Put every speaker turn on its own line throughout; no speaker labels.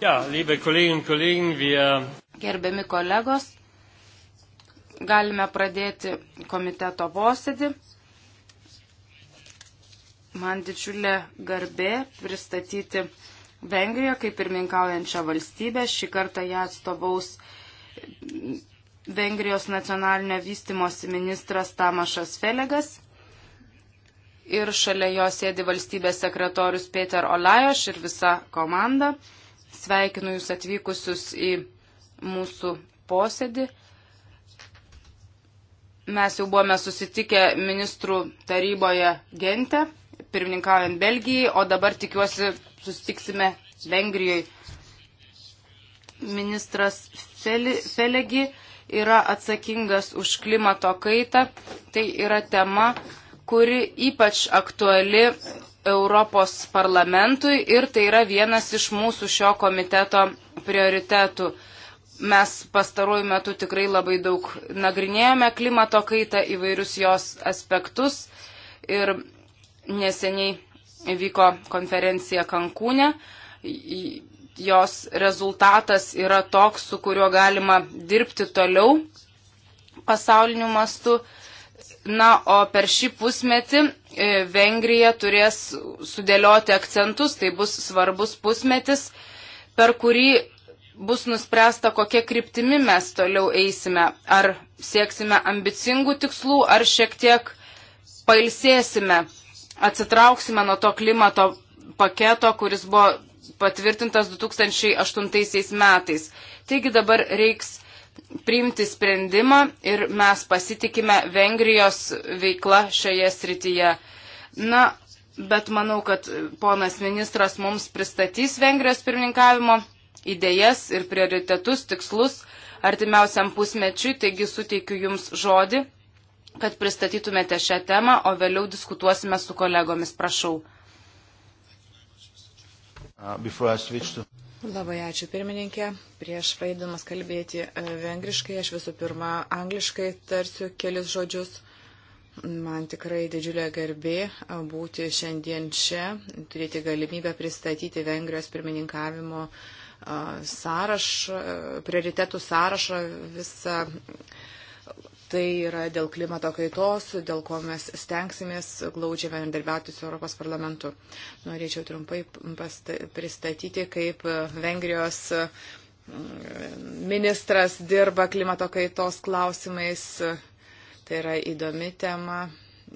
Ja, liebe Kolleginnen und Kollegen, wir. Gerbiami kolegos, galime pradėti komiteto posėdį. Man didžiulė garbė pristatyti Vengriją kaip pirmininkaujančią valstybę. Šį kartą ją atstovaus Vengrijos nacionalinio vystimosi ministras Tamašas Felegas ir šalia jo sėdi valstybės sekretorius Peter Olajoš ir visa komanda. Sveikinu Jūs atvykusius į mūsų posėdį. Mes jau buvome susitikę ministrų taryboje Gente, pirmininkaujant Belgijai, o dabar tikiuosi susitiksime Vengrijoje. Ministras Felegi yra atsakingas už klimato kaitą. Tai yra tema, kuri ypač aktuali Europos parlamentui ir tai yra vienas iš mūsų šio komiteto prioritetų. Mes pastaruoju metu tikrai labai daug nagrinėjome klimato kaitą įvairius jos aspektus ir neseniai vyko konferencija Kankūne. Jos rezultatas yra toks, su kuriuo galima dirbti toliau pasauliniu mastu Na, o per šį pusmetį e, Vengrija turės sudėlioti akcentus, tai bus svarbus pusmetis, per kurį bus nuspręsta, kokie kryptimi mes toliau eisime. Ar sieksime ambicingų tikslų, ar šiek tiek pailsėsime, atsitrauksime nuo to klimato paketo, kuris buvo patvirtintas 2008 metais. Taigi dabar reiks priimti sprendimą ir mes pasitikime Vengrijos veikla šioje srityje. Na, bet manau, kad ponas ministras mums pristatys Vengrijos pirmininkavimo idėjas ir prioritetus, tikslus artimiausiam pusmečiui, taigi suteikiu Jums žodį, kad pristatytumėte šią temą, o vėliau diskutuosime su kolegomis, prašau. Uh,
Labai ačiū pirmininkė. Prieš praeidamas kalbėti e, vengriškai, aš visų pirma angliškai tarsiu kelis žodžius. Man tikrai didžiulė garbė e, būti šiandien čia, turėti galimybę pristatyti Vengrijos pirmininkavimo e, sąrašą, prioritetų sąrašą visą Tai yra dėl klimato kaitos, dėl ko mes stengsimės glaudžiai bendarbiauti su Europos parlamentu. Norėčiau trumpai pristatyti, kaip Vengrijos mm, ministras dirba klimato kaitos klausimais. Tai yra įdomi tema.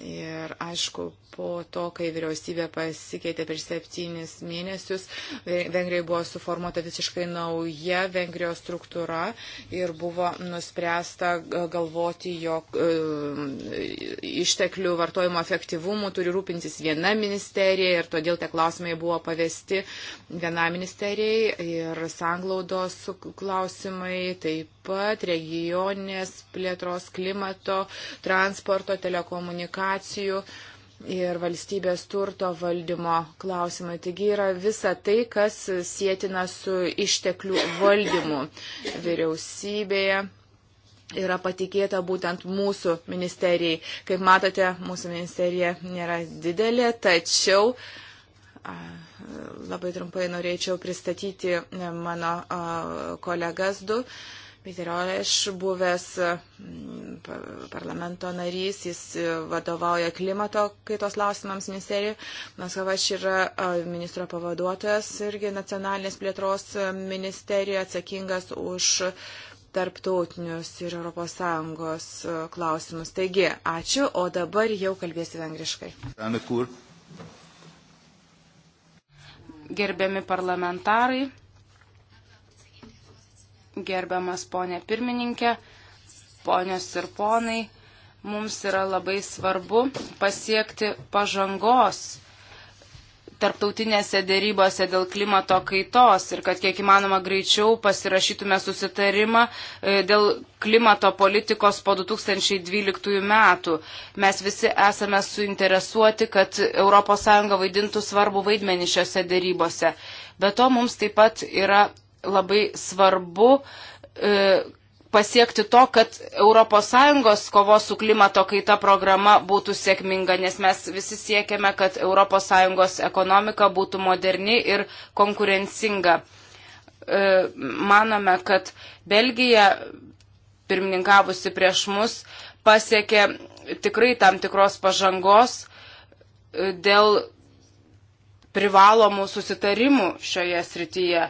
Ir aišku, po to, kai vyriausybė pasikeitė per septynis mėnesius, Vengrijai buvo suformuota visiškai nauja Vengrijos struktūra ir buvo nuspręsta e, galvoti, jog e, išteklių vartojimo efektyvumų turi rūpintis viena ministerija ir todėl tie klausimai buvo pavesti viena ministerijai ir sanglaudos klausimai taip pat regioninės plėtros klimato, transporto, telekomunikacijų ir valstybės turto valdymo klausimai. Taigi yra visa tai, kas sėtina su išteklių valdymu vyriausybėje. Yra patikėta būtent mūsų ministerijai. Kaip matote, mūsų ministerija nėra didelė, tačiau labai trumpai norėčiau pristatyti mano kolegas du. Piterioš, buvęs mm, parlamento narys, jis e, vadovauja klimato kaitos klausimams ministerijoje. Maskavaš yra e, ministro pavaduotojas irgi nacionalinės plėtros e, ministerijoje atsakingas už tarptautinius ir ES klausimus. Taigi, ačiū, o dabar jau kalbėsiu vengriškai. Gerbiami parlamentarai
gerbiamas ponė pirmininkė, ponios ir ponai, mums yra labai svarbu pasiekti pažangos tarptautinėse dėrybose dėl klimato kaitos ir kad kiek įmanoma greičiau pasirašytume susitarimą e, dėl klimato politikos po 2012 metų. Mes visi esame suinteresuoti, kad ES vaidintų svarbu vaidmenį šiuose dėrybose. Be to mums taip pat yra labai svarbu e, pasiekti to, kad ES kovos su klimato kaita programa būtų sėkminga, nes mes visi siekiame, kad ES ekonomika būtų moderni ir konkurencinga. E, manome, kad Belgija, pirmininkavusi prieš mus, pasiekė tikrai tam tikros pažangos e, dėl privalomų susitarimų šioje srityje.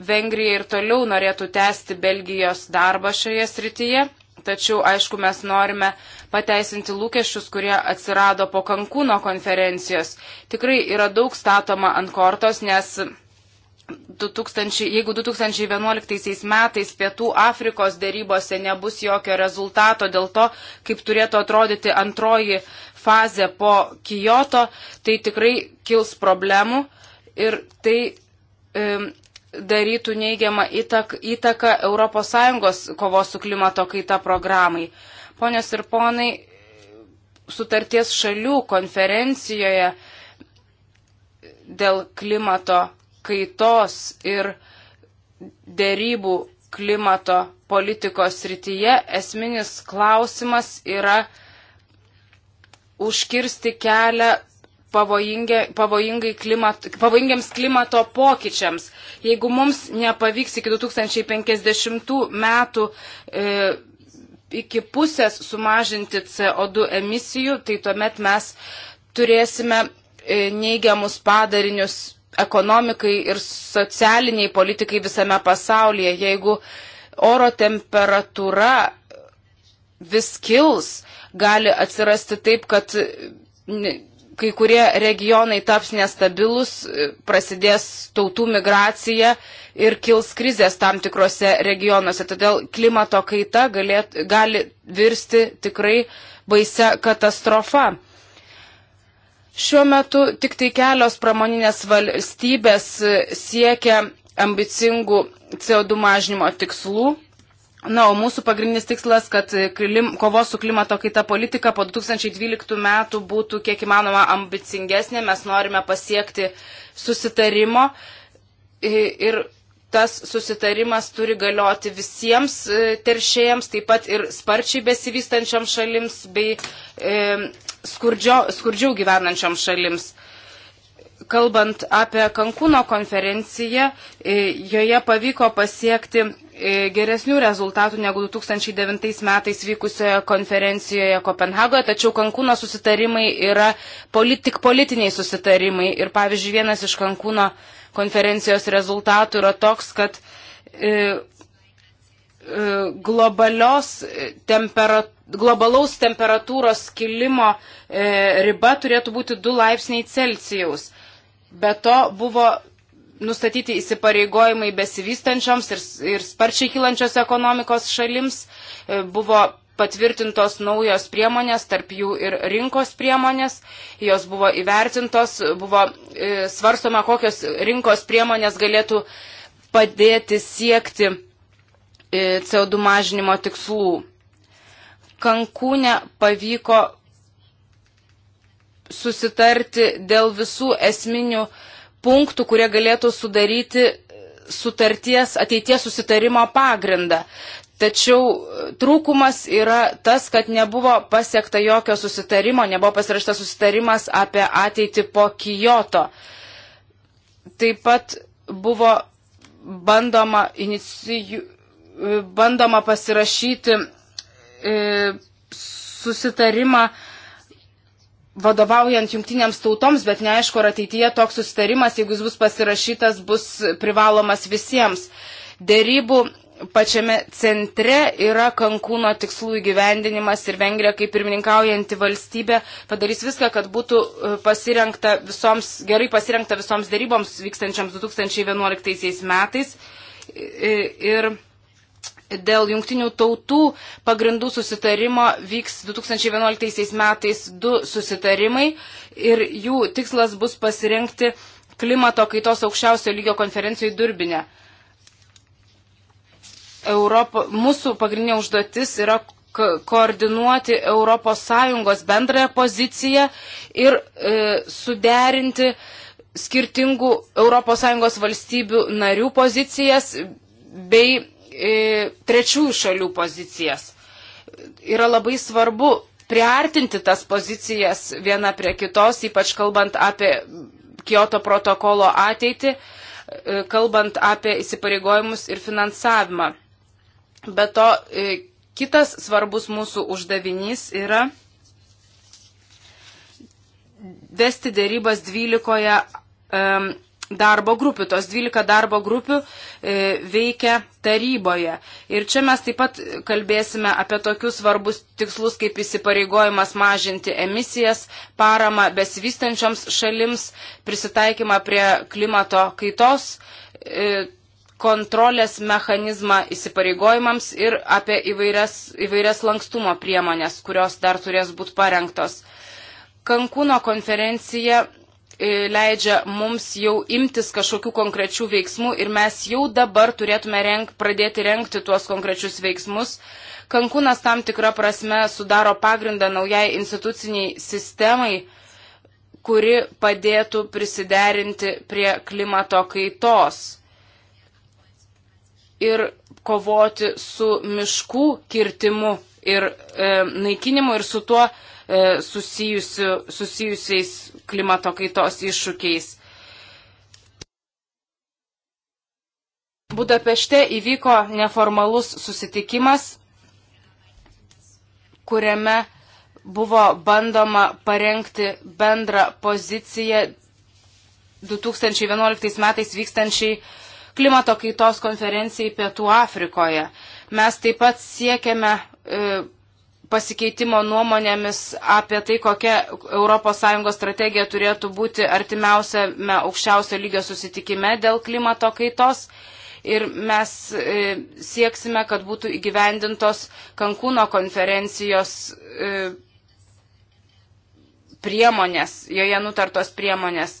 Vengrija ir toliau norėtų tęsti Belgijos darbą šioje srityje, tačiau aišku mes norime pateisinti lūkesčius, kurie atsirado po Kankūno konferencijos. Tikrai yra daug statoma ant kortos, nes 2000, jeigu 2011 metais Pietų Afrikos dėrybose nebus jokio rezultato dėl to, kaip turėtų atrodyti antroji fazė po Kijoto, tai tikrai kils problemų ir tai e, darytų neigiamą įtaką ES kovos su klimato kaita programai. Ponios ir ponai, sutarties šalių konferencijoje dėl klimato kaitos ir dėrybų klimato politikos srityje esminis klausimas yra užkirsti kelią klimat, pavojingiams klimato pokyčiams. Jeigu mums nepavyks iki 2050 metų e, iki pusės sumažinti CO2 emisijų, tai tuomet mes turėsime e, neigiamus padarinius ekonomikai ir socialiniai politikai visame pasaulyje. Jeigu oro temperatūra vis kils, gali atsirasti taip, kad kai kurie regionai taps nestabilus, prasidės tautų migracija ir kils krizės tam tikrose regionuose. Todėl klimato kaita galėt, gali virsti tikrai baise katastrofa. Šiuo metu tik tai kelios pramoninės valstybės siekia ambicingų CO2 mažinimo tikslų. Na, o mūsų pagrindinis tikslas, kad klim, kovos su klimato kaita politika po 2012 metų būtų kiek įmanoma ambicingesnė, mes norime pasiekti susitarimo ir tas susitarimas turi galioti visiems e, teršėjams, taip pat ir sparčiai besivystančiam šalims bei e, skurdžio, skurdžiau gyvenančiam šalims kalbant apie Kankūno konferenciją, e, joje pavyko pasiekti e, geresnių rezultatų negu 2009 metais vykusioje konferencijoje Kopenhagoje, tačiau Kankūno susitarimai yra polit, tik politiniai susitarimai. Ir pavyzdžiui, vienas iš Kankūno konferencijos rezultatų yra toks, kad e, e, globalios temperatūros globalaus temperatūros kilimo e, riba turėtų būti 2 laipsniai Celsijaus. Be to buvo nustatyti įsipareigojimai besivystančioms ir, ir sparčiai kylančios ekonomikos šalims, e, buvo patvirtintos naujos priemonės, tarp jų ir rinkos priemonės, jos buvo įvertintos, buvo e, svarstoma, kokios rinkos priemonės galėtų padėti siekti e, CO2 mažinimo tikslų. Kankūne pavyko susitarti dėl visų esminių punktų, kurie galėtų sudaryti sutarties ateities susitarimo pagrindą. Tačiau trūkumas yra tas, kad nebuvo pasiekta jokio susitarimo, nebuvo pasirašta susitarimas apie ateitį po Kijoto. Taip pat buvo bandoma, iniciju, bandoma pasirašyti e, susitarimą vadovaujant jungtinėms tautoms, bet neaišku, ar ateityje toks susitarimas, jeigu jis bus pasirašytas, bus privalomas visiems. Dėrybų pačiame centre yra Kankūno tikslų įgyvendinimas ir Vengrija kaip pirmininkaujanti valstybė padarys viską, kad būtų e, pasirengta visoms, gerai pasirengta visoms daryboms vykstančiams 2011 metais. Ir, ir dėl jungtinių tautų pagrindų susitarimo vyks 2011 metais du susitarimai ir jų tikslas bus pasirinkti klimato kaitos aukščiausio lygio konferencijų durbinę. Europo, mūsų pagrindinė užduotis yra koordinuoti ES bendrąją poziciją ir e, suderinti skirtingų ES valstybių narių pozicijas bei trečiųjų šalių pozicijas. Yra labai svarbu priartinti tas pozicijas viena prie kitos, ypač kalbant apie Kyoto protokolo ateitį, e, kalbant apie įsipareigojimus ir finansavimą. Be to, e, kitas svarbus mūsų uždavinys yra vesti dėrybas 12 um, darbo grupių. Tos 12 darbo grupių e, veikia taryboje. Ir čia mes taip pat kalbėsime apie tokius svarbus tikslus kaip įsipareigojimas mažinti emisijas, parama besivystančioms šalims, prisitaikymą prie klimato kaitos. E, kontrolės mechanizmą įsipareigojimams ir apie įvairias, įvairias lankstumo priemonės, kurios dar turės būti parengtos. Kankūno konferencija E, leidžia mums jau imtis kažkokių konkrečių veiksmų ir mes jau dabar turėtume renk, pradėti renkti tuos konkrečius veiksmus. Kankūnas tam tikrą prasme sudaro pagrindą naujai instituciniai sistemai, kuri padėtų prisiderinti prie klimato kaitos ir kovoti su miškų kirtimu ir e, naikinimu ir su tuo, E, susijusiu, susijusiais klimato kaitos iššūkiais. Budapešte įvyko neformalus susitikimas, kuriame buvo bandoma parengti bendrą poziciją 2011 metais vykstančiai klimato kaitos konferencijai Pietų Afrikoje. Mes taip pat siekiame e, pasikeitimo nuomonėmis apie tai, kokia ES strategija turėtų būti artimiausiame aukščiausio lygio susitikime dėl klimato kaitos. Ir mes e, sieksime, kad būtų įgyvendintos Kankūno konferencijos e, priemonės, joje nutartos priemonės.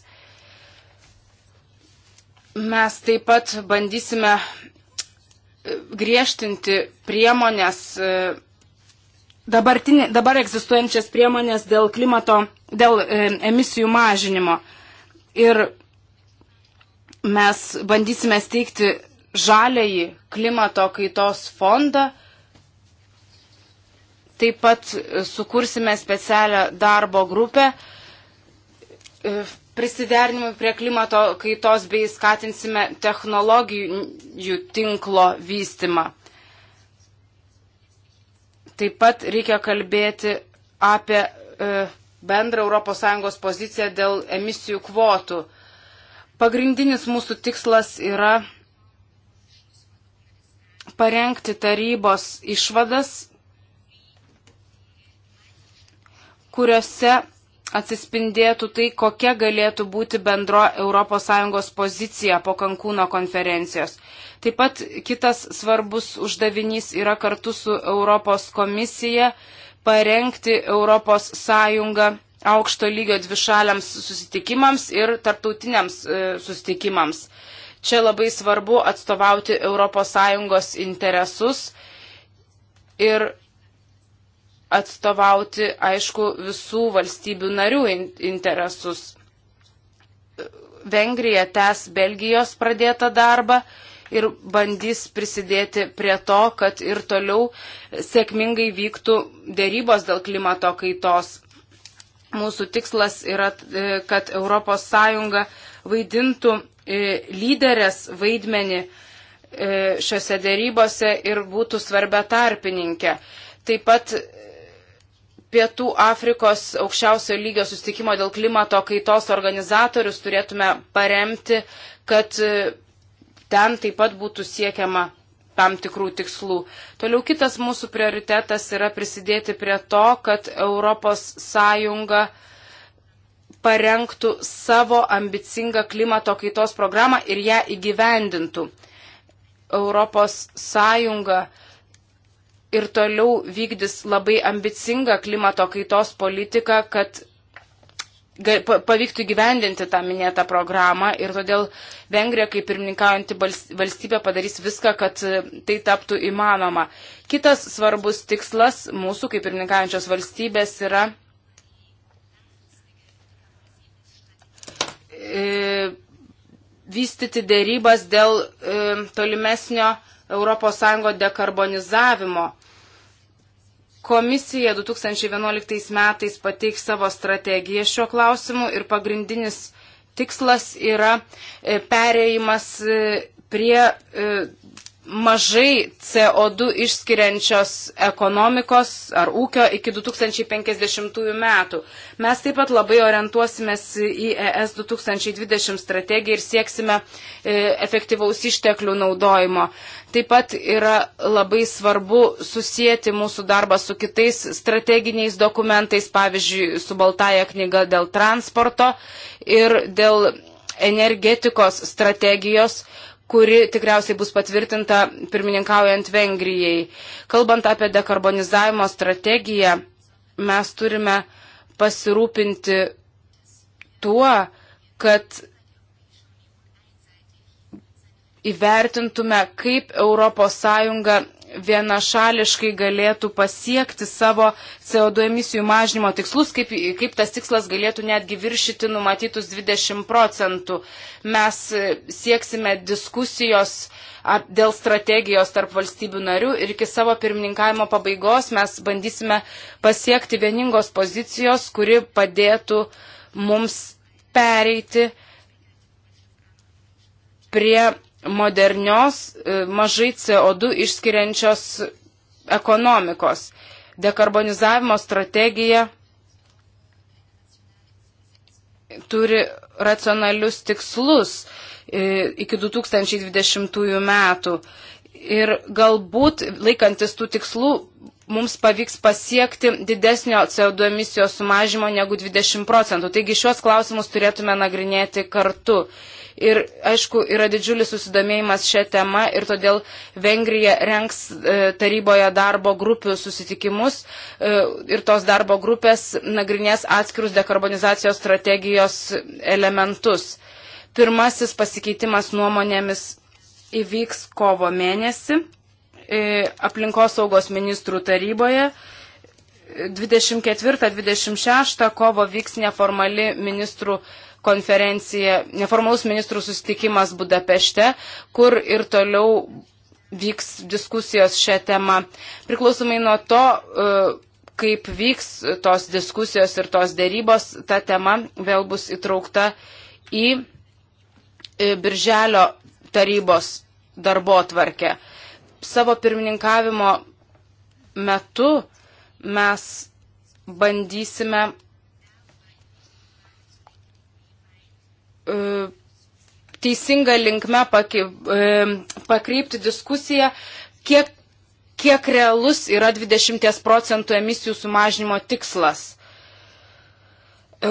Mes taip pat bandysime e, griežtinti priemonės dabar egzistuojančias priemonės dėl klimato, dėl e, emisijų mažinimo. Ir mes bandysime steigti žaliai klimato kaitos fondą. Taip pat e, sukursime specialią darbo grupę e, prisiderinimui prie klimato kaitos bei skatinsime technologijų tinklo vystimą. Taip pat reikia kalbėti apie e, bendrą ES poziciją dėl emisijų kvotų. Pagrindinis mūsų tikslas yra parengti tarybos išvadas, kuriuose atsispindėtų tai, kokia galėtų būti bendro ES pozicija po Kankūno konferencijos. Taip pat kitas svarbus uždavinys yra kartu su Europos komisija parengti ES aukšto lygio dvišaliams susitikimams ir tarptautiniams e, susitikimams. Čia labai svarbu atstovauti ES interesus ir atstovauti, aišku, visų valstybių narių interesus. Vengrija tęs Belgijos pradėtą darbą ir bandys prisidėti prie to, kad ir toliau sėkmingai vyktų dėrybos dėl klimato kaitos. Mūsų tikslas yra, e, kad ES vaidintų e, lyderės vaidmenį e, šiuose dėrybose ir būtų svarbia tarpininkė. Taip pat Pietų Afrikos aukščiausio lygio sustikimo dėl klimato kaitos organizatorius turėtume paremti, kad e, ten taip pat būtų siekiama tam tikrų tikslų. Toliau kitas mūsų prioritetas yra prisidėti prie to, kad ES parengtų savo ambicingą klimato kaitos programą ir ją įgyvendintų. ES ir toliau vykdys labai ambicingą klimato kaitos politiką, kad pavyktų gyvendinti tą minėtą programą ir todėl Vengrija, kaip pirmininkaujanti valstybė, padarys viską, kad e, tai taptų įmanoma. Kitas svarbus tikslas mūsų, kaip pirmininkaujančios valstybės, yra e, vystyti dėrybas dėl e, tolimesnio ES dekarbonizavimo. Komisija 2011 metais pateiks savo strategiją šiuo klausimu ir pagrindinis tikslas yra e, perėjimas e, prie e, mažai CO2 išskiriančios ekonomikos ar ūkio iki 2050 metų. Mes taip pat labai orientuosimės į ES 2020 strategiją ir sieksime e, efektyvaus išteklių naudojimo. Taip pat yra labai svarbu susijęti mūsų darbą su kitais strateginiais dokumentais, pavyzdžiui, su Baltaja knyga dėl transporto ir dėl energetikos strategijos, kuri tikriausiai bus patvirtinta pirmininkaujant Vengrijai. Kalbant apie dekarbonizavimo strategiją, mes turime pasirūpinti tuo, kad įvertintume, kaip ES vienašališkai galėtų pasiekti savo CO2 emisijų mažinimo tikslus, kaip, kaip tas tikslas galėtų netgi viršyti numatytus 20 procentų. Mes e, sieksime diskusijos dėl strategijos tarp valstybių narių ir iki savo pirmininkavimo pabaigos mes bandysime pasiekti vieningos pozicijos, kuri padėtų mums pereiti prie modernios, e, mažai CO2 išskiriančios ekonomikos. Dekarbonizavimo strategija turi racionalius tikslus e, iki 2020 metų. Ir galbūt laikantis tų tikslų mums pavyks pasiekti didesnio CO2 emisijos sumažimo negu 20 procentų. Taigi šios klausimus turėtume nagrinėti kartu. Ir, aišku, yra didžiulis susidomėjimas šią temą ir todėl Vengrija renks e, taryboje darbo grupių susitikimus e, ir tos darbo grupės nagrinės atskirus dekarbonizacijos strategijos elementus. Pirmasis pasikeitimas nuomonėmis įvyks kovo mėnesį e, aplinkosaugos ministrų taryboje. 24-26 kovo vyks neformali ministrų taryboje konferencija, neformalus ministrų susitikimas Budapešte, kur ir toliau vyks diskusijos šią temą. Priklausomai nuo to, e, kaip vyks tos diskusijos ir tos dėrybos, ta tema vėl bus įtraukta į e, Birželio tarybos darbo tvarkę. Savo pirmininkavimo metu mes bandysime E, teisinga linkme e, pakreipti diskusiją, kiek, kiek realus yra 20 procentų emisijų sumažinimo tikslas.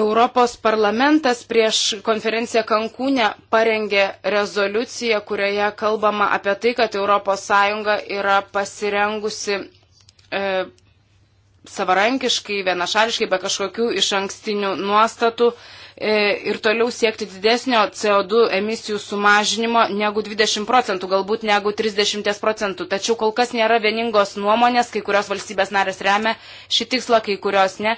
Europos parlamentas prieš konferenciją Kankūne parengė rezoliuciją, kurioje kalbama apie tai, kad ES yra pasirengusi e, savarankiškai, vienašališkai, be kažkokių iš ankstinių nuostatų e, E, ir toliau siekti didesnio CO2 emisijų sumažinimo negu 20 procentų, galbūt negu 30 procentų. Tačiau kol kas nėra vieningos nuomonės, kai kurios valstybės narės remia šį tikslą, kai kurios ne.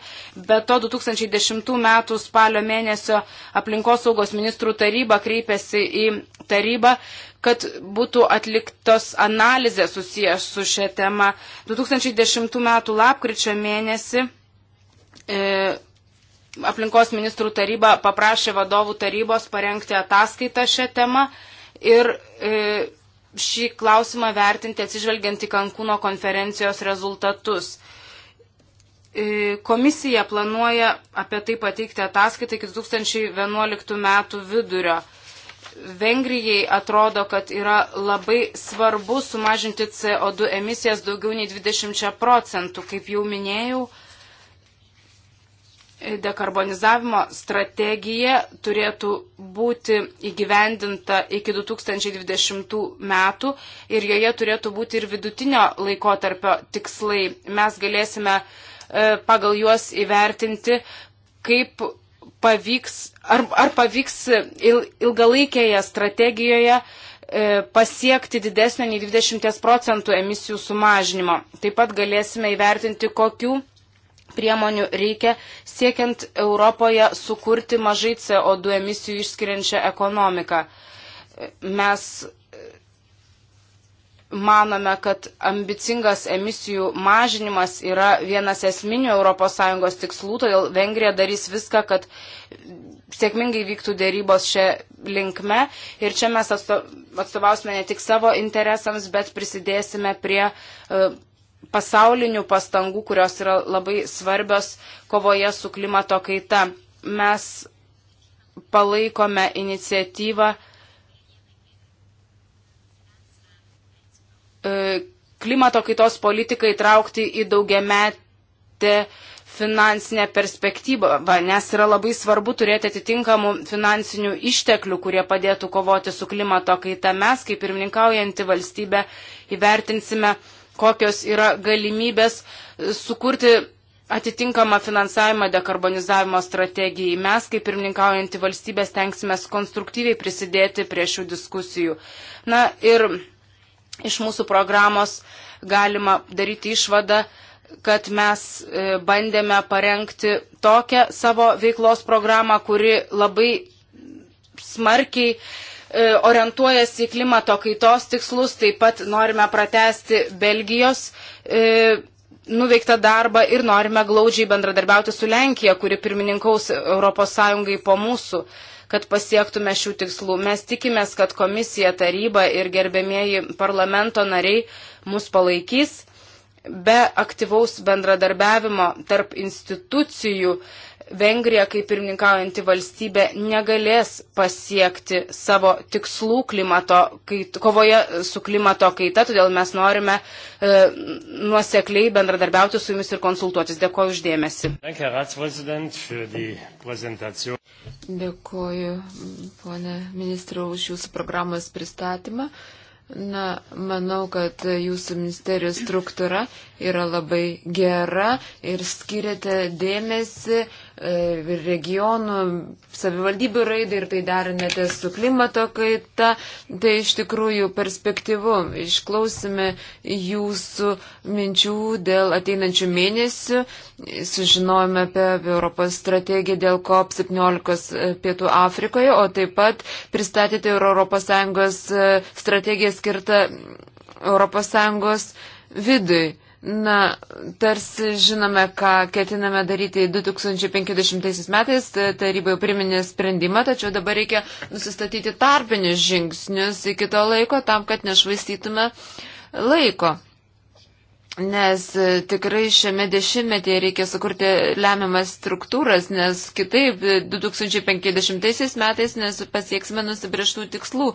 Be to 2010 m. spalio mėnesio aplinkosaugos ministrų taryba kreipėsi į tarybą kad būtų atliktos analizės susijęs su šia tema. 2010 m. lapkričio mėnesį e, aplinkos ministrų taryba paprašė vadovų tarybos parengti ataskaitą šią temą ir e, šį klausimą vertinti atsižvelgiant į Kankūno konferencijos rezultatus. E, komisija planuoja apie tai pateikti ataskaitą iki 2011 metų vidurio. Vengrijai atrodo, kad yra labai svarbu sumažinti CO2 emisijas daugiau nei 20 procentų, kaip jau minėjau dekarbonizavimo strategija turėtų būti įgyvendinta iki 2020 metų ir joje turėtų būti ir vidutinio laikotarpio tikslai. Mes galėsime e, pagal juos įvertinti, kaip pavyks, ar, ar pavyks il, ilgalaikėje strategijoje e, pasiekti didesnio nei 20 procentų emisijų sumažinimo. Taip pat galėsime įvertinti, kokiu priemonių reikia siekiant Europoje sukurti mažai CO2 emisijų išskiriančią ekonomiką. Mes manome, kad ambicingas emisijų mažinimas yra vienas esminių ES tikslų, todėl Vengrija darys viską, kad sėkmingai vyktų dėrybos šią linkme. Ir čia mes atstovausime ne tik savo interesams, bet prisidėsime prie e, pasaulinių pastangų, kurios yra labai svarbios kovoje su klimato kaita. Mes palaikome iniciatyvą e, klimato kaitos politiką įtraukti į daugiametę finansinę perspektyvą, va, nes yra labai svarbu turėti atitinkamų finansinių išteklių, kurie padėtų kovoti su klimato kaita. Mes, kaip pirmininkaujanti valstybė, įvertinsime kokios yra galimybės sukurti atitinkamą finansavimą dekarbonizavimo strategijai. Mes, kaip pirmininkaujantį valstybę, stengsime konstruktyviai prisidėti prie šių diskusijų. Na ir iš mūsų programos galima daryti išvadą, kad mes e, bandėme parengti tokią savo veiklos programą, kuri labai smarkiai E, orientuojasi į klimato kaitos tikslus, taip pat norime pratesti Belgijos e, nuveiktą darbą ir norime glaudžiai bendradarbiauti su Lenkija, kuri pirmininkaus ES po mūsų kad pasiektume šių tikslų. Mes tikimės, kad komisija, taryba ir gerbėmieji parlamento nariai mus palaikys. Be aktyvaus bendradarbiavimo tarp institucijų Vengrija, kaip pirmininkaujanti valstybė, negalės pasiekti savo tikslų klimato, kait, kovoje su klimato kaita, todėl mes norime e, nuosekliai bendradarbiauti su jumis ir konsultuotis. Dėkuoju uždėmesi. Dėkuoju,
ponė ministra, už jūsų programos pristatymą. Na, manau, kad jūsų ministerijos struktūra yra labai gera ir skiriate dėmesį E, regionų, savivaldybių raidai ir tai derinate su klimato kaita, tai iš tikrųjų perspektyvu. Išklausime jūsų minčių dėl ateinančių mėnesių, sužinojome apie Europos strategiją dėl COP17 e, Pietų Afrikoje, o taip pat pristatėte ES e, strategiją skirtą ES vidui. Na, tarsi žinome, ką ketiname daryti 2050 metais, taryba jau priminė sprendimą, tačiau dabar reikia nusistatyti tarpinius žingsnius iki to laiko, tam, kad nešvaistytume laiko. Nes e, tikrai šiame dešimtmetyje reikia sukurti lemiamas struktūras, nes kitaip 2050 e, metais nepasieksime nusibrieštų tikslų.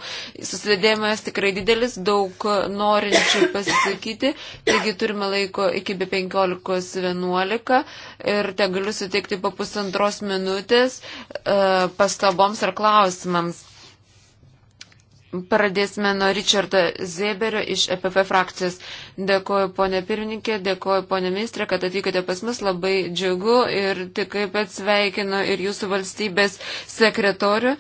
Susidėjimas tikrai didelis, daug norinčių pasisakyti, taigi turime laiko iki be 15.11 ir te galiu suteikti po pusantros minutės e, pastaboms ar klausimams. Pradėsime nuo Richardo Zeberio iš EPP frakcijos. Dėkoju ponė pirmininkė, dėkoju ponė ministrė, kad atvykote pas mus, labai džiugu ir tikrai pats sveikinu ir jūsų valstybės sekretorių,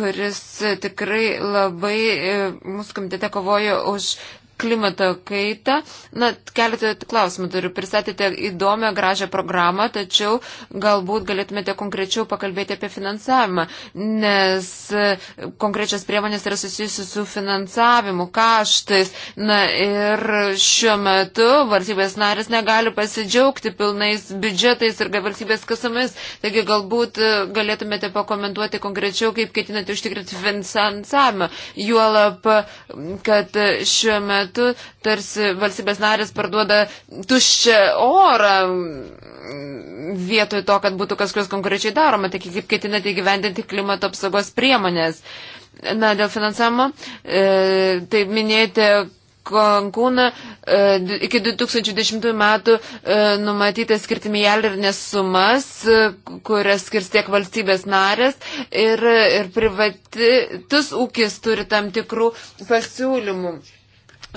kuris tikrai labai e, mūsų komitete kovojo už klimato kaitą. Na, keletą klausimų turiu. Pristatėte įdomią, gražią programą, tačiau galbūt galėtumėte konkrečiau pakalbėti apie finansavimą, nes e, konkrečias priemonės yra susijusi su finansavimu, kaštais. Na ir šiuo metu valstybės narės negali pasidžiaugti pilnais biudžetais ir valstybės kasomis. Taigi galbūt e, galėtumėte pakomentuoti konkrečiau, kaip ketinate užtikrinti finansavimą. Juolab, kad šiuo metu metu tarsi valstybės narės parduoda tuščią orą vietoj to, kad būtų kažkas konkrečiai daroma, tik kaip ketinate įgyvendinti klimato apsaugos priemonės. Na, dėl finansavimo, e, tai minėjote, Kankūną e, iki 2010 metų e, numatytas skirti milijardinės sumas, e, kurias skirs tiek valstybės narės ir, ir privatus ūkis turi tam tikrų pasiūlymų.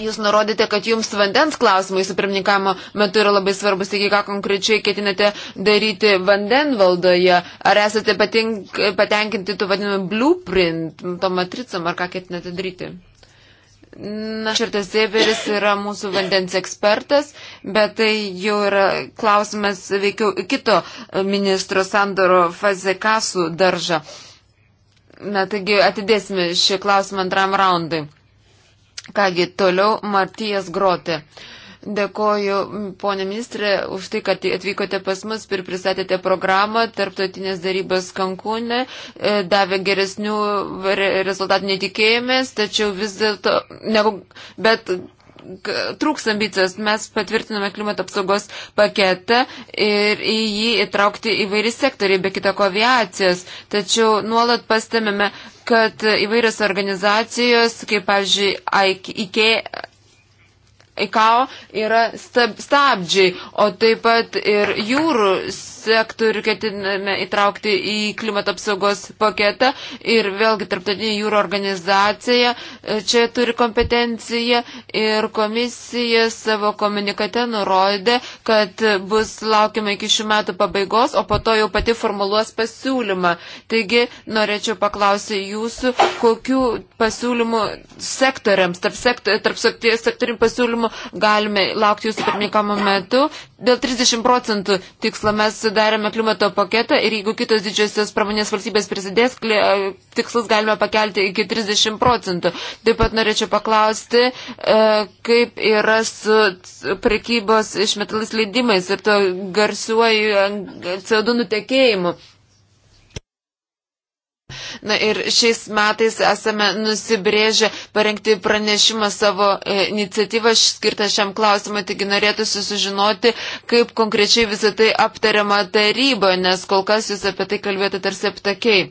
Jūs nurodėte, kad jums vandens klausimai su pirmininkavimo metu yra labai svarbus, taigi ką konkrečiai ketinate daryti vandenvaldoje? Ar esate patink, patenkinti tų vadinamų blueprint, to matricom, ar ką ketinate daryti? Na, Šartas Zėberis yra mūsų vandens ekspertas, bet tai jau yra klausimas veikiau kito ministro Sandoro Fazekasų daržą. Na, taigi atidėsime šį klausimą antram raundui. Kągi, toliau Martijas Grotė. Dėkoju, ponė ministrė, už tai, kad atvykote pas mus ir pristatėte programą Tarptautinės darybos Kankūne. E, davė geresnių rezultatų netikėjomės, tačiau vis dėlto, negu, bet trūks ambicijos. Mes patvirtiname klimato apsaugos paketą ir į jį įtraukti įvairis sektoriai, be kitako aviacijos. Tačiau nuolat pastebėme, kad įvairios organizacijos, kaip, pavyzdžiui, IKE ICAO yra stab, stabdžiai, o taip pat ir jūrų sektoriai sektorių ketiname įtraukti į klimato apsaugos paketą ir vėlgi tarptautinė jūro organizacija e, čia turi kompetenciją ir komisija savo komunikate nurodė, kad bus laukiama iki šių metų pabaigos, o po to jau pati formuluos pasiūlymą. Taigi norėčiau paklausyti jūsų, kokiu pasiūlymu sektoriams, tarp, sektor, tarp sektorių pasiūlymų galime laukti jūsų pirmininkamo metu. Dėl 30 procentų tikslo mes sudarėme klimato paketą ir jeigu kitos didžiosios pramonės valstybės prisidės, e, tikslus galime pakelti iki 30 procentų. Taip pat norėčiau paklausti, e, kaip yra su prekybos išmetalis leidimais ir to garsiuoju CO2 nutekėjimu. Na ir šiais metais esame nusibrėžę parengti pranešimą savo e, iniciatyvą skirtą šiam klausimui, taigi norėtųsi sužinoti, kaip konkrečiai visą tai aptariama taryboje, nes kol kas jūs apie tai kalbėjote tarsi aptakiai.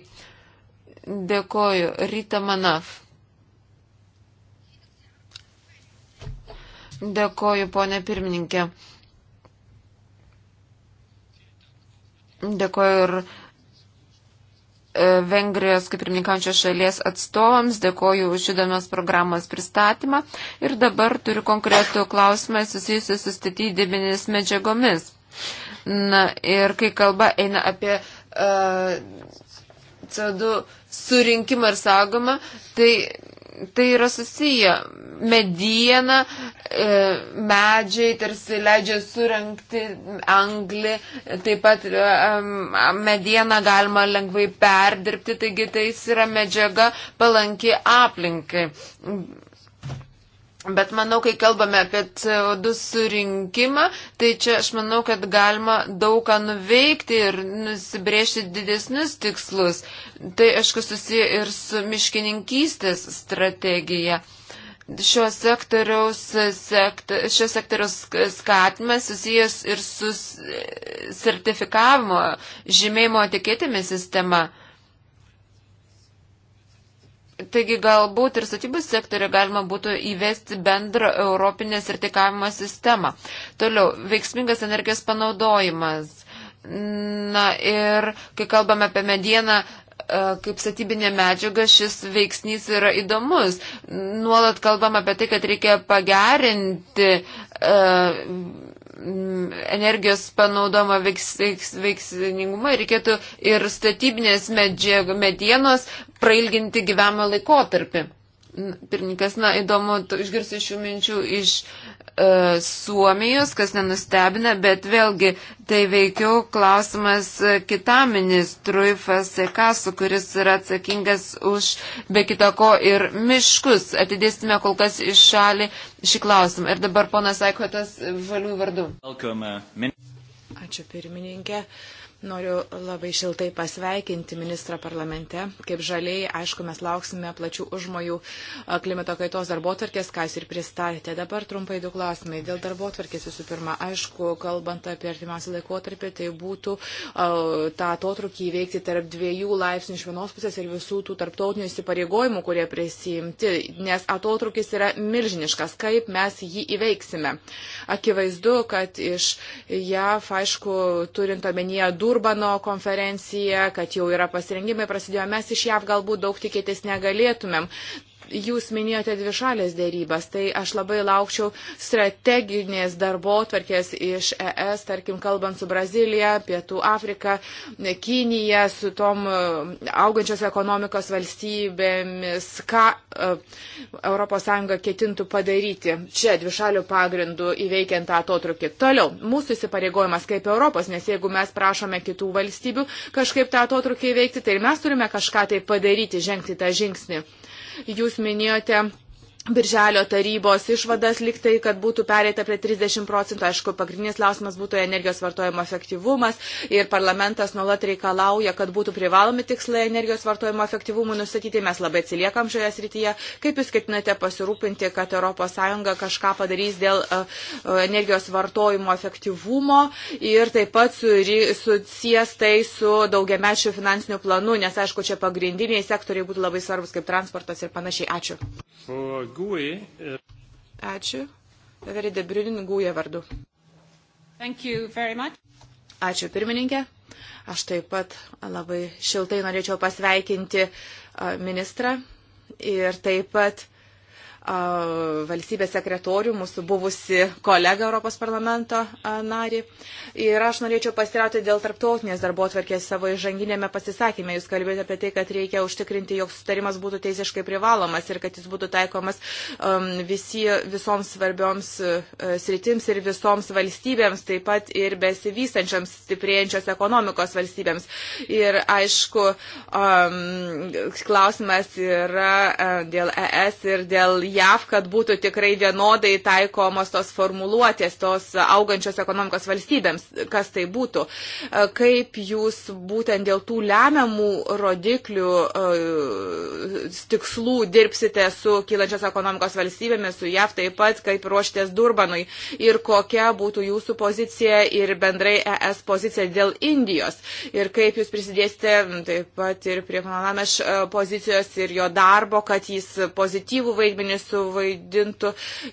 Dėkoju. Rita Manaf. Dėkoju, ponė pirmininkė. Dėkoju ir. Ir Vengrijos kaip pirmininkančios šalies atstovams, dėkoju už įdomios programos pristatymą ir dabar turiu konkretų klausimą susijusiu su statydybinės medžiagomis. Na ir kai kalba eina apie uh, e, CO2 surinkimą ir saugomą, tai tai yra susiję. Mediena, e, medžiai tarsi leidžia surinkti anglį, taip pat e, medieną galima lengvai perdirbti, taigi tai yra medžiaga palanki aplinkai. Bet manau, kai kalbame apie CO2 surinkimą, tai čia aš manau, kad galima daug ką nuveikti ir nusibriežti didesnius tikslus. Uh, Tai, aišku, susiję ir su miškininkystės strategija. Šio sektoriaus, sektor, šio sektoriaus skatimas susijęs ir su sertifikavimo žymėjimo etiketėmis sistema. Taigi galbūt ir statybų sektoriu galima būtų įvesti bendrą europinę sertifikavimo sistemą. Toliau, veiksmingas energijos panaudojimas. Na ir kai kalbame apie medieną, E, kaip statybinė medžiaga šis veiksnys yra įdomus. Nuolat kalbam apie tai, kad reikia pagerinti e, energijos panaudojimo veiks, veiks, veiksningumą reikėtų ir statybinės medžiag, medienos prailginti gyvenimo laikotarpį. Pirmininkas, na, įdomu išgirsti šių minčių iš e, Suomijos, kas nenustebina, bet vėlgi tai veikiau klausimas e, kitam ministrui Fasekasu, kuris yra atsakingas už be kitako ir miškus. Atidėsime kol kas iš šalį
šį klausimą. Ir dabar ponas Aikotas žalių vardu. Uh, Ačiū pirmininkė. Uh, Noriu labai šiltai pasveikinti ministrą parlamente. Kaip žaliai, aišku, mes lauksime plačių užmojų klimato kaitos darbo tvarkės, ką jūs ir pristatėte. Dabar trumpai du klausimai. Dėl darbo tvarkės visų pirma, aišku, kalbant apie artimiausią laikotarpį, tai būtų uh, tą atotrukį įveikti tarp dviejų laipsnių iš vienos pusės ir visų tų tarptautinių įsipareigojimų, kurie prisimti, nes atotrukis yra milžiniškas. Kaip mes jį įveiksime? Akivaizdu, kad iš JAF, aišku, turint omenyje du Durbano konferencija, kad jau yra pasirengimai prasidėjo, mes iš JAV galbūt daug tikėtis negalėtumėm. Jūs minėjote dvišalės dėrybas, tai aš labai laukčiau strateginės darbo tvarkės iš ES, tarkim, kalbant su Brazilija, Pietų Afrika, Kinija, su tom e, augančios ekonomikos valstybėmis, ką ES ketintų padaryti čia dvišalių pagrindų įveikiant tą atotrukį. Toliau, mūsų įsipareigojimas kaip Europos, nes jeigu mes prašome kitų valstybių kažkaip tą atotrukį įveikti, tai ir mes turime kažką tai padaryti, žengti tą žingsnį. Jūs minėjote Birželio tarybos išvadas liktai, kad būtų pereita prie 30 procentų. Aišku, pagrindinis klausimas būtų energijos vartojimo efektyvumas ir parlamentas nuolat reikalauja, kad būtų privalomi tikslai energijos vartojimo efektyvumui nustatyti. Mes labai atsiliekam šioje srityje. Kaip Jūs ketinate pasirūpinti, kad ES kažką padarys dėl e, e, energijos vartojimo efektyvumo ir taip pat susijęs tai su daugiamečiu finansiniu planu, nes aišku, čia pagrindiniai sektoriai būtų labai svarbus kaip transportas ir panašiai. Ačiū. For Gui. E, Ačiū. Veridė Briulin Guje vardu. Ačiū pirmininkė. Aš taip pat labai šiltai norėčiau pasveikinti ministrą ir taip pat valstybės sekretorių, mūsų buvusi kolega Europos parlamento nari. Ir aš norėčiau pasirauti dėl tarptautinės darbo atverkės savo įžanginėme pasisakymė. Jūs kalbėjote apie tai, kad reikia užtikrinti, jog sutarimas būtų teisiškai privalomas ir kad jis būtų taikomas um, visi, visoms svarbioms uh, sritims ir visoms valstybėms, taip pat ir besivystančiams stiprėjančios ekonomikos valstybėms. Ir aišku, um, klausimas yra uh, dėl ES ir dėl JAV, kad būtų tikrai vienodai taikomos tos formuluotės, tos augančios ekonomikos valstybėms, kas tai būtų. E, kaip jūs būtent dėl tų lemiamų rodiklių e, tikslų dirbsite su kylančios ekonomikos valstybėmis, su JAV taip pat, kaip ruoštės Durbanui ir kokia būtų jūsų pozicija ir bendrai ES pozicija dėl Indijos ir kaip jūs prisidėsite taip pat ir prie Panameš e, pozicijos ir jo darbo, kad jis pozityvų vaidmenį suvaidintų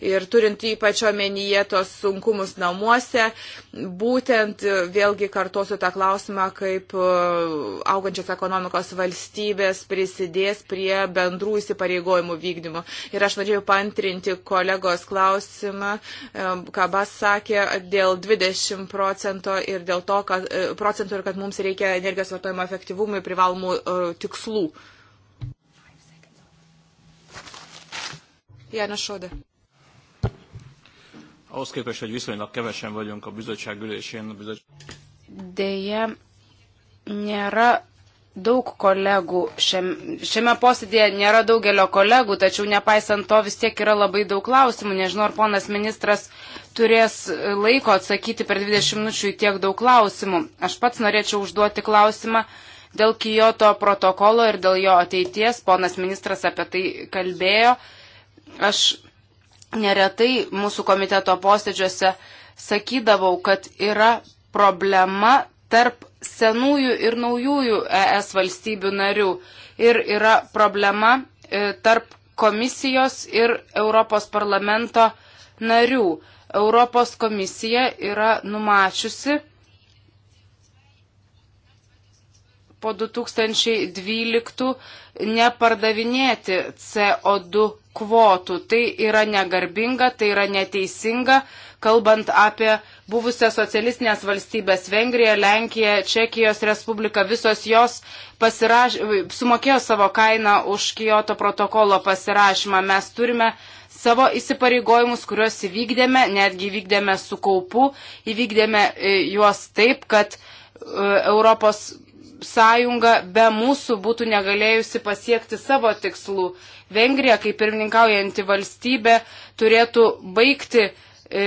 ir turint ypač omenyje tos sunkumus namuose, būtent vėlgi kartuosiu tą klausimą, kaip e, augančios ekonomikos valstybės prisidės prie bendrų įsipareigojimų vykdymo. Ir aš norėjau pantrinti kolegos klausimą, e, ką Bas sakė, dėl 20 procentų ir dėl to, kad, e, procentų ir kad mums reikia energijos vartojimo efektyvumui privalomų tikslų. János Sode. Ahhoz képest, hogy viszonylag kevesen vagyunk a bizottság ülésén. A bizottság...
Deja, nėra daug kolegų. Šiame, šiame posėdėje nėra daugelio kolegų, tačiau nepaisant to vis tiek yra labai daug klausimų. Nežinau, ar ponas ministras turės laiko atsakyti per 20 minučių į tiek daug klausimų. Aš pats norėčiau užduoti klausimą dėl Kijoto protokolo ir dėl jo ateities. Ponas ministras apie tai kalbėjo. Aš neretai mūsų komiteto posėdžiuose sakydavau, kad yra problema tarp senųjų ir naujųjų ES valstybių narių ir yra problema e, tarp komisijos ir Europos parlamento narių. Europos komisija yra numačiusi po 2012 nepardavinėti CO2 kvotų. Tai yra negarbinga, tai yra neteisinga, kalbant apie buvusią socialistinės valstybės Vengriją, Lenkiją, Čekijos Respubliką, visos jos pasiraš... sumokėjo savo kainą už Kyoto protokolo pasirašymą. Mes turime savo įsipareigojimus, kuriuos įvykdėme, netgi įvykdėme su kaupu, įvykdėme e, juos taip, kad e, Europos sąjunga be mūsų būtų negalėjusi pasiekti savo tikslų. Vengrija, kaip pirmininkaujanti valstybė, turėtų baigti e,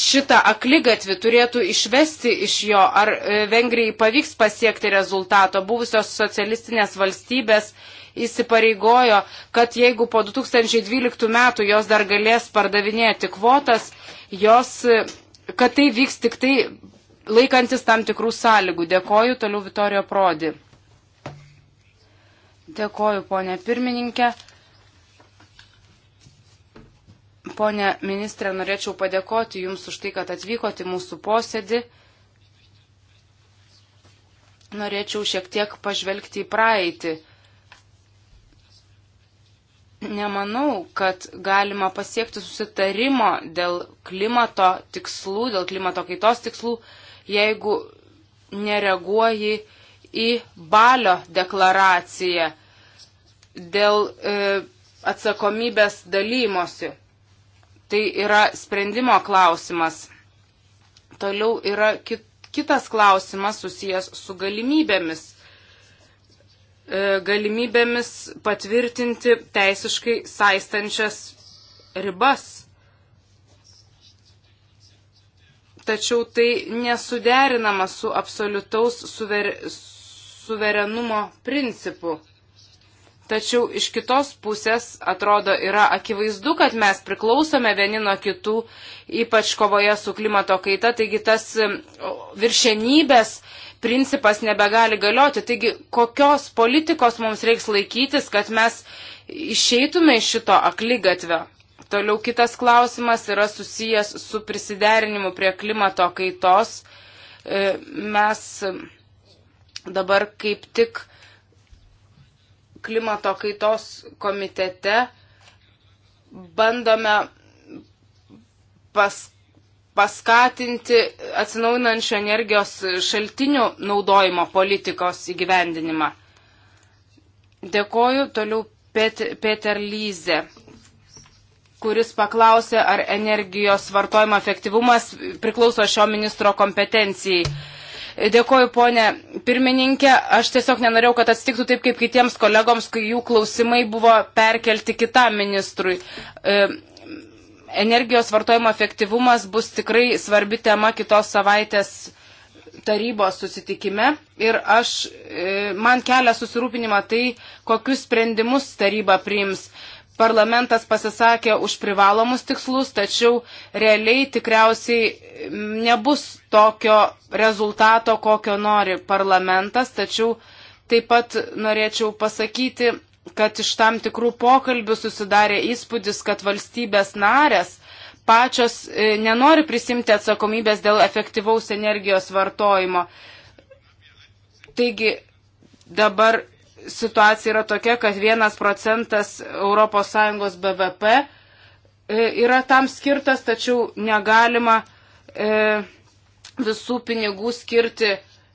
šitą akligatvį, turėtų išvesti iš jo, ar e, Vengrijai pavyks pasiekti rezultato. Buvusios socialistinės valstybės įsipareigojo, kad jeigu po 2012 metų jos dar galės pardavinėti kvotas, jos, e, kad tai vyks tik tai laikantis tam tikrų sąlygų. Dėkoju, toliau Vitorijo Prodi. Dėkoju, ponė pirmininkė. Pone ministrė, norėčiau padėkoti Jums už tai, kad atvykote į mūsų posėdį. Norėčiau šiek tiek pažvelgti į praeitį. Nemanau, kad galima pasiekti susitarimo dėl klimato tikslų, dėl klimato kaitos tikslų, jeigu nereaguoji į balio deklaraciją dėl e, atsakomybės dalymosi. Tai yra sprendimo klausimas. Toliau yra kit, kitas klausimas susijęs su galimybėmis e, galimybėmis patvirtinti teisiškai saistančias ribas. tačiau tai nesuderinama su absoliutaus suver, suverenumo principu. Tačiau iš kitos pusės atrodo yra akivaizdu, kad mes priklausome vieni nuo kitų, ypač kovoje su klimato kaita, taigi tas e, viršenybės principas nebegali galioti. Taigi kokios politikos mums reiks laikytis, kad mes išeitume iš šito aklygatvio? Toliau kitas klausimas yra susijęs su prisiderinimu prie klimato kaitos. E, mes dabar kaip tik klimato kaitos komitete bandome pas, paskatinti atsinaujinančio energijos šaltinių naudojimo politikos įgyvendinimą. Dėkoju, toliau Pet, Peter Lyze kuris paklausė, ar energijos vartojimo efektyvumas priklauso šio ministro kompetencijai. Dėkoju, ponė pirmininkė. Aš tiesiog nenorėjau, kad atsitiktų taip, kaip kitiems kolegoms, kai jų klausimai buvo perkelti kitam ministrui. E, energijos vartojimo efektyvumas bus tikrai svarbi tema kitos savaitės tarybos susitikime ir aš, e, man kelia susirūpinimą tai, kokius sprendimus taryba priims. Parlamentas pasisakė už privalomus tikslus, tačiau realiai tikriausiai nebus tokio rezultato, kokio nori parlamentas. Tačiau taip pat norėčiau pasakyti, kad iš tam tikrų pokalbių susidarė įspūdis, kad valstybės narės pačios e, nenori prisimti atsakomybės dėl efektyvaus energijos vartojimo. Taigi dabar situacija yra tokia, kad vienas procentas ES BVP e, yra tam skirtas, tačiau negalima e, visų pinigų skirti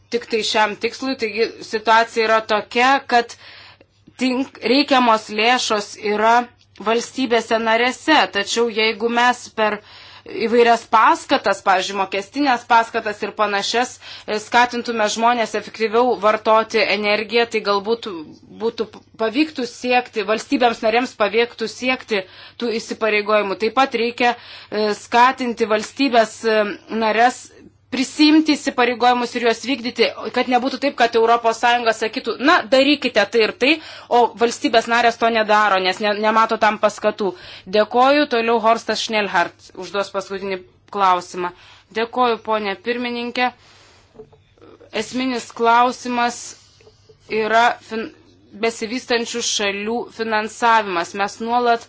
tik tai šiam tikslui. Taigi situacija yra tokia, kad tink, reikiamos lėšos yra valstybėse narėse, tačiau jeigu mes per uh, įvairias paskatas, pavyzdžiui, mokestinės paskatas ir panašias, e, skatintume žmonės efektyviau vartoti energiją, tai galbūt būtų pavyktų siekti, valstybėms narėms pavyktų siekti tų įsipareigojimų. Taip pat reikia e, skatinti valstybės e, narės prisimti įsipareigojimus ir juos vykdyti, kad nebūtų taip, kad ES sakytų, na, darykite tai ir tai, o valstybės narės to nedaro, nes ne, nemato tam paskatų. Dėkoju, toliau Horstas Šnelhart užduos paskutinį klausimą. Dėkoju, ponė pirmininkė. Esminis klausimas yra fin, besivystančių šalių finansavimas. Mes nuolat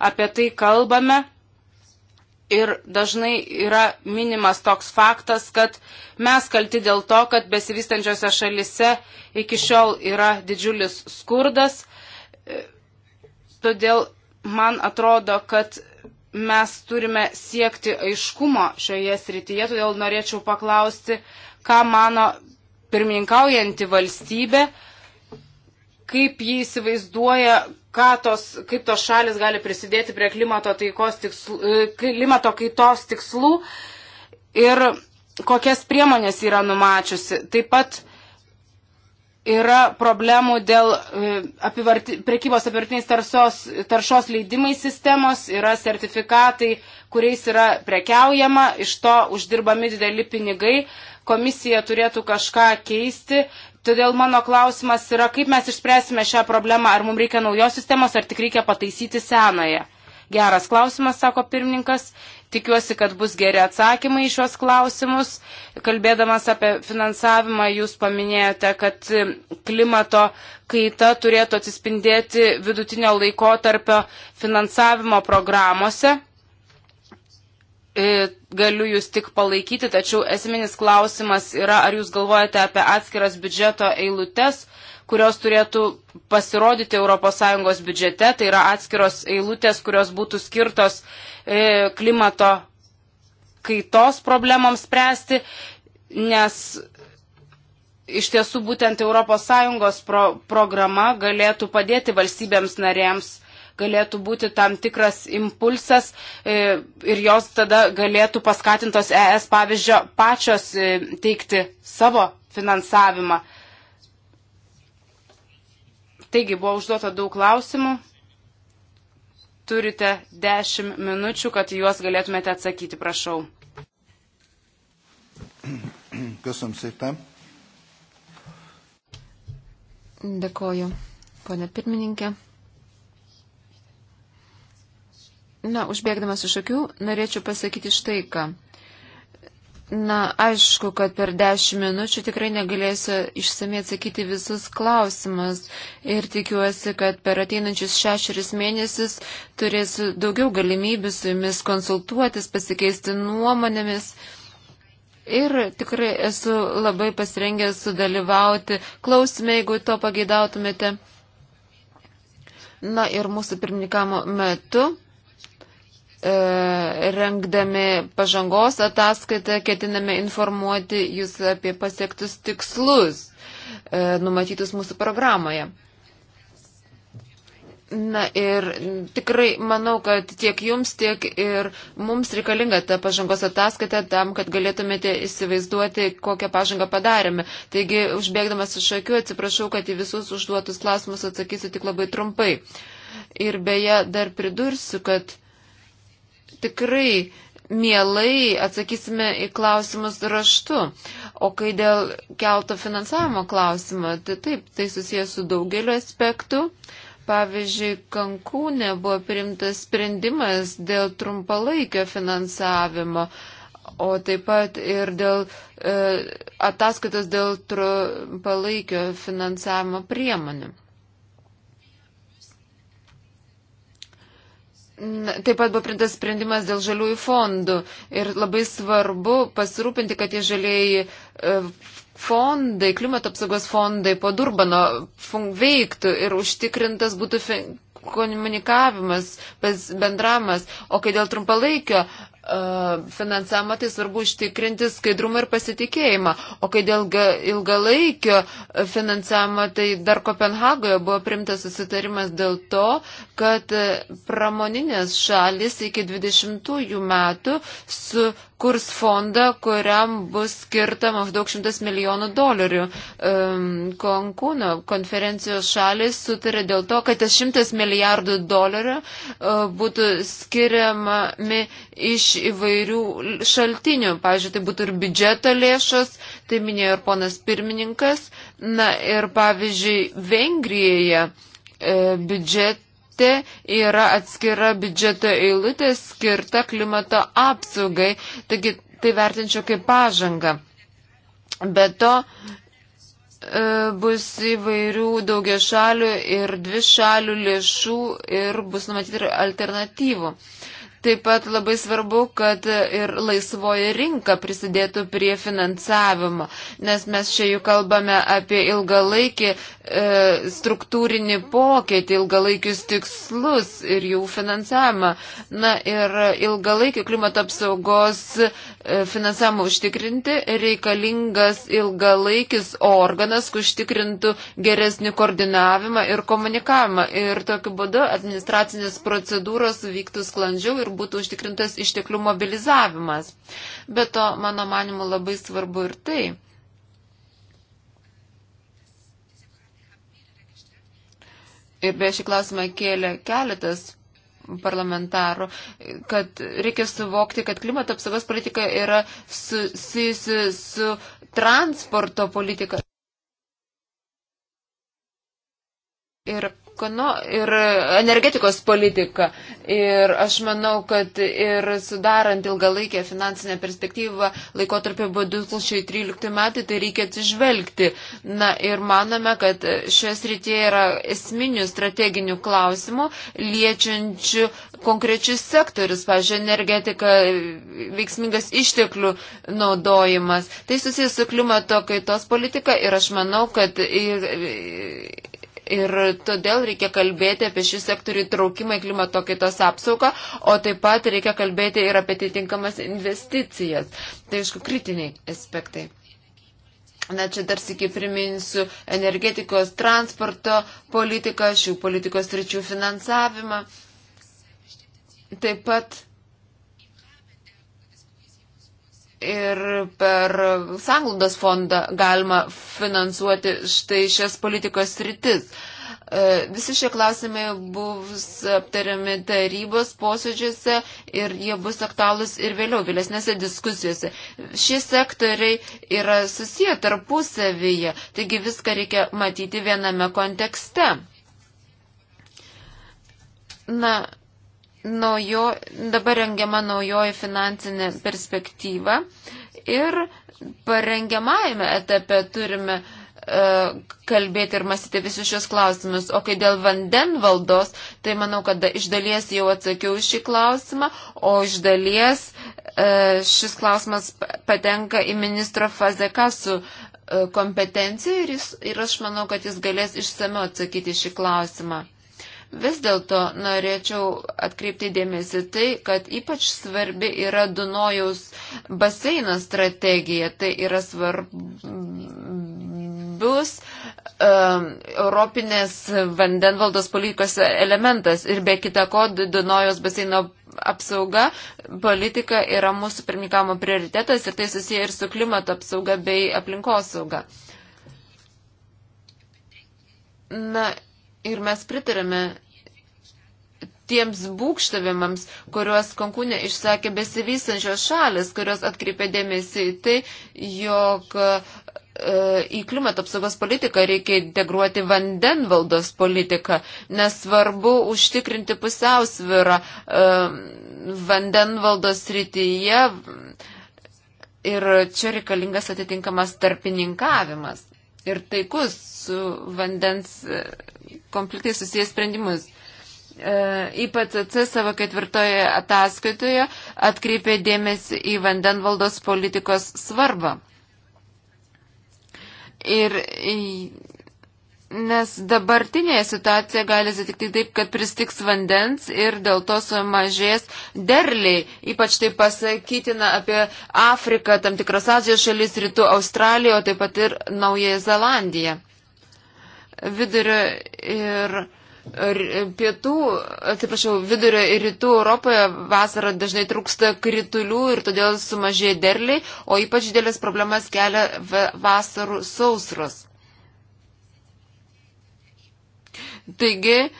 apie tai kalbame Ir dažnai yra minimas toks faktas, kad mes kalti dėl to, kad besivystančiose šalise iki šiol yra didžiulis skurdas. Todėl man atrodo, kad mes turime siekti aiškumo šioje srityje. Todėl norėčiau paklausti, ką mano pirmininkaujanti valstybė, kaip jį įsivaizduoja, ką tos, kaip tos šalis gali prisidėti prie klimato, tikslų, e, klimato kaitos tikslų ir kokias priemonės yra numačiusi. Taip pat yra problemų dėl e, apivarti, prekybos apivartiniais taršos, taršos leidimai sistemos, yra sertifikatai, kuriais yra prekiaujama, iš to uždirbami dideli pinigai. Komisija turėtų kažką keisti Todėl mano klausimas yra, kaip mes išspręsime šią problemą, ar mums reikia naujos sistemos, ar tik reikia pataisyti senąją. Geras klausimas, sako pirmininkas. Tikiuosi, kad bus geri atsakymai į šios klausimus. Kalbėdamas apie finansavimą, jūs paminėjote, kad e, klimato kaita turėtų atsispindėti vidutinio laiko tarpio finansavimo programuose. E, galiu jūs tik palaikyti, tačiau esminis klausimas yra, ar jūs galvojate apie atskiras biudžeto eilutes, kurios turėtų pasirodyti ES biudžete, tai yra atskiros eilutės, kurios būtų skirtos e, klimato kaitos problemams spręsti, nes iš tiesų būtent ES pro programa galėtų padėti valstybėms narėms galėtų būti tam tikras impulsas e, ir jos tada galėtų paskatintos ES pavyzdžio pačios e, teikti savo finansavimą. Taigi buvo užduota daug klausimų. Turite 10 minučių, kad juos galėtumėte atsakyti, prašau.
Köszönöm szépen.
Dėkoju, ponė pirmininkė. Na, užbėgdamas už akių, norėčiau pasakyti štai ką. Na, aišku, kad per dešimt minučių tikrai negalėsiu išsamei atsakyti visus klausimus ir tikiuosi, kad per ateinančius šešeris mėnesius turėsiu daugiau galimybių su jumis konsultuotis, pasikeisti nuomonėmis. Ir tikrai esu labai pasirengęs sudalyvauti klausime, jeigu to pageidautumėte. Na ir mūsų pirmininkamo metu E, rengdami pažangos ataskaitą ketiname informuoti jūs apie pasiektus tikslus e, numatytus mūsų programoje. Na ir tikrai manau, kad tiek jums, tiek ir mums reikalinga ta pažangos ataskaita tam, kad galėtumėte įsivaizduoti, kokią pažangą padarėme. Taigi, užbėgdamas iš akių, atsiprašau, kad į visus užduotus klausimus atsakysiu tik labai trumpai. Ir beje, dar pridursiu, kad tikrai mielai atsakysime į klausimus raštu. O kai dėl kelto finansavimo klausimo, tai taip, tai susijęs su daugeliu aspektų. Pavyzdžiui, Kankūne buvo priimtas sprendimas dėl trumpalaikio finansavimo, o taip pat ir dėl e, ataskaitos dėl trumpalaikio finansavimo priemonių. Taip pat buvo printas sprendimas dėl žaliųjų fondų ir labai svarbu pasirūpinti, kad tie žalieji e, fondai, klimato apsaugos fondai po Durbano veiktų ir užtikrintas būtų komunikavimas, bendramas. O kai dėl trumpalaikio E, finansavimą, tai svarbu užtikrinti skaidrumą ir pasitikėjimą. O kai dėl ilgalaikio finansavimo, tai dar Kopenhagoje buvo primtas susitarimas dėl to, kad pramoninės šalis iki 20 metų su kurs fondą, kuriam bus skirta maždaug 100 milijonų dolerių. Konkūno konferencijos šalis sutarė dėl to, kad tas 100 milijardų dolerių e, būtų skiriami iš įvairių šaltinių. Pavyzdžiui, tai būtų ir biudžeto lėšos, tai minėjo ir ponas pirmininkas. Na ir pavyzdžiui, Vengrijoje e, biudžete yra atskira biudžeto eilutė skirta klimato apsaugai. Taigi tai vertinčiau kaip pažanga. Be to, e, bus įvairių daugia šalių ir dvi šalių lėšų ir bus numatyti ir alternatyvų. Taip pat labai svarbu, kad ir laisvoji rinka prisidėtų prie finansavimo, nes mes čia jau kalbame apie ilgalaikį e, struktūrinį pokėtį, ilgalaikius tikslus ir jų finansavimą. Na ir ilgalaikį klimato apsaugos e, finansavimą užtikrinti reikalingas ilgalaikis organas, kur užtikrintų geresnį koordinavimą ir komunikavimą. Ir tokiu būdu administracinės procedūros vyktų sklandžiau ir ir būtų užtikrintas išteklių mobilizavimas. Bet to, mano manimu, labai svarbu ir tai. Ir beje, šį klausimą kėlė keletas parlamentarų, kad reikia suvokti, kad klimato apsaugos politika yra susijusi su, su transporto politika. Ir ekono, nu, ir energetikos politiką. Ir aš manau, kad ir sudarant ilgalaikę finansinę perspektyvą laikotarpį buvo 2013 metai, tai reikia atsižvelgti. Na ir manome, kad šios rytėje yra esminių strateginių klausimų, liečiančių konkrečius sektorius, pažiūrėjau, energetika, veiksmingas išteklių naudojimas. Tai susijęs su klimato kaitos politika ir aš manau, kad Ir todėl reikia kalbėti apie šį sektorių įtraukimą į klimato kaitos apsaugą, o taip pat reikia kalbėti ir apie atitinkamas investicijas. Tai aišku, kritiniai aspektai. Na čia dar sėki priminsiu energetikos, transporto politiką, šių politikos ryčių finansavimą. Taip pat Ir per sanglaudos fondą galima finansuoti štai šias politikos rytis. E, visi šie klausimai bus aptariami tarybos posėdžiuose ir jie bus aktualūs ir vėliau, vėlesnėse diskusijose. Šie sektoriai yra susiję tarpusavyje, taigi viską reikia matyti viename kontekste. Na, naujo, dabar rengiama naujoji finansinė perspektyva ir parengiamajame etape turime uh, kalbėti ir mąstyti visus šios klausimus. O kai dėl vandenvaldos, tai manau, kad iš dalies jau atsakiau šį klausimą, o iš dalies uh, šis klausimas patenka į ministro Fazekasų e, kompetenciją ir, jis, ir aš manau, kad jis galės išsameu atsakyti šį klausimą. Vis dėlto norėčiau atkreipti dėmesį tai, kad ypač svarbi yra Dunojaus baseino strategija. Tai yra svarbus um, Europinės vandenvaldos politikos elementas ir be kita ko Dunojaus baseino apsauga, politika yra mūsų pirmikamo prioritetas ir tai susiję ir su klimato apsauga bei aplinkosauga. Na Ir mes pritarėme tiems būkštavimams, kuriuos konkūnė išsakė besivysančios šalis, kurios atkreipė dėmesį į tai, jog e, į klimato apsaugos politiką reikia integruoti vandenvaldos politiką, nes svarbu užtikrinti pusiausvyrą e, vandenvaldos rytyje ir čia reikalingas atitinkamas tarpininkavimas ir taikus su vandens e, konfliktai susijęs sprendimus. IPCC e, savo ketvirtoje ataskaitoje atkreipė dėmesį į vandenvaldos politikos svarbą. Ir nes dabartinėje situacijoje gali atsitikti taip, kad pristiks vandens ir dėl to sumažės derliai. Ypač tai pasakytina apie Afriką, tam tikras Azijos šalis, rytų Australiją, o taip pat ir Naująją Zelandiją vidurio ir pietų, atsiprašau, vidurio ir rytų Europoje vasarą dažnai trūksta kritulių ir todėl sumažėja derliai, o ypač didelės problemas kelia vasarų sausros. Taigi,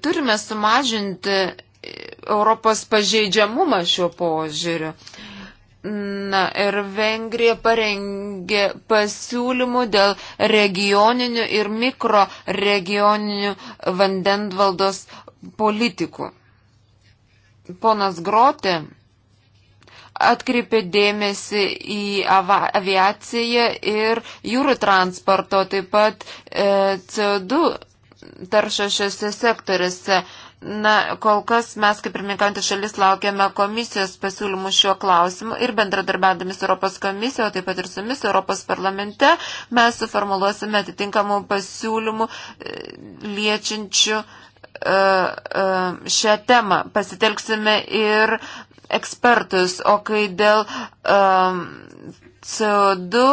turime sumažinti Europos pažeidžiamumą šiuo požiūriu. Na ir Vengrija parengė pasiūlymų dėl regioninių ir mikro regioninių vandenvaldos politikų. Ponas Grotė atkreipė dėmesį į aviaciją ir jūrų transporto, taip pat e, CO2 taršą šiuose sektoriuose. E, Na, kol kas mes, kaip ir minkantis šalis, laukiame komisijos pasiūlymų šiuo klausimu ir bendradarbiaudami su Europos komisija, o taip pat ir su jumis Europos parlamente, mes suformuluosime atitinkamų pasiūlymų e, liečiančių e, e, šią temą. Pasitelksime ir ekspertus, o kai dėl CO2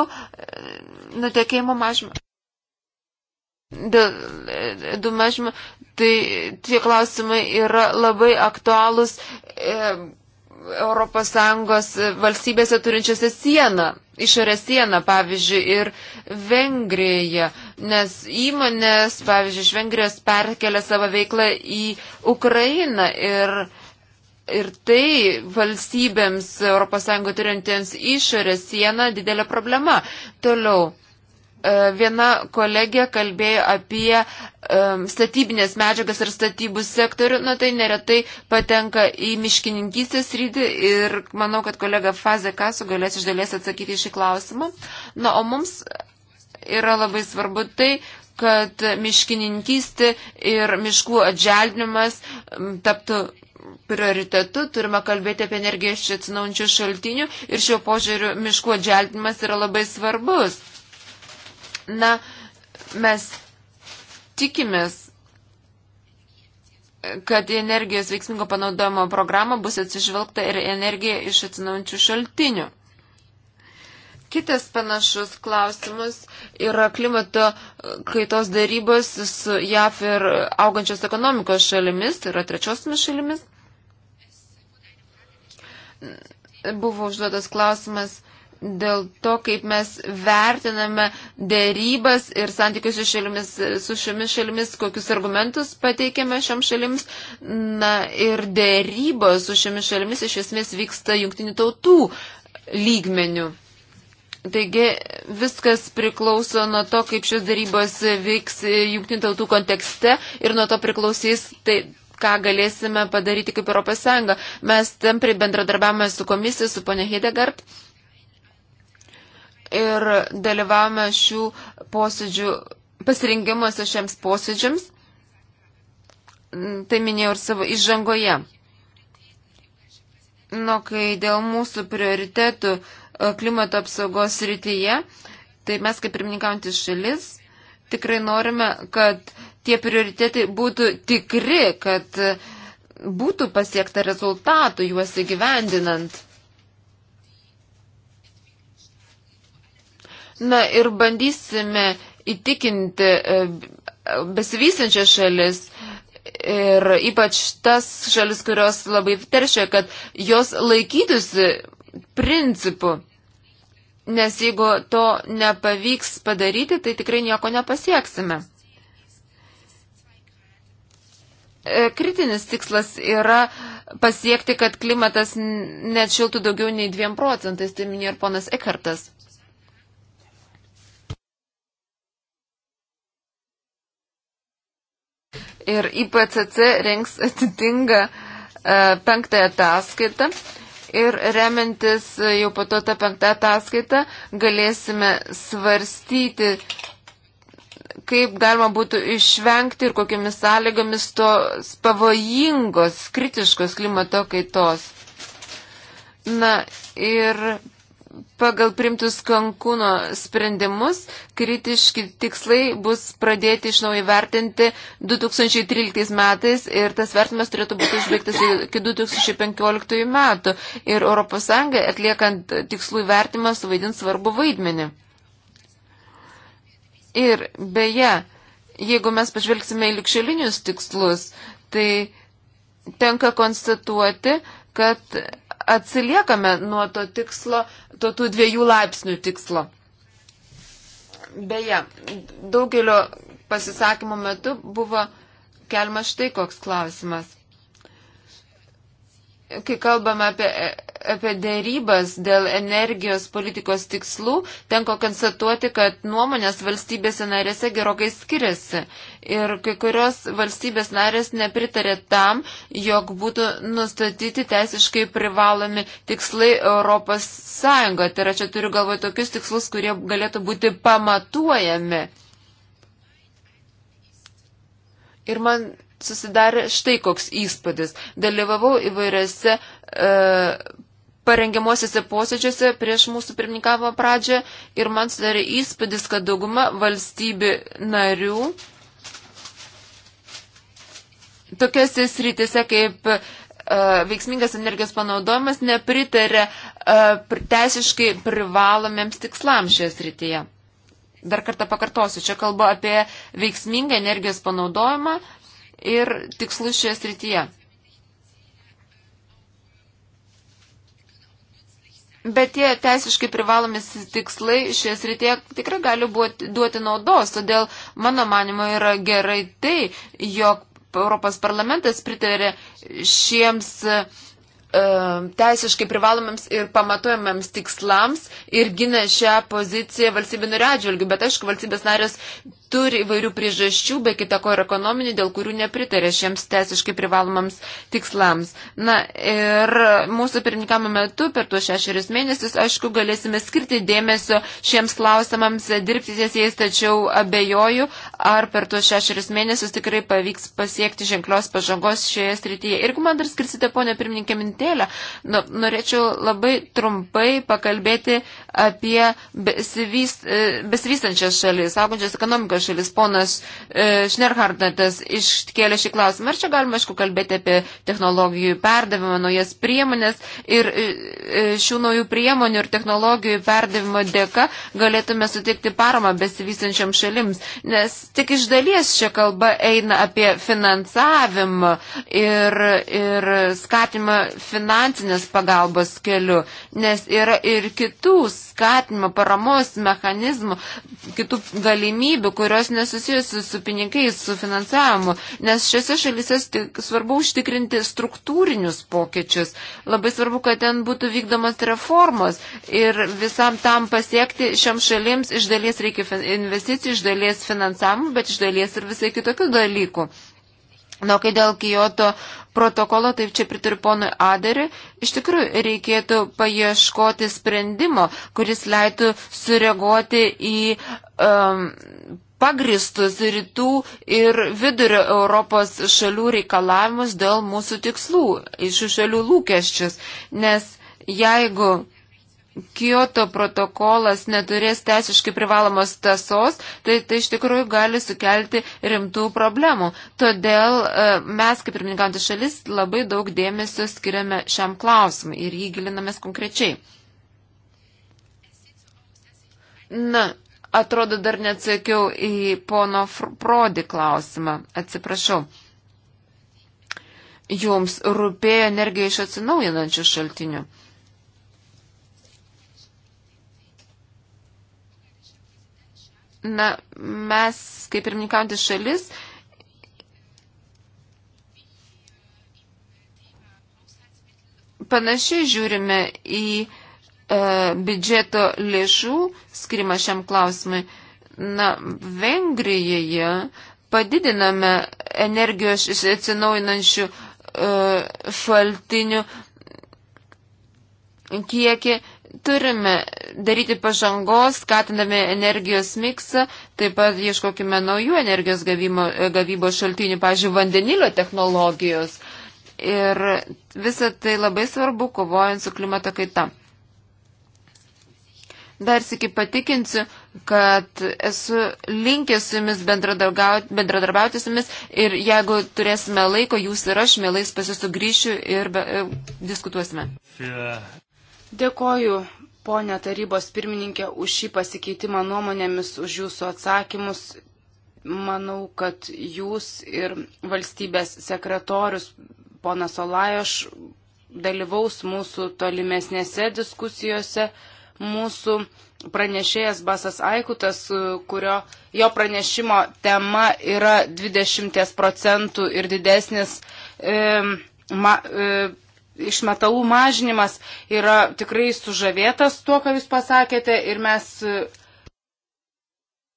nutekėjimo mažimo dėl e, dumažimo, tai tie klausimai yra labai aktualūs e, ES valstybėse turinčiose sieną, išorės sieną, pavyzdžiui, ir Vengrijoje, nes įmonės, pavyzdžiui, iš Vengrijos perkelia savo veiklą į Ukrainą ir Ir tai valstybėms ES turintiems išorės sieną didelė problema. Toliau, E, viena kolegė kalbėjo apie e, statybinės medžiagas ir statybų sektorių, na tai neretai patenka į miškininkystės rydį ir manau, kad kolega Faze Kasu galės iš dalies atsakyti šį klausimą. Na, o mums yra labai svarbu tai, kad miškininkystė ir miškų atželdinimas taptų prioritetu, turime kalbėti apie energiją iš atsinaujančių šaltinių ir šiuo požiūriu miškų atželdinimas yra labai svarbus. Na, mes tikimės, kad į energijos veiksmingo panaudojimo programą bus atsižvelgta ir energija iš atsinaujančių šaltinių. Kitas panašus klausimas yra klimato kaitos darybos su JAF ir augančios ekonomikos šalimis, tai yra trečiosiomis šalimis. Buvo užduotas klausimas dėl to, kaip mes vertiname dėrybas ir santykius su, šalimis, su šiomis šalimis, kokius argumentus pateikėme šiom šalims. Na ir dėrybos su šiomis šalimis iš esmės vyksta jungtinių tautų lygmenių. Taigi viskas priklauso nuo to, kaip šios darybos vyks jungtinių tautų kontekste ir nuo to priklausys tai, ką galėsime padaryti kaip Europos Sąjunga. Mes tampri bendradarbiavame su komisija, su ponia Hidegard ir dalyvavome šių posėdžių pasirinkimuose šiems posėdžiams. Tai minėjau ir savo įžangoje. Nu, kai dėl mūsų prioritetų e, klimato apsaugos rytyje, tai mes kaip pirmininkaujantis šalis tikrai norime, kad tie prioritetai būtų tikri, kad būtų pasiekta rezultatų juos įgyvendinant. Na ir bandysime įtikinti e, besivysančias šalis ir ypač tas šalis, kurios labai teršia, kad jos laikytųsi principų. Nes jeigu to nepavyks padaryti, tai tikrai nieko nepasieksime. E, kritinis tikslas yra pasiekti, kad klimatas neatšiltų daugiau nei 2 procentais, tai minėjo ir ponas Ekartas. ir IPCC rengs atitinga e, penktąją ataskaitą ir remiantis e, jau po to tą penktą ataskaitą galėsime svarstyti, kaip galima būtų išvengti ir kokiamis sąlygomis tos pavojingos, kritiškos klimato kaitos. Na ir pagal primtus Kankūno sprendimus kritiški tikslai bus pradėti iš naujo vertinti 2013 metais ir tas vertimas turėtų būti užbaigtas iki 2015 metų ir ES atliekant tikslų vertimą suvaidins svarbu vaidmenį. Ir beje, jeigu mes pažvelgsime į likšelinius tikslus, tai tenka konstatuoti, kad atsiliekame nuo to tikslo, to tų dviejų laipsnių tikslo. Beje, daugelio pasisakymų metu buvo keliamas štai koks klausimas. Kai kalbame apie, apie dėrybas dėl energijos politikos tikslų, tenko konstatuoti, kad nuomonės valstybėse narėse gerokai skiriasi. Ir kai kurios valstybės narės nepritarė tam, jog būtų nustatyti teisiškai privalomi tikslai Europos Sąjungoje. Tai yra, čia turiu galvoje tokius tikslus, kurie galėtų būti pamatuojami. Ir man susidarė štai koks įspūdis. Dalyvavau įvairiose e, parengiamuosiuose posėdžiuose prieš mūsų pirmininkavimo pradžią ir man susidarė įspūdis, kad dauguma valstybių narių tokiose sritise kaip e, veiksmingas energijos panaudojimas nepritarė e, teisiškai privalomiems tikslams šioje srityje. Dar kartą pakartosiu, čia kalba apie veiksmingą energijos panaudojimą ir tikslus šioje srityje. Bet tie teisiškai privalomi tikslai šioje srityje tikrai gali duoti naudos, todėl mano manimo yra gerai tai, jog Europos parlamentas pritarė šiems e, teisiškai privalomams ir pamatuojamams tikslams ir gina šią poziciją valstybių nuredžių, bet aišku, valstybės narės turi įvairių priežasčių, be kitako ir ekonominių, dėl kurių nepritarė šiems teisiškai privalomams tikslams. Na ir mūsų pirmininkamo metu per tuos šešerius mėnesius, aišku, galėsime skirti dėmesio šiems klausimams, dirbti ties jais, tačiau abejoju, ar per tuos šešerius mėnesius tikrai pavyks pasiekti ženklios pažangos šioje srityje. Ir jeigu man dar skirsite, ponė pirmininkė Mintelė, nu, norėčiau labai trumpai pakalbėti apie e, besivystančias šalis, augančias ekonomikos šalis. Ponas e, Šnerhardatas iškėlė šį klausimą. Ir čia galima, aišku, kalbėti apie technologijų perdavimą, naujas priemonės. Ir e, e šių naujų priemonių ir technologijų perdavimo dėka galėtume suteikti paramą besivysančiam šalims. Nes tik iš dalies čia kalba eina apie finansavimą ir, ir skatimą finansinės pagalbos keliu. Nes yra ir kitų skatimo paramos mechanizmų, kitų galimybių, kurios nesusijusi su pinigais, su finansavimu, nes šiose šalyse svarbu užtikrinti struktūrinius pokyčius. Labai svarbu, kad ten būtų vykdomas reformos ir visam tam pasiekti šiam šalims iš dalies reikia investicijų, iš dalies finansavimų, bet iš dalies ir visai kitokių dalykų. Na, kai dėl Kijoto protokolo, taip čia pritariu ponui Aderiui, iš tikrųjų reikėtų paieškoti sprendimo, kuris leitų sureaguoti į um, pagristus rytų ir vidurio Europos šalių reikalavimus dėl mūsų tikslų, iš šių šalių lūkesčius. Nes jeigu Kyoto protokolas neturės teisiškai privalomos tasos, tai tai iš tikrųjų gali sukelti rimtų problemų. Todėl e, mes, kaip pirmininkantis šalis, labai daug dėmesio skiriame šiam klausimui ir jį gilinamės konkrečiai. Na, Atrodo, dar neatsakiau į pono Prodi klausimą. Atsiprašau. Jums rūpėjo energija iš atsinaujinančių šaltinių. Na, mes, kaip ir minkantis šalis, panašiai žiūrime į E, biudžeto lėšų skirima šiam klausimui. Na, Vengrijoje padidiname energijos atsinaujinančių e, šaltinių kiekį. Turime daryti pažangos, skatindami energijos miksą, taip pat ieškokime naujų energijos gavimo, e, gavybos šaltinių, pažiūrėjau, vandenilio technologijos. Ir visa tai labai svarbu, kovojant su klimato kaita. Dar sėki patikinsiu, kad esu linkęs su jumis bendradarbiauti su jumis ir jeigu turėsime laiko, jūs ir aš mielais pasisugrįšiu ir be, e, diskutuosime.
Dėkoju, ponė tarybos pirmininkė, už šį pasikeitimą nuomonėmis, už jūsų atsakymus. Manau, kad jūs ir valstybės sekretorius, ponas Olajoš, dalyvaus mūsų tolimesnėse diskusijose mūsų pranešėjas Basas Aikutas, kurio jo pranešimo tema yra 20 procentų ir didesnis e, ma, e, išmetalų mažinimas, yra tikrai sužavėtas tuo, ką jūs pasakėte ir mes.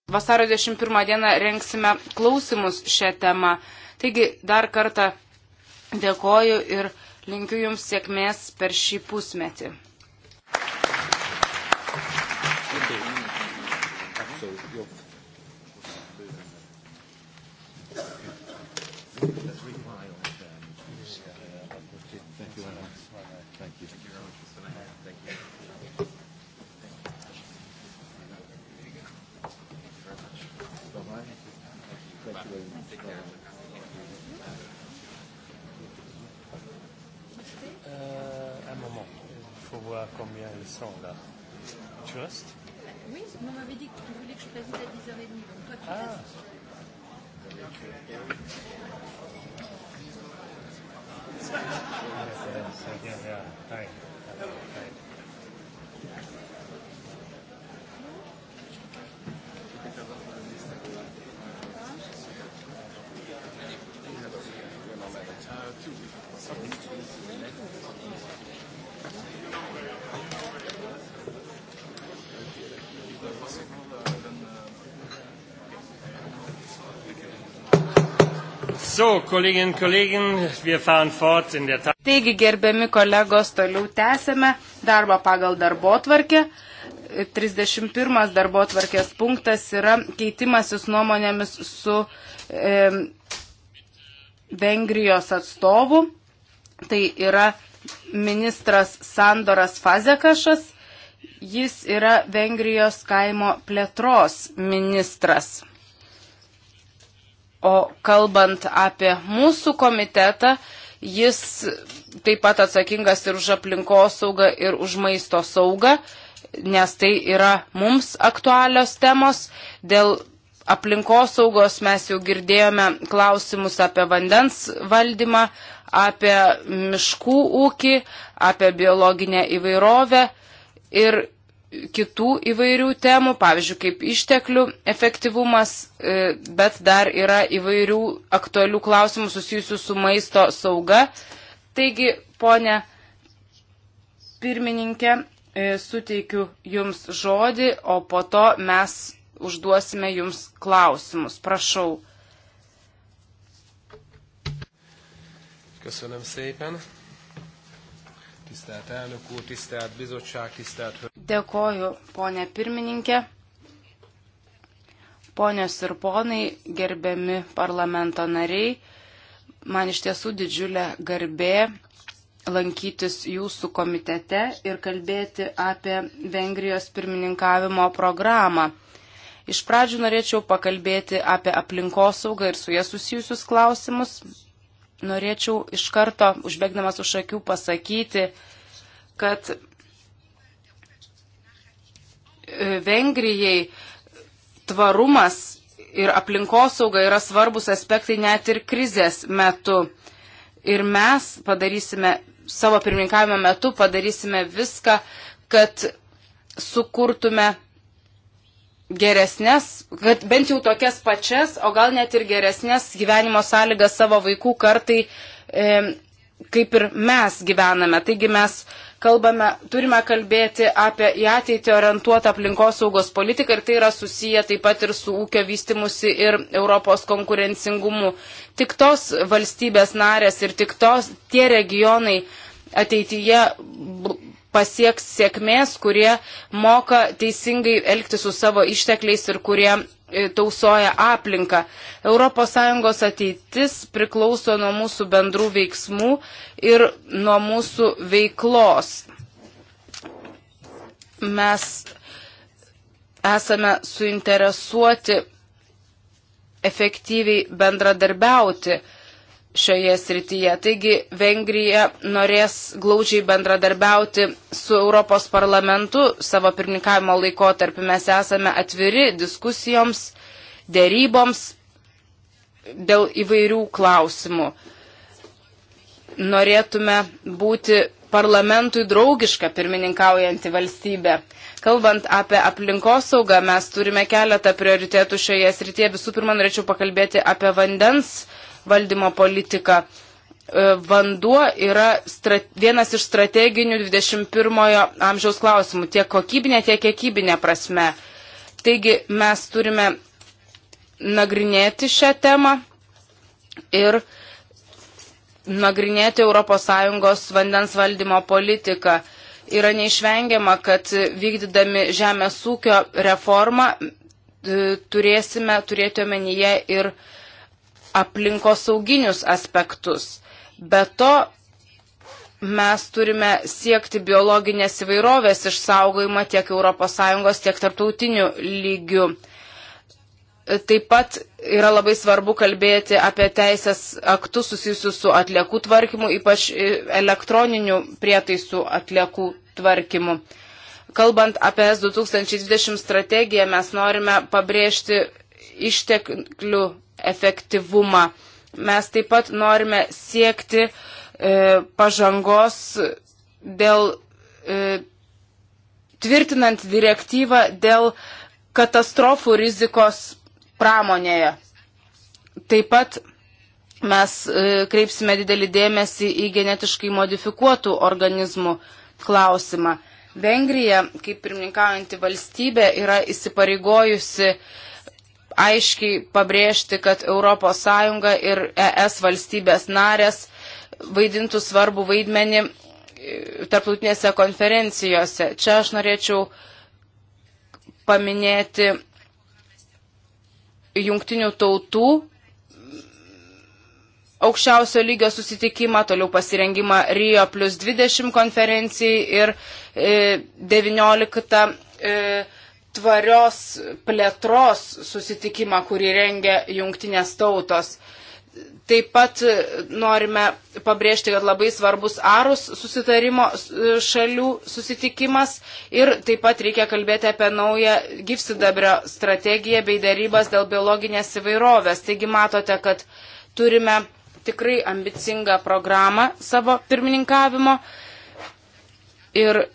Vasario 21 dieną renksime klausimus šią temą. Taigi dar kartą dėkoju ir linkiu Jums sėkmės per šį pusmetį. ensemble. Tu restes
Oui,
on m'avait dit que tu voulais que je préside à 10h30, donc toi tu ah. restes.
Avec, euh, So, kolegin, kolegin, der... Taigi, gerbiami kolegos, toliau tęsėme darbą pagal darbo tvarkę. 31 darbo tvarkės punktas yra keitimasis nuomonėmis su e, Vengrijos atstovu. Tai yra ministras Sandoras Fazekašas. Jis yra Vengrijos kaimo plėtros ministras. O kalbant apie mūsų komitetą, jis taip pat atsakingas ir už aplinkosaugą, ir už maisto saugą, nes tai yra mums aktualios temos. Dėl aplinkosaugos mes jau girdėjome klausimus apie vandens valdymą, apie miškų ūkį, apie biologinę įvairovę. Ir kitų įvairių temų, pavyzdžiui, kaip išteklių efektyvumas, e, bet dar yra įvairių aktualių klausimų susijusių su maisto sauga. Taigi, ponė pirmininkė, e, suteikiu Jums žodį, o po to mes užduosime Jums klausimus. Prašau.
Köszönöm szépen. Tisztelt elnök úr, tisztelt bizottság, tisztelt...
Dėkoju, ponė pirmininkė. Ponios ir ponai, gerbiami parlamento nariai, man iš tiesų didžiulė garbė lankytis jūsų komitete ir kalbėti apie Vengrijos pirmininkavimo programą. Iš pradžių norėčiau pakalbėti apie aplinkosaugą ir su jie susijusius klausimus, norėčiau iš karto, užbėgdamas už akių, pasakyti, kad e, Vengrijai tvarumas ir aplinkosauga yra svarbus aspektai net ir krizės metu. Ir mes padarysime, savo pirmininkavimo metu padarysime viską, kad sukurtume geresnės, kad bent jau tokias pačias, o gal net ir geresnės gyvenimo sąlygas savo vaikų kartai, e, kaip ir mes gyvename. Taigi mes kalbame, turime kalbėti apie į ateitį orientuotą aplinkosaugos politiką ir tai yra susiję taip pat ir su ūkio vystimusi ir Europos konkurencingumu. Tik tos valstybės narės ir tik tos tie regionai ateityje pasieks sėkmės, kurie moka teisingai elgti su savo ištekliais ir kurie e, tausoja aplinką. ES ateitis priklauso nuo mūsų bendrų veiksmų ir nuo mūsų veiklos. Mes esame suinteresuoti efektyviai bendradarbiauti šioje srityje. Taigi Vengrija norės glaudžiai bendradarbiauti su Europos parlamentu savo pirmininkavimo laikotarpiu. Mes esame atviri diskusijoms, dėryboms dėl įvairių klausimų. Norėtume būti parlamentui draugiška pirmininkaujanti valstybė. Kalbant apie aplinkosaugą, mes turime keletą prioritėtų šioje srityje. Visų pirma, norėčiau pakalbėti apie vandens valdymo politiką. E, vanduo yra vienas iš strateginių 21-ojo amžiaus klausimų, tiek kokybinė, tiek kiekybinė prasme. Taigi mes turime nagrinėti šią temą ir nagrinėti ES vandens valdymo politiką. Yra neišvengiama, kad vykdydami žemės ūkio reformą e, turėsime turėti omenyje ir uh, aplinkosauginius aspektus. Be to, mes turime siekti biologinės įvairovės išsaugojimą tiek ES, tiek tarptautiniu lygiu. Taip pat yra labai svarbu kalbėti apie teisės aktus susijusius su atliekų tvarkymu, ypač elektroninių prietaisų atliekų tvarkymu. Kalbant apie S2020 strategiją, mes norime pabrėžti išteklių efektyvumą. Mes taip pat norime siekti e, pažangos dėl e, tvirtinant direktyvą dėl katastrofų rizikos pramonėje. Taip pat mes e, kreipsime didelį dėmesį į genetiškai modifikuotų organizmų klausimą. Vengrija, kaip pirmininkaujanti valstybė, yra įsipareigojusi aiškiai pabrėžti, kad ES ir ES valstybės narės vaidintų svarbų vaidmenį e, tarptautinėse konferencijose. Čia aš norėčiau paminėti jungtinių tautų aukščiausio lygio susitikimą, toliau pasirengimą Rio plus 20 konferencijai ir e, 19 e, tvarios plėtros susitikimą, kurį rengia jungtinės tautos. Taip pat norime pabrėžti, kad labai svarbus arus susitarimo šalių susitikimas ir taip pat reikia kalbėti apie naują gyvsidabrio strategiją bei darybas dėl biologinės įvairovės. Taigi matote, kad turime tikrai ambicingą programą savo pirmininkavimo ir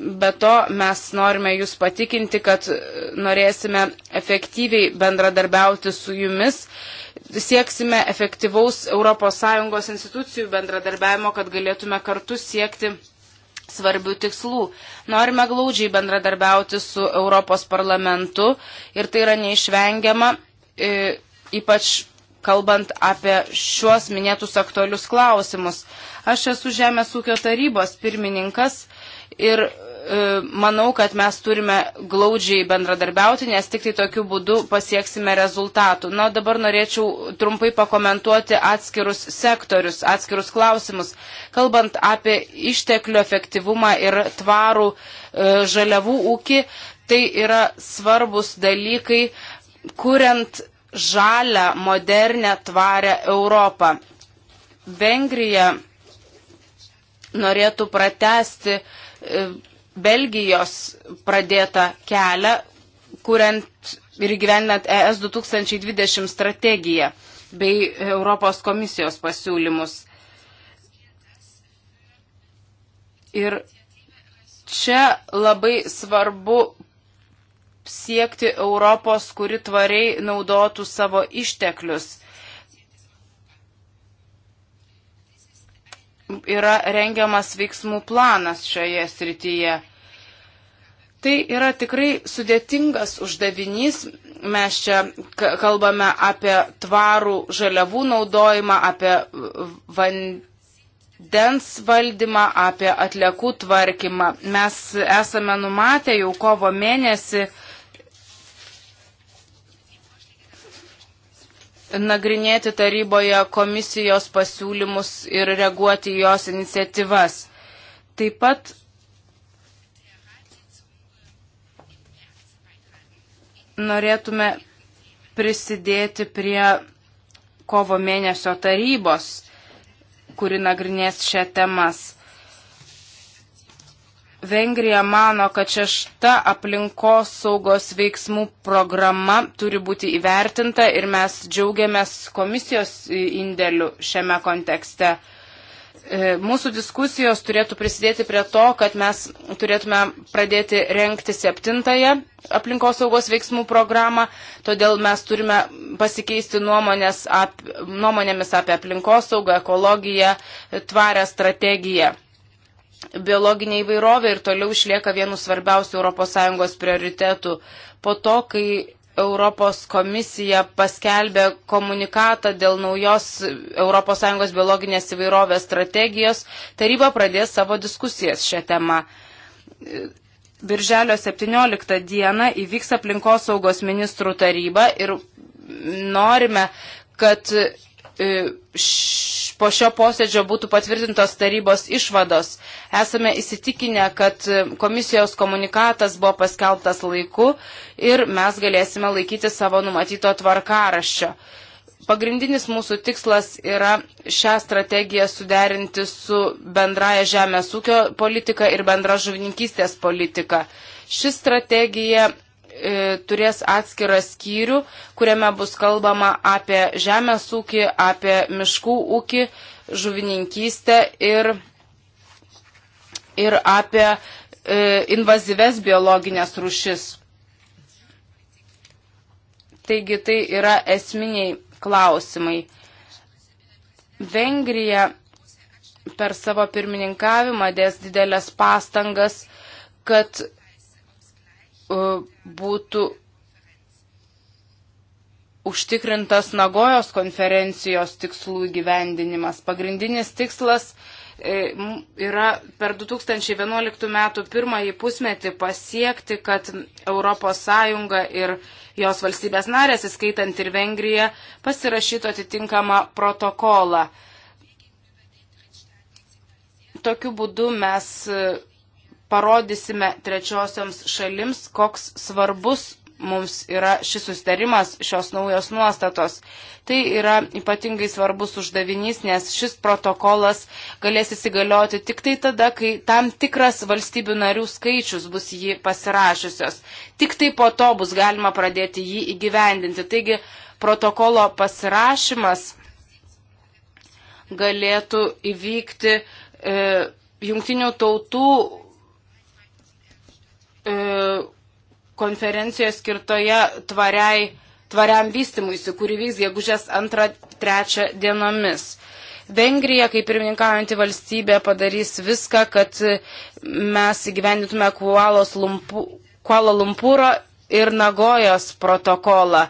Be to mes norime Jūs patikinti, kad norėsime efektyviai bendradarbiauti su Jumis, sieksime efektyvaus ES institucijų bendradarbiavimo, kad galėtume kartu siekti svarbių tikslų. Norime glaudžiai bendradarbiauti su Europos parlamentu ir tai yra neišvengiama, e, ypač kalbant apie šiuos minėtus aktualius klausimus. Aš esu Žemės ūkio tarybos pirmininkas ir E, manau, kad mes turime glaudžiai bendradarbiauti, nes tik tai tokiu būdu pasieksime rezultatų. Na, dabar norėčiau trumpai pakomentuoti atskirus sektorius, atskirus klausimus. Kalbant apie išteklių efektyvumą ir tvarų e, žaliavų ūkį, tai yra svarbus dalykai, kuriant žalę, modernę, tvarę Europą. Vengrija norėtų pratesti e, Belgijos pradėtą kelią, kuriant ir gyvenant ES 2020 strategiją bei Europos komisijos pasiūlymus. Ir čia labai svarbu siekti Europos, kuri tvariai naudotų savo išteklius. yra rengiamas veiksmų planas šioje srityje. Tai yra tikrai sudėtingas uždavinys. Mes čia kalbame apie tvarų žaliavų naudojimą, apie vandens valdymą, apie atliekų tvarkymą. Mes esame numatę jau kovo mėnesį uh, nagrinėti taryboje komisijos pasiūlymus ir reaguoti į jos iniciatyvas. Taip pat norėtume prisidėti prie kovo mėnesio tarybos, kuri nagrinės šią temas. Vengrija mano, kad šešta aplinkos saugos veiksmų programa turi būti įvertinta ir mes džiaugiamės komisijos indėliu šiame kontekste. E, mūsų diskusijos turėtų prisidėti prie to, kad mes turėtume pradėti renkti septintąją aplinkos saugos veiksmų programą, todėl mes turime pasikeisti nuomonės ap, nuomonėmis apie aplinkos saugą, ekologiją, tvarę strategiją biologinė įvairovė ir toliau išlieka vienu svarbiausių ES prioritetų. Po to, kai Europos komisija paskelbė komunikatą dėl naujos ES biologinės įvairovės strategijos, taryba pradės savo diskusijas šią temą. Birželio 17 dieną įvyks aplinkosaugos ministrų taryba ir norime, kad E, po šio posėdžio būtų patvirtintos tarybos išvados. Esame įsitikinę, kad komisijos komunikatas buvo paskelbtas laiku ir mes galėsime laikyti savo numatyto tvarkaraščio. Pagrindinis mūsų tikslas yra šią strategiją suderinti su bendraja žemės ūkio politika ir bendra žuvininkystės politika. Ši strategija E, turės atskirą skyrių, kuriame bus kalbama apie žemės ūkį, apie miškų ūkį, žuvininkystę ir, ir apie e, invazyves biologinės rušis. Taigi tai yra esminiai klausimai. Vengrija per savo pirmininkavimą dės didelės pastangas, kad E, būtų užtikrintas Nagojos konferencijos tikslų įgyvendinimas. Pagrindinis tikslas e, yra per 2011 metų pirmąjį pusmetį pasiekti, kad ES ir jos valstybės narės, įskaitant ir Vengriją, pasirašytų atitinkamą protokolą. Tokiu būdu mes e, parodysime trečiosioms šalims, koks svarbus mums yra šis sustarimas, šios naujos nuostatos. Tai yra ypatingai svarbus uždavinys, nes šis protokolas galės įsigalioti tik tai tada, kai tam tikras valstybių narių skaičius bus jį pasirašiusios. Tik tai po to bus galima pradėti jį įgyvendinti. Taigi protokolo pasirašymas galėtų įvykti e, jungtinių tautų E, konferencijoje skirtoje tvariai, tvariam vystimuisi, kuri vyks gegužės 2-3 dienomis. Vengrija, kaip pirmininkaujanti valstybė, padarys viską, kad mes įgyvendintume Lumpu, Kuala Lumpūro ir Nagojos protokolą.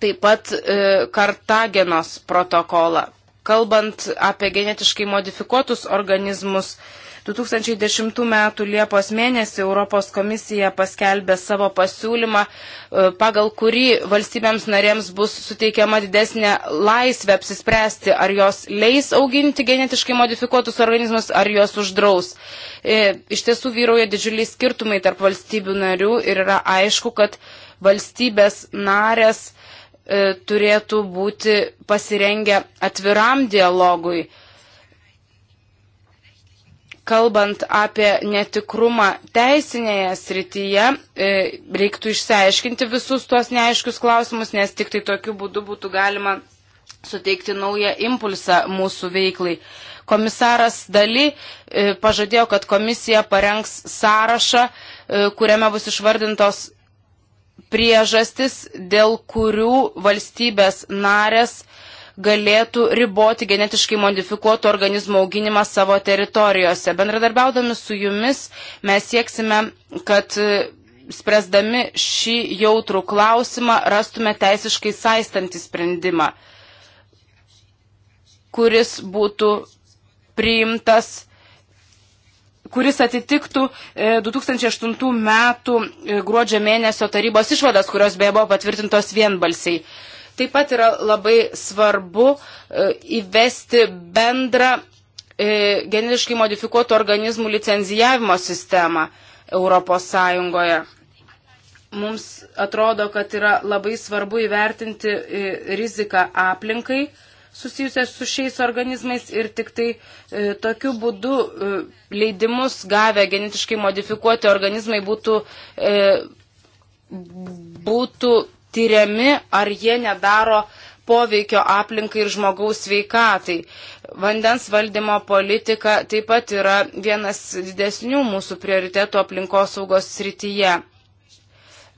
Taip pat e, Kartagenos protokolą. Kalbant apie genetiškai modifikuotus organizmus, e, 2010 m. Liepos mėnesį Europos komisija paskelbė savo pasiūlymą, e, pagal kurį valstybėms narėms bus suteikiama didesnė laisvė apsispręsti, ar jos leis auginti genetiškai modifikuotus organizmus, ar juos uždraus. E, iš tiesų vyrauja didžiuliai skirtumai tarp valstybių narių ir yra aišku, kad valstybės narės e, turėtų būti pasirengę atviram dialogui kalbant apie netikrumą teisinėje srityje, e, reiktų išsiaiškinti visus tuos neaiškius klausimus, nes tik tai tokiu būdu būtų galima suteikti naują impulsą mūsų veiklai. Komisaras Dali e, pažadėjo, kad komisija parengs sąrašą, e, kuriame bus išvardintos priežastis, dėl kurių valstybės narės uh, galėtų riboti genetiškai modifikuotų organizmų auginimą savo teritorijose. Bendradarbiaudami su jumis mes sieksime, kad e, spręsdami šį jautrų klausimą rastume teisiškai saistantį sprendimą, kuris būtų priimtas kuris atitiktų 2008 e, metų e, gruodžio mėnesio tarybos išvadas, kurios beje buvo patvirtintos vienbalsiai. Taip pat yra labai svarbu e, įvesti bendrą e, genetiškai modifikuotų organizmų licenzijavimo sistemą Europos Sąjungoje. Mums atrodo, kad yra labai svarbu įvertinti e, riziką aplinkai susijusias su šiais organizmais ir tik tai e, tokiu būdu e, leidimus gavę genetiškai modifikuoti organizmai būtų, e, būtų tyriami, ar jie nedaro poveikio aplinkai ir žmogaus sveikatai. Vandens valdymo politika taip pat yra vienas didesnių mūsų prioritetų aplinkosaugos srityje.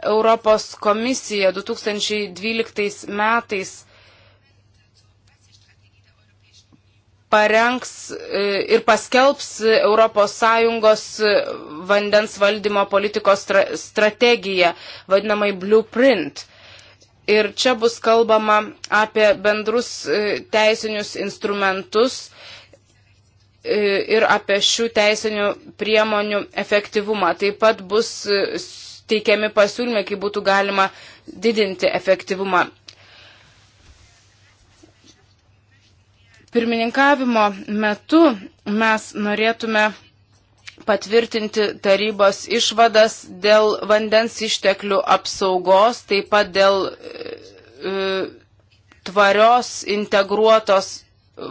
Europos komisija 2012 metais parengs e, ir paskelbs ES vandens valdymo politikos strategiją, vadinamai blueprint. Ir čia bus kalbama apie bendrus e, teisinius instrumentus e, ir apie šių teisinių priemonių efektyvumą. Taip pat bus e, teikiami pasiūlymai, kaip būtų galima didinti efektyvumą. Pirmininkavimo metu mes norėtume patvirtinti tarybos išvadas dėl vandens išteklių apsaugos, taip pat dėl e, e tvarios integruotos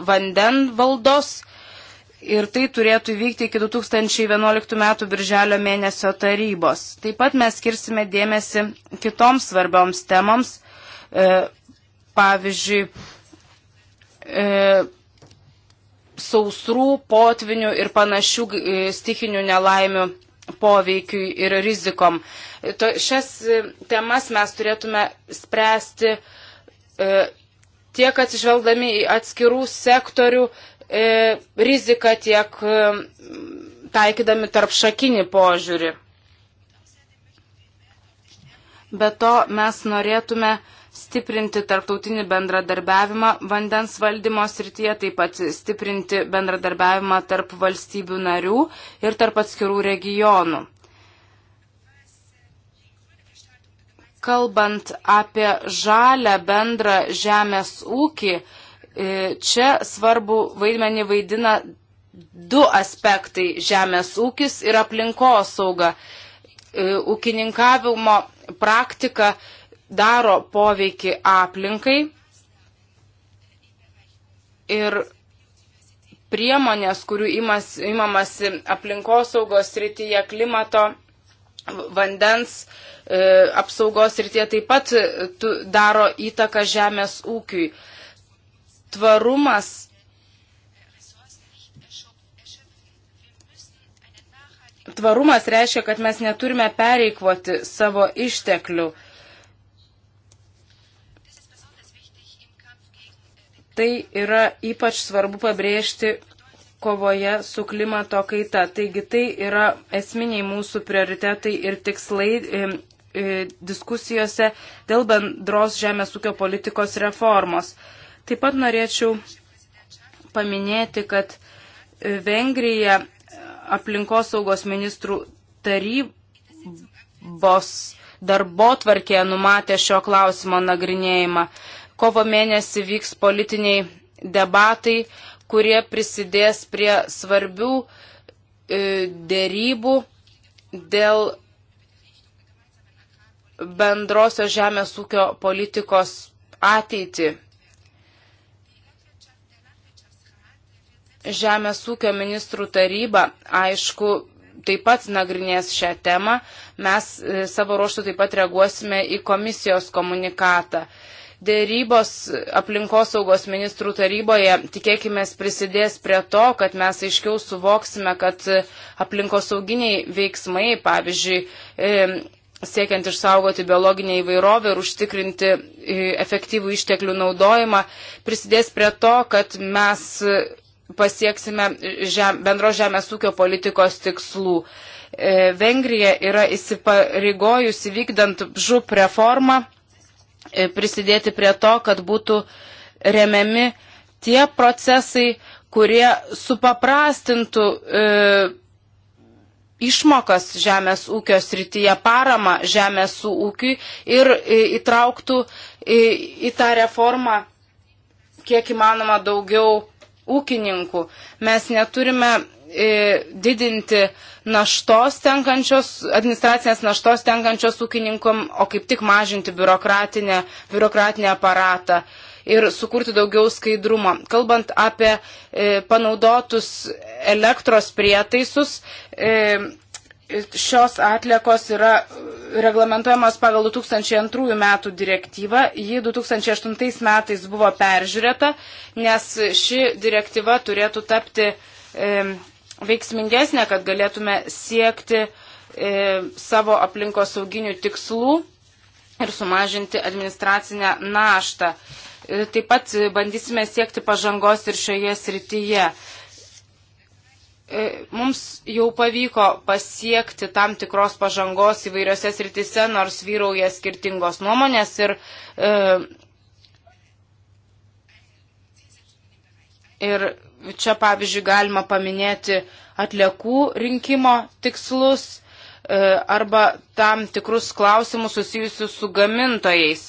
vandenvaldos. Ir tai turėtų vykti iki 2011 m. birželio mėnesio tarybos. Taip pat mes skirsime dėmesį kitoms svarbioms temoms, e, pavyzdžiui, e, sausrų, potvinių ir panašių e, stikinių nelaimių poveikiui ir rizikom. E, to, šias e, temas mes turėtume spręsti e, tiek atsižvelgdami į atskirų sektorių e, riziką, tiek e, taikydami tarp šakinį požiūrį. Be to mes norėtume e, stiprinti tarptautinį bendradarbiavimą vandens valdymo srityje, taip pat stiprinti bendradarbiavimą tarp valstybių narių ir tarp atskirų regionų. Kalbant apie žalę bendrą žemės ūkį, e, čia svarbu vaidmenį vaidina du aspektai - žemės ūkis ir aplinkosauga. E, ūkininkavimo praktika daro poveikį aplinkai ir priemonės, kurių imas, imamasi aplinkosaugos srityje, klimato, vandens e, apsaugos srityje taip pat e, tu, daro įtaką žemės ūkiui. Tvarumas Tvarumas reiškia, kad mes neturime pereikvoti savo išteklių. Tai yra ypač svarbu pabrėžti kovoje su klimato kaita. Taigi tai yra esminiai mūsų prioritetai ir tikslai e, e, diskusijose dėl bendros žemės ūkio politikos reformos. Taip pat norėčiau paminėti, kad e, Vengrija aplinkosaugos ministrų tarybos darbo tvarkėje numatė šio klausimo nagrinėjimą. Kovo mėnesį vyks politiniai debatai, kurie prisidės prie svarbių e, dėrybų dėl bendrosios žemės ūkio politikos ateitį. Žemės ūkio ministrų taryba, aišku, taip pat nagrinės šią temą. Mes e, savo ruoštų taip pat reaguosime į komisijos komunikatą. Dėrybos aplinkosaugos ministrų taryboje tikėkime prisidės prie to, kad mes aiškiau suvoksime, kad aplinkosauginiai veiksmai, pavyzdžiui, e, siekiant išsaugoti biologinę įvairovę ir užtikrinti e, efektyvų išteklių naudojimą, prisidės prie to, kad mes pasieksime žem, bendro žemės ūkio politikos tikslų. E, Vengrija yra įsipareigojusi vykdant žup reformą E, prisidėti prie to, kad būtų remiami tie procesai, kurie supaprastintų e, išmokas žemės ūkio srityje, paramą žemės ūkiui ir e, įtrauktų e, į tą reformą kiek įmanoma daugiau ūkininkų. Mes neturime E, didinti naštos tenkančios, administracinės naštos tenkančios ūkininkom, o kaip tik mažinti biurokratinę, biurokratinę aparatą ir sukurti daugiau skaidrumo. Kalbant apie e, panaudotus elektros prietaisus, e, šios atliekos yra reglamentuojamos pagal 2002 metų direktyvą. Ji 2008 metais buvo peržiūrėta, nes ši direktyva turėtų tapti e, veiksmingesnė, kad galėtume siekti e, savo aplinkos sauginių tikslų ir sumažinti administracinę naštą. E, taip pat bandysime siekti pažangos ir šioje srityje. E, mums jau pavyko pasiekti tam tikros pažangos įvairiose srityse, nors vyrauja skirtingos nuomonės ir e, ir Čia, pavyzdžiui, galima paminėti atliekų rinkimo tikslus e, arba tam tikrus klausimus susijusius su gamintojais.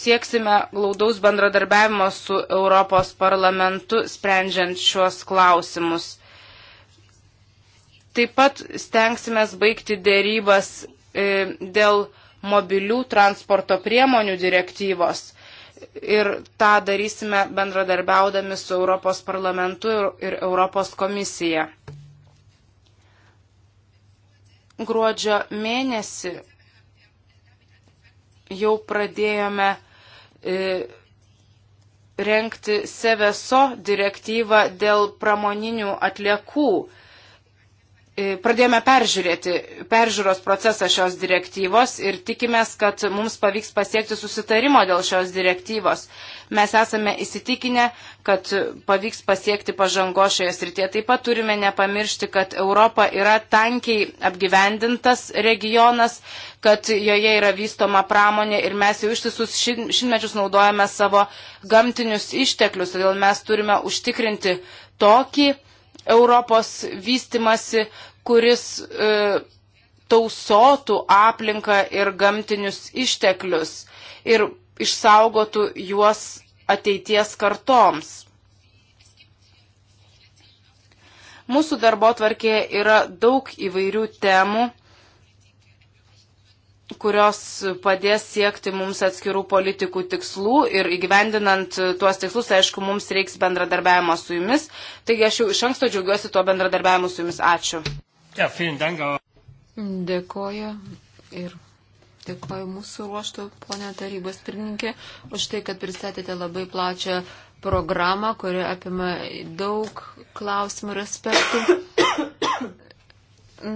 Sieksime glaudaus bendradarbiavimo su Europos parlamentu, sprendžiant šiuos klausimus. Taip pat stengsime baigti dėrybas e, dėl mobilių transporto priemonių direktyvos ir tą darysime bendradarbiaudami su Europos parlamentu ir Europos komisija. Gruodžio mėnesį jau pradėjome e, renkti Seveso direktyvą dėl pramoninių atliekų. E, pradėjome peržiūrėti peržiūros procesą šios direktyvos ir tikimės, kad mums pavyks pasiekti susitarimo dėl šios direktyvos. Mes esame įsitikinę, kad pavyks pasiekti pažango šioje srityje. Taip pat turime nepamiršti, kad Europa yra tankiai apgyvendintas regionas, kad joje yra vystoma pramonė ir mes jau ištisus šimtmečius naudojame savo gamtinius išteklius, todėl mes turime užtikrinti tokį Europos vystimasi, kuris e, tausotų aplinką ir gamtinius išteklius ir išsaugotų juos ateities kartoms. Mūsų darbo tvarkėje yra daug įvairių temų kurios padės siekti mums atskirų politikų tikslų ir įgyvendinant tuos tikslus, aišku, mums reiks bendradarbiavimo su jumis. Taigi aš jau iš anksto džiaugiuosi tuo bendradarbiavimu su jumis. Ačiū. Ja,
Dėkoju ir dėkoju mūsų ruoštų, ponė tarybos pirmininkė, už tai, kad pristatėte labai plačią programą, kuri apima daug klausimų ir aspektų.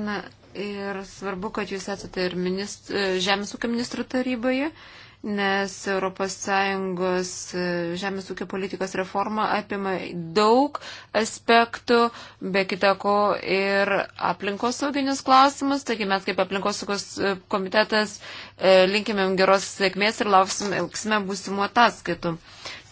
Na, Ir svarbu, kad jūs esate ir ministr, Žemės ūkio ministrų taryboje, nes ES e, Žemės ūkio politikos reforma apima daug aspektų, be kitako ir aplinkosauginius klausimus. Taigi mes kaip aplinkosaugos e, komitetas e, linkimėm geros sėkmės ir lauksime būsimų ataskaitų.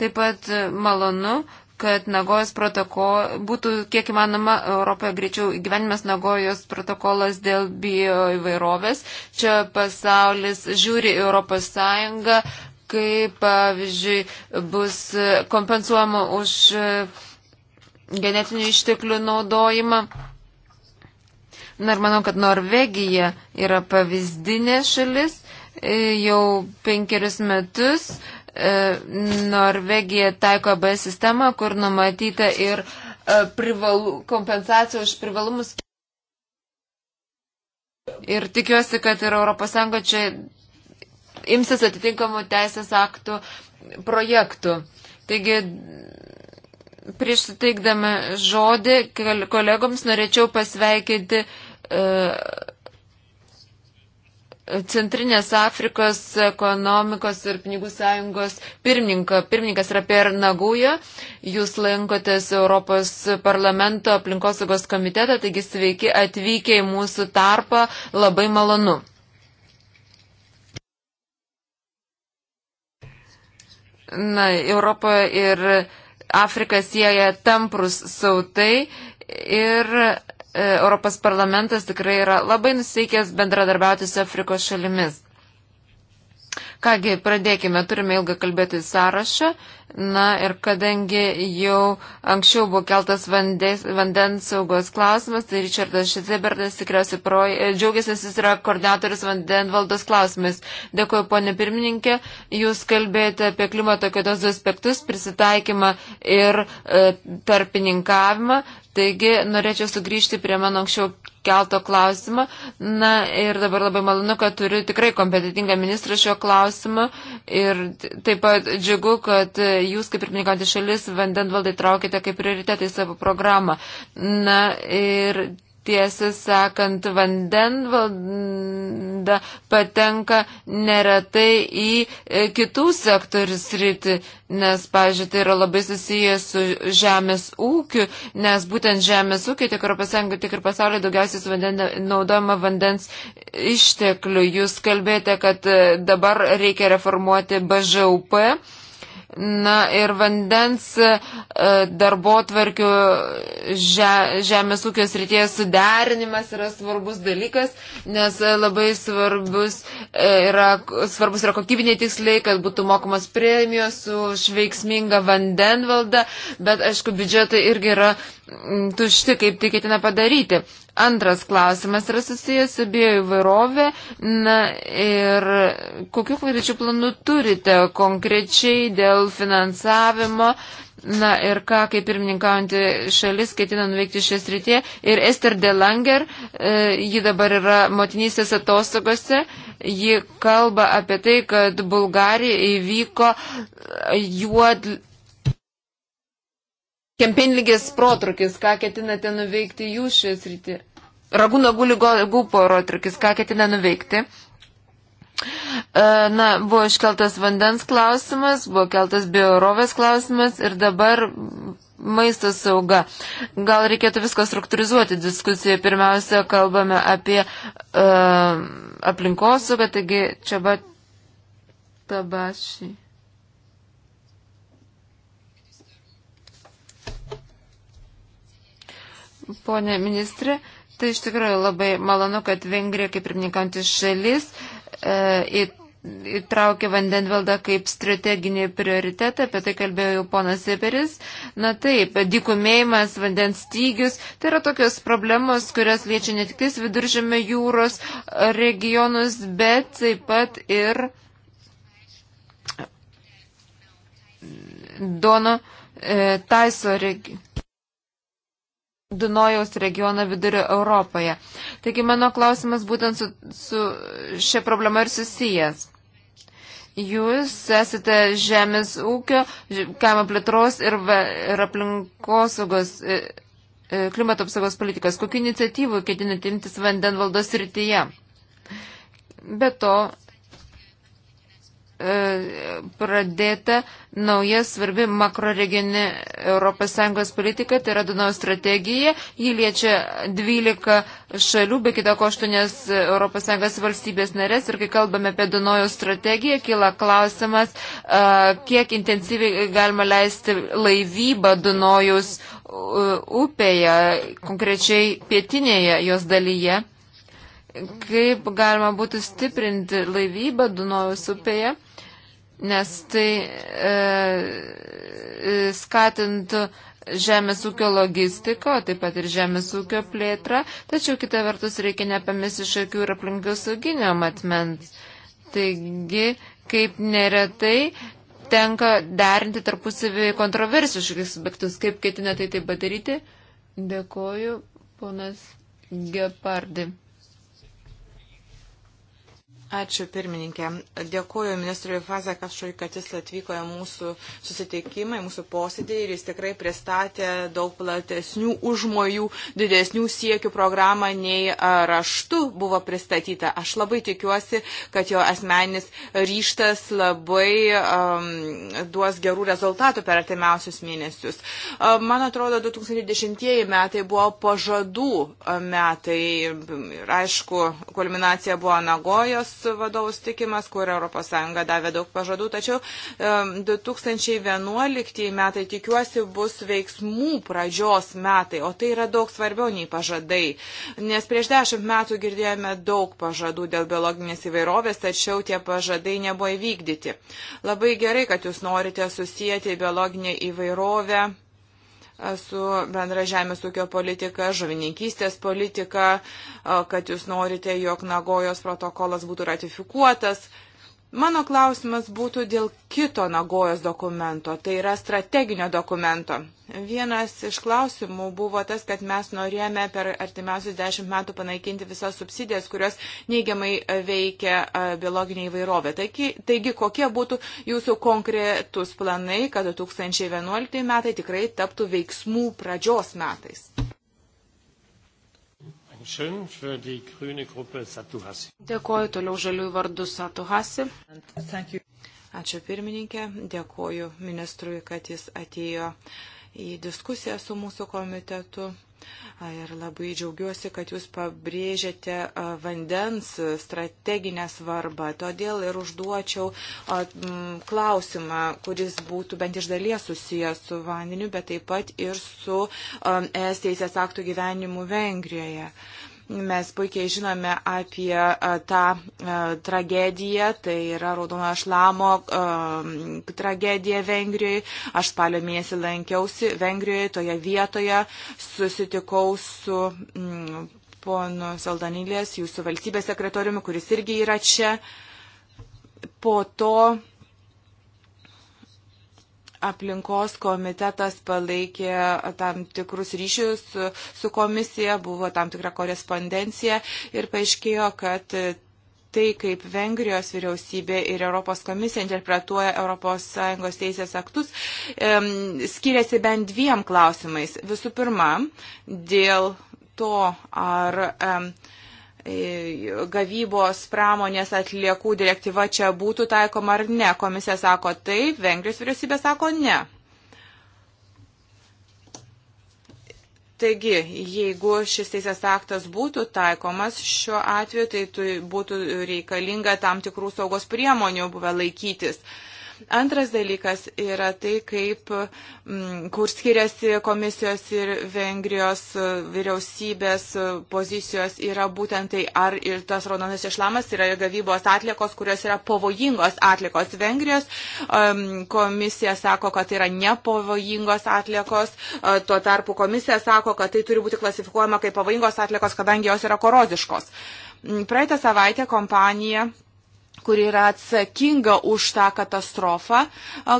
Taip pat malonu, kad Nagojos protokol būtų kiek įmanoma Europoje greičiau gyvenimas Nagojos protokolas dėl bioįvairovės. Čia pasaulis žiūri Europos Sąjungą, kaip pavyzdžiui bus kompensuojama už genetinių išteklių naudojimą. Na ir manau, kad Norvegija yra pavyzdinė šalis jau penkerius metus. Uh, E, Norvegija taiko B sistemą, kur numatyta ir e, privalu, kompensacija už privalumus. Ir tikiuosi, kad ir ES čia imsis atitinkamų teisės aktų projektų. Taigi, prieš suteikdama žodį kolegoms norėčiau pasveikinti uh, Centrinės Afrikos ekonomikos ir pinigų sąjungos pirmininką. Pirmininkas yra per Nagują. Jūs lankotės Europos parlamento aplinkosaugos komitetą, taigi sveiki atvykę į mūsų tarpą. Labai malonu. Na, Europoje ir Afrika sieja tamprus sautai ir E, Europos parlamentas tikrai yra labai nusteikęs bendradarbiauti su Afrikos šalimis. Kągi, pradėkime, turime ilgą kalbėti sąrašą Na ir kadangi jau anksčiau buvo keltas vandens, vandens saugos klausimas, tai Richardas Šizebertas tikriausiai pro, džiaugiasi, jis yra koordinatorius vandenvaldos klausimais. Dėkuoju, ponė pirmininkė, jūs kalbėjote apie klimato kaitos du aspektus - prisitaikymą ir e, tarpininkavimą. Taigi norėčiau sugrįžti prie mano anksčiau kelto klausimą. Na ir dabar labai malonu, kad turiu tikrai kompetitingą ministrą šio klausimu. Ir taip pat džiugu, kad jūs, kaip ir minėkantys šalis, vandenvaldai traukite kaip prioritetą į savo programą. Na ir tiesą sakant, vandenvalda patenka neretai į e, kitų sektorių sritį, nes, pažiūrėjau, tai yra labai susijęs su žemės ūkiu, nes būtent žemės ūkiu tiek Europos Sąjungoje, tiek ir pasaulyje daugiausiai vanden, naudojama vandens išteklių. Jūs kalbėjote, kad e, dabar reikia reformuoti BŽUP. Na ir vandens e, darbo tvarkių žemės ūkio srityje suderinimas yra svarbus dalykas, nes labai svarbus e, yra, svarbus yra kokybiniai tikslai, kad būtų mokomas premijos už veiksmingą vandenvaldą, bet aišku, biudžetai irgi yra tušti, kaip tai ketina padaryti. Antras klausimas yra susijęs su bioįvairovė. Na ir kokiu konkrečiu planu turite konkrečiai dėl finansavimo? Na ir ką, kaip pirmininkaujantį šalis, ketina nuveikti šią srityje. Ir Ester Delanger, e, ji dabar yra motinystės atostogose, ji kalba apie tai, kad Bulgarija įvyko juod kempinlygės protrukis, ką ketinate nuveikti jūs šioje srityje? Ragų nagų lygų protrukis, ką ketina nuveikti? E, na, buvo iškeltas vandens klausimas, buvo keltas biorovės klausimas ir dabar maisto sauga. Gal reikėtų viską struktūrizuoti diskusijoje. Pirmiausia, kalbame apie uh, aplinkosaugą, taigi čia bat tabašį. ponė ministrė. Tai iš tikrųjų labai malonu, kad Vengrija, kaip pirmininkantis šalis, e, įtraukė vandenvaldą kaip strateginį prioritetą, apie tai kalbėjo jau ponas Eperis. Na taip, dikumėjimas, vandens stygius, tai yra tokios problemos, kurias liečia ne tik viduržėme jūros regionus, bet taip pat ir Dono e, Taiso regionus Dunojaus regiono vidurio Europoje. Taigi mano klausimas būtent su, su šia problema ir susijęs. Jūs esate žemės ūkio, kaimo plėtros ir, ir aplinkosaugos, e, e, klimato apsaugos politikos. Kokiu iniciatyvu ketinate imtis vandenvaldos rytyje? Be to, E, pradėta nauja svarbi makroreginė ES politika, tai yra Dunau strategija. Ji liečia 12 šalių, be kita ko 8 ES valstybės narės. Ir kai kalbame apie Dunaujo strategiją, kyla klausimas, e, kiek intensyviai galima leisti laivybą Dunaujus e, upėje, konkrečiai pietinėje jos dalyje kaip galima būtų stiprinti laivybą Dunojus upėje, nes tai e, e skatintų žemės ūkio logistiko, taip pat ir žemės ūkio plėtrą, tačiau kita vertus reikia nepamesti iš akių ir aplinkosauginio matmens. Taigi, kaip neretai tenka derinti tarpusavį kontroversiškus aspektus, kaip ketinate tai padaryti. Dėkoju, ponas Gepardi.
Ačiū pirmininkė. Dėkuoju ministrui Fazė Kašui, kad jis atvyko į mūsų susitikimą, į mūsų posėdį ir jis tikrai pristatė daug platesnių užmojų, didesnių siekių programą nei raštu buvo pristatyta. Aš labai tikiuosi, kad jo asmenis ryštas labai um, duos gerų rezultatų per artimiausius mėnesius. Um, man atrodo, 2010 metai buvo pažadų metai ir aišku, kulminacija buvo Nagojos vadovų sutikimas, kur ES davė daug pažadų, tačiau 2011 metai, tikiuosi, bus veiksmų pradžios metai, o tai yra daug svarbiau nei pažadai, nes prieš dešimt metų girdėjome daug pažadų dėl biologinės įvairovės, tačiau tie pažadai nebuvo įvykdyti. Labai gerai, kad jūs norite susijęti biologinę įvairovę su bendra žemės ūkio politika, žuvininkystės politika, kad jūs norite, jog Nagojos protokolas būtų ratifikuotas. Mano klausimas būtų dėl kito Nagojos dokumento, tai yra strateginio dokumento. Vienas iš klausimų buvo tas, kad mes norėjome per artimiausius dešimt metų panaikinti visas subsidijas, kurios neigiamai veikia biologinė įvairovė. Taigi, taigi, kokie būtų jūsų konkretus planai, kad 2011 metai tikrai taptų veiksmų pradžios metais? Dėkoju toliau žaliųjų vardu Satuhasi. Ačiū pirmininkė, dėkoju ministrui, kad jis atėjo į diskusiją su mūsų komitetu. Ir labai džiaugiuosi, kad jūs pabrėžėte vandens strateginę svarbą. Todėl ir užduočiau klausimą, kuris būtų bent iš dalies susijęs su vandeniu, bet taip pat ir su es teisės aktų gyvenimu Vengrijoje. Mes puikiai žinome apie e, tą e, tragediją, tai yra Raudono šlamo e, tragedija Vengrijoje. Aš spalio mėnesį lankiausi Vengrijoje, toje vietoje susitikau su mm, ponu Saldanilės, jūsų valstybės sekretoriumi, kuris irgi yra čia. Po to aplinkos komitetas palaikė tam tikrus ryšius su, su komisija, buvo tam tikra korespondencija ir paaiškėjo, kad tai, kaip Vengrijos vyriausybė ir Europos komisija interpretuoja ES teisės aktus, skiriasi bent dviem klausimais. Visų pirma, dėl to, ar. Um, E, gavybos pramonės atliekų direktyva čia būtų taikoma ar ne. Komisija sako taip, Vengrijos vyriausybė sako ne. Taigi, jeigu šis teisės aktas būtų taikomas šiuo atveju, tai būtų reikalinga tam tikrų saugos priemonių buvę laikytis. Uh, Antras dalykas yra tai, kaip, mm, kur skiriasi komisijos ir Vengrijos e, vyriausybės e, pozicijos yra būtent tai, ar ir tas raudonas išlamas yra gavybos atlikos, kurios yra pavojingos atlikos. Vengrijos komisija sako, kad tai yra nepavojingos atlikos, e, tuo tarpu komisija sako, kad tai turi būti klasifikuojama kaip pavojingos atlikos, kadangi jos yra koroziškos. Mm, praeitą savaitę kompanija kuri yra atsakinga už tą katastrofą,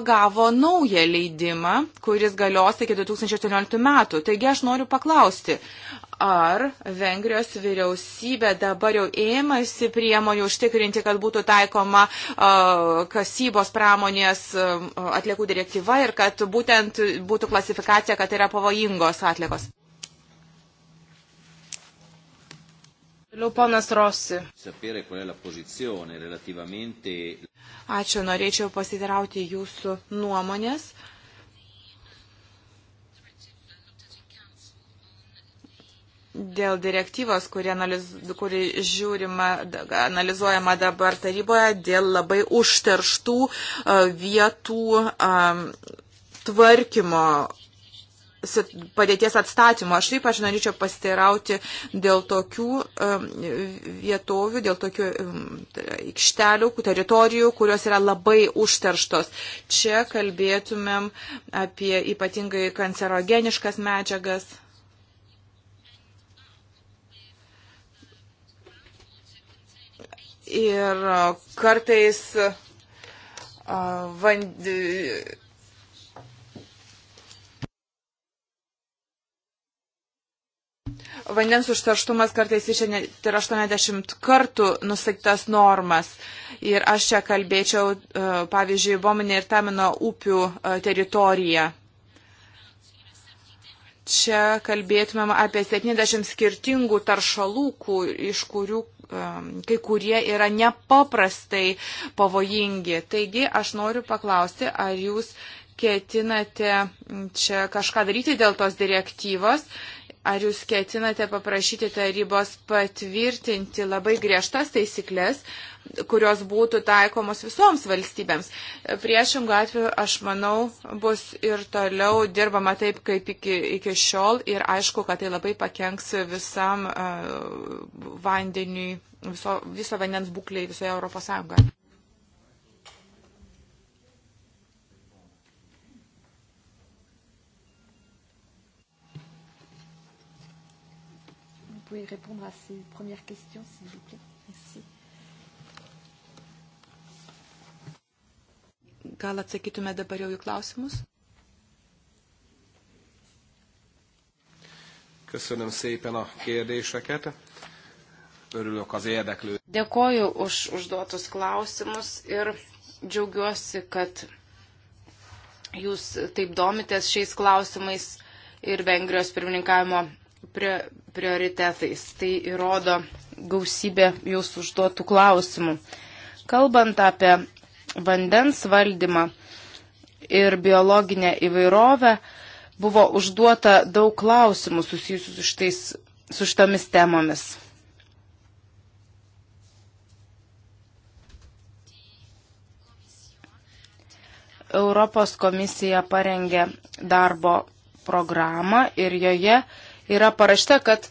gavo naują leidimą, kuris galios iki 2018 metų. Taigi aš noriu paklausti, ar Vengrijos vyriausybė dabar jau ėmasi priemonių užtikrinti, kad būtų taikoma kasybos pramonės atliekų direktyva ir kad būtent būtų klasifikacija, kad tai yra pavojingos atliekos. Toliau ponas Rossi. Ačiū, norėčiau pasitirauti jūsų nuomonės. Dėl direktyvos, kuri, analiz, kuri žiūrima, analizuojama dabar taryboje, dėl labai užterštų e, vietų e, tvarkymo padėties atstatymo. Aš taip aš norėčiau pasteirauti dėl tokių vietovių, dėl tokių tai aikštelių, teritorijų, kurios yra labai užterštos. Čia kalbėtumėm apie ypatingai kancerogeniškas medžiagas. Ir kartais uh, vand, vandens užtarštumas kartais išėnė ir 80 kartų nustatytas normas. Ir aš čia kalbėčiau, e, pavyzdžiui, Bominė ir Tamino upių e, teritoriją. Čia kalbėtumėm apie 70 skirtingų taršalų, iš kurių e, kai kurie yra nepaprastai pavojingi. Taigi aš noriu paklausti, ar jūs ketinate čia kažką daryti dėl tos direktyvos Ar jūs ketinate paprašyti tarybos patvirtinti labai griežtas taisyklės, kurios būtų taikomos visoms valstybėms? Priešingų atveju, aš manau, bus ir toliau dirbama taip, kaip iki, iki šiol ir aišku, kad tai labai pakenks visam uh, vandeniui, viso, viso vandens būklei visoje Europos Sąjungoje.
pouvez répondre à ces premières questions, s'il vous plaît. Merci.
Gal atsakytume dabar jau į klausimus? Köszönöm szépen a kérdéseket. Örülök az érdeklő.
Dėkoju už užduotus klausimus ir džiaugiuosi, kad jūs taip domitės šiais klausimais ir Vengrijos pirmininkavimo prioritetais. Tai įrodo gausybė jūsų užduotų klausimų. Kalbant apie vandens valdymą ir biologinę įvairovę, buvo užduota daug klausimų susijusių su, štais, su šitomis temomis. Europos komisija parengė darbo programą ir joje yra parašta, kad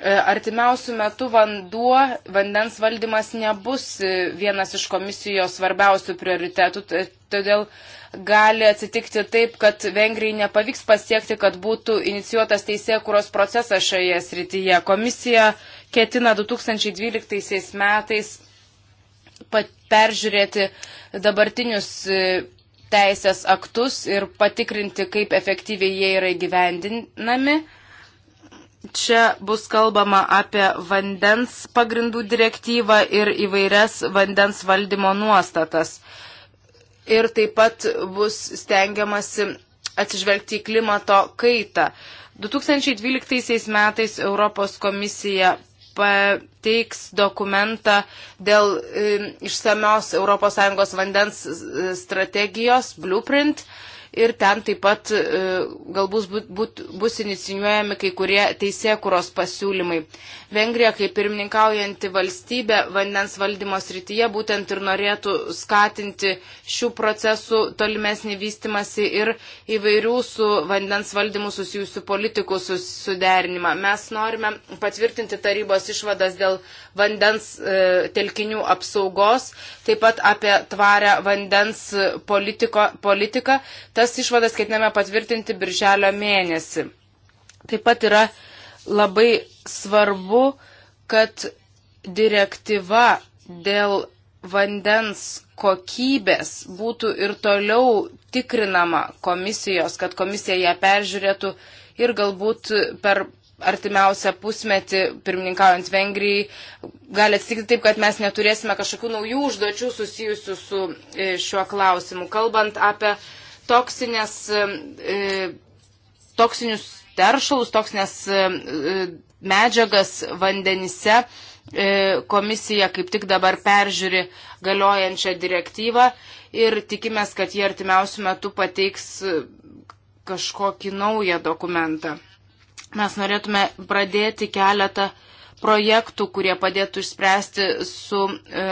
e, artimiausių metų vanduo, vandens valdymas nebus e, vienas iš komisijos svarbiausių prioritetų, todėl gali atsitikti taip, kad Vengrijai nepavyks pasiekti, kad būtų inicijuotas teisėkuros procesas šioje srityje. Komisija ketina 2012 metais peržiūrėti dabartinius e, teisės aktus ir patikrinti, kaip efektyviai jie yra įgyvendinami. Čia bus kalbama apie vandens pagrindų direktyvą ir įvairias vandens valdymo nuostatas. Ir taip pat bus stengiamasi atsižvelgti į klimato kaitą. 2012 metais Europos komisija pateiks dokumentą dėl e, išsamios ES vandens e, strategijos, blueprint. E, ir ten taip pat e, galbūt būt, bus inicijuojami kai kurie teisėkuros pasiūlymai. Vengrija, kaip pirmininkaujanti valstybė vandens valdymo srityje, būtent ir norėtų skatinti šių procesų tolimesnį vystimasi ir įvairių su vandens valdymu susijusių politikų suderinimą. Mes norime patvirtinti tarybos išvadas dėl vandens e, telkinių apsaugos, taip pat apie tvarę vandens politiko, politiką. Ta Tas išvadas ketiname patvirtinti birželio mėnesį. Taip pat yra labai svarbu, kad direktyva dėl vandens kokybės būtų ir toliau tikrinama komisijos, kad komisija ją peržiūrėtų ir galbūt per artimiausią pusmetį, pirmininkaujant Vengrijai, gali atsitikti taip, kad mes neturėsime kažkokių naujų užduočių susijusių su e, šiuo klausimu. Kalbant apie toksinės, e, toksinius teršalus, toksinės e, e, medžiagas vandenyse komisija kaip tik dabar peržiūri galiojančią direktyvą ir tikimės, kad jie artimiausių metų pateiks kažkokį naują dokumentą. Mes norėtume pradėti keletą projektų, kurie padėtų išspręsti su e,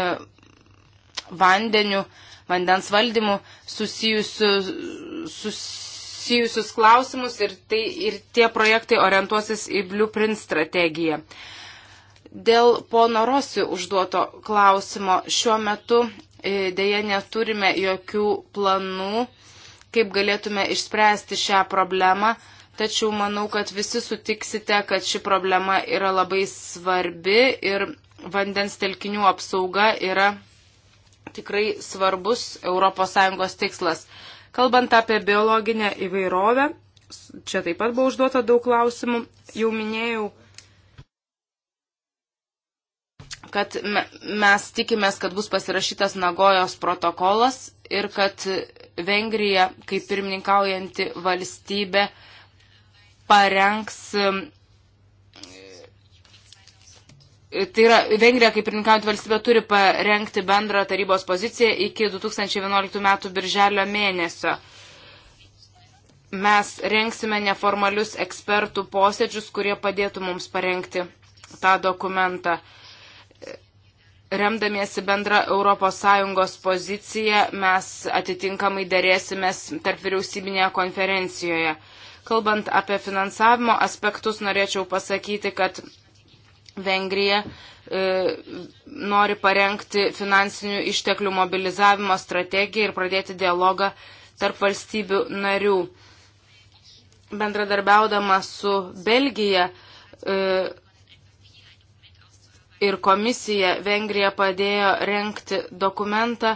vandeniu e, vandens valdymu susijusius, susijusius klausimus ir, tai, ir tie projektai orientuosis į Blueprint strategiją. Dėl pono Rosi užduoto klausimo šiuo metu e, dėje neturime jokių planų, kaip galėtume išspręsti šią problemą, tačiau manau, kad visi sutiksite, kad ši problema yra labai svarbi ir vandens telkinių apsauga yra tikrai svarbus ES tikslas. Kalbant apie biologinę įvairovę, čia taip pat buvo užduota daug klausimų, jau minėjau, kad mes tikimės, kad bus pasirašytas Nagojos protokolas ir kad Vengrija, kaip pirmininkaujanti valstybė, parengs Tai yra, Vengrija, kaip pirmininkaujant valstybė, turi parengti bendrą tarybos poziciją iki 2011 metų birželio mėnesio. Mes rengsime neformalius ekspertų posėdžius, kurie padėtų mums parengti tą dokumentą. Remdamiesi bendrą ES poziciją, mes atitinkamai dėrėsimės tarp vyriausybinėje konferencijoje. Kalbant apie finansavimo aspektus, norėčiau pasakyti, kad Vengrija e, nori parengti finansinių išteklių mobilizavimo strategiją ir pradėti dialogą tarp valstybių narių. Bendradarbiaudama su Belgija e, ir komisija, Vengrija padėjo renkti dokumentą,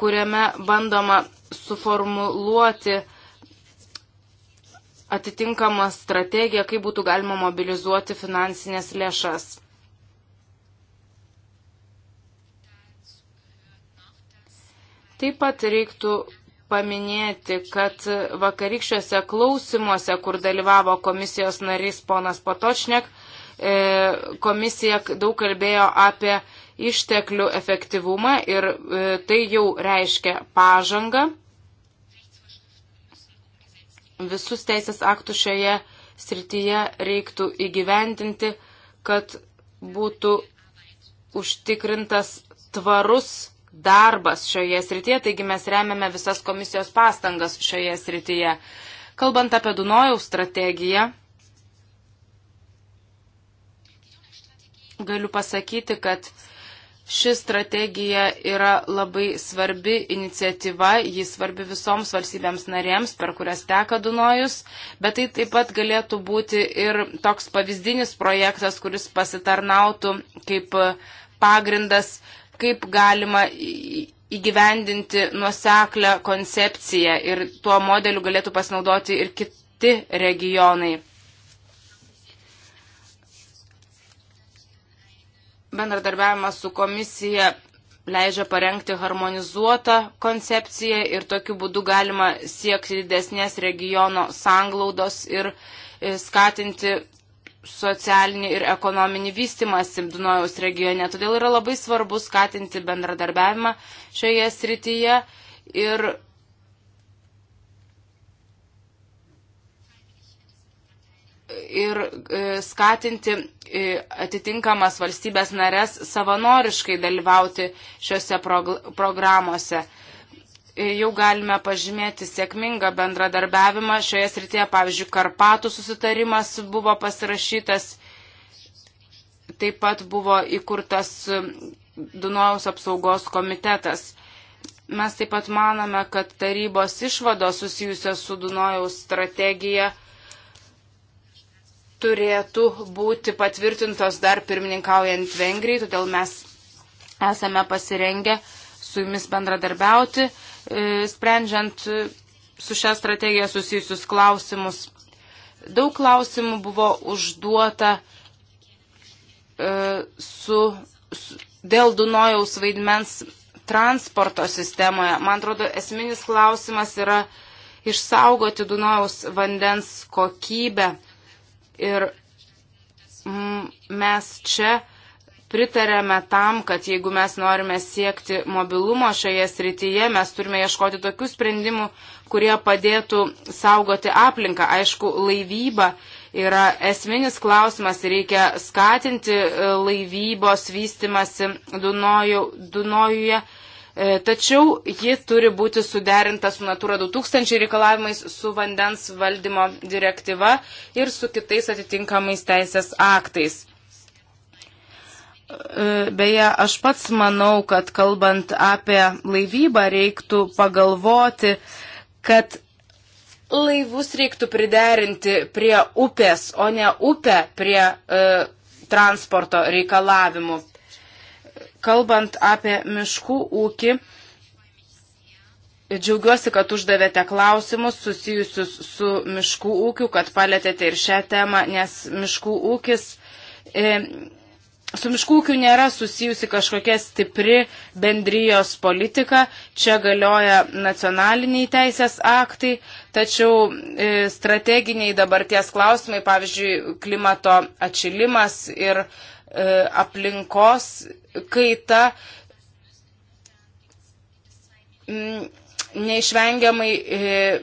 kuriame bandoma suformuluoti atitinkamą strategiją, kaip būtų galima mobilizuoti finansinės lėšas. Taip pat reiktų paminėti, kad vakarykščiuose klausimuose, kur dalyvavo komisijos narys ponas Patočnek, e, komisija daug kalbėjo apie išteklių efektyvumą ir e, tai jau reiškia pažangą visus teisės aktus šioje srityje reiktų įgyvendinti, kad būtų užtikrintas tvarus darbas šioje srityje, taigi mes remiame visas komisijos pastangas šioje srityje. Kalbant apie Dunojaus strategiją, galiu pasakyti, kad Ši strategija yra labai svarbi iniciatyva, jis svarbi visoms valstybėms narėms, per kurias teka Dunojus, bet tai taip pat galėtų būti ir toks pavyzdinis projektas, kuris pasitarnautų kaip pagrindas, kaip galima įgyvendinti nuoseklę koncepciją ir tuo modeliu galėtų pasinaudoti ir kiti regionai. Bendradarbiavimas su komisija leidžia parengti harmonizuotą koncepciją ir tokiu būdu galima siekti didesnės regiono sanglaudos ir e, skatinti socialinį ir ekonominį vystimąsi Dunojaus regione. Todėl yra labai svarbu skatinti bendradarbiavimą šioje srityje ir ir e, skatinti e, atitinkamas valstybės narės savanoriškai dalyvauti šiuose programuose. E, jau galime pažymėti sėkmingą bendradarbiavimą šioje srityje. Pavyzdžiui, Karpatų susitarimas buvo pasirašytas, taip pat buvo įkurtas Dunojaus apsaugos komitetas. Mes taip pat manome, kad tarybos išvados susijusios su Dunojaus strategija turėtų būti patvirtintos dar pirmininkaujant Vengrijai, todėl mes esame pasirengę su jumis bendradarbiauti, e, sprendžiant e, su šią strategiją susijusius klausimus. Daug klausimų buvo užduota e, su, su, dėl Dunojaus vaidmens transporto sistemoje. Man atrodo, esminis klausimas yra išsaugoti Dunojaus vandens kokybę. Ir mes čia pritarėme tam, kad jeigu mes norime siekti mobilumo šioje srityje, mes turime ieškoti tokių sprendimų, kurie padėtų saugoti aplinką. Aišku, laivyba yra esminis klausimas ir reikia skatinti e, laivybos vystimasi Dunojų, Dunojuje. Dunojuje E, tačiau ji turi būti suderinta su Natura 2000 reikalavimais, su vandens valdymo direktyva ir su kitais atitinkamais teisės aktais. E, beje, aš pats manau, kad kalbant apie laivybą reiktų pagalvoti, kad laivus reiktų priderinti prie upės, o ne upę prie e, transporto reikalavimų. Kalbant apie miškų ūkį, Džiaugiuosi, kad uždavėte klausimus susijusius su miškų ūkiu, kad palėtėte ir šią temą, nes miškų ūkis, e, su miškų ūkiu nėra susijusi kažkokia stipri bendrijos politika, čia galioja nacionaliniai teisės aktai, tačiau e, strateginiai dabarties klausimai, pavyzdžiui, klimato atšilimas ir e, aplinkos kaita m, mm, neišvengiamai. E,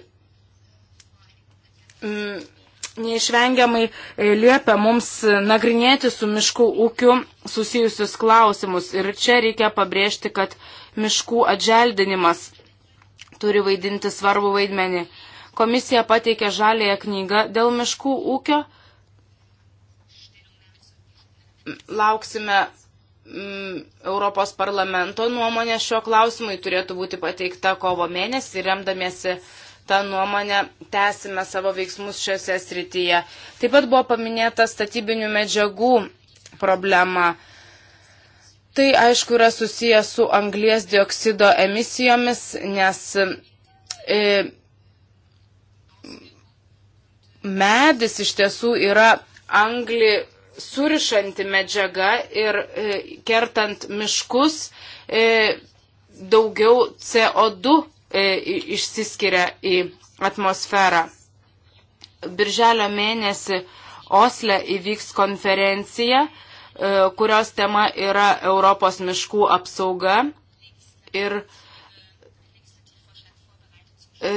m, mm, neišvengiamai e, liepia mums nagrinėti su miškų ūkiu susijusius klausimus. Ir čia reikia pabrėžti, kad miškų atželdinimas turi vaidinti svarbų vaidmenį. Komisija pateikė žalėją knygą dėl miškų ūkio. Lauksime Mm, Europos parlamento nuomonė šiuo klausimui turėtų būti pateikta kovo mėnesį, remdamiesi tą nuomonę tęsime savo veiksmus šiose srityje. Taip pat buvo paminėta statybinių medžiagų problema. Tai aišku yra susijęs su anglies dioksido emisijomis, nes e, medis iš tiesų yra angli surišanti medžiaga ir e, kertant miškus e, daugiau CO2 e, išsiskiria į atmosferą. Birželio mėnesį Osle įvyks konferencija, e, kurios tema yra Europos miškų apsauga. Ir e,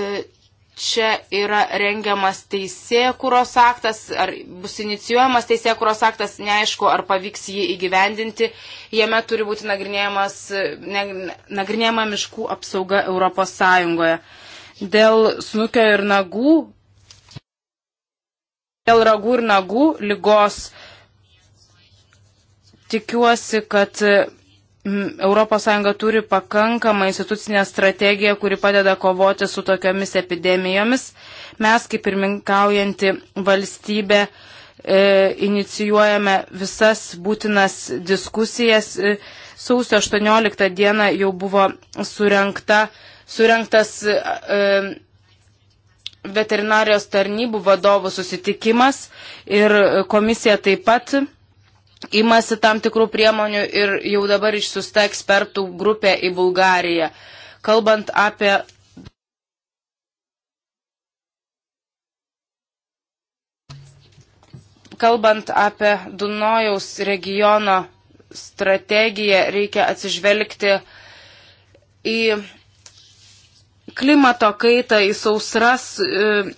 čia yra rengiamas teisėkuros aktas, ar bus inicijuojamas teisėkuros aktas, neaišku, ar pavyks jį įgyvendinti. Jame turi būti nagrinėjama miškų apsauga Europos Sąjungoje. Dėl snukio ir nagų, dėl ragų ir nagų lygos tikiuosi, kad ES turi pakankamą institucinę strategiją, kuri padeda kovoti su tokiamis epidemijomis. Mes, kaip pirminkaujanti valstybė, e, inicijuojame visas būtinas diskusijas. E, sausio 18 dieną jau buvo surenkta, surenktas e, veterinarijos tarnybų vadovų susitikimas ir komisija taip pat imasi tam tikrų priemonių ir jau dabar išsiusta ekspertų grupė į Bulgariją. Kalbant apie. Kalbant apie Dunojaus regiono strategiją, reikia atsižvelgti į klimato kaitą, į sausras, e,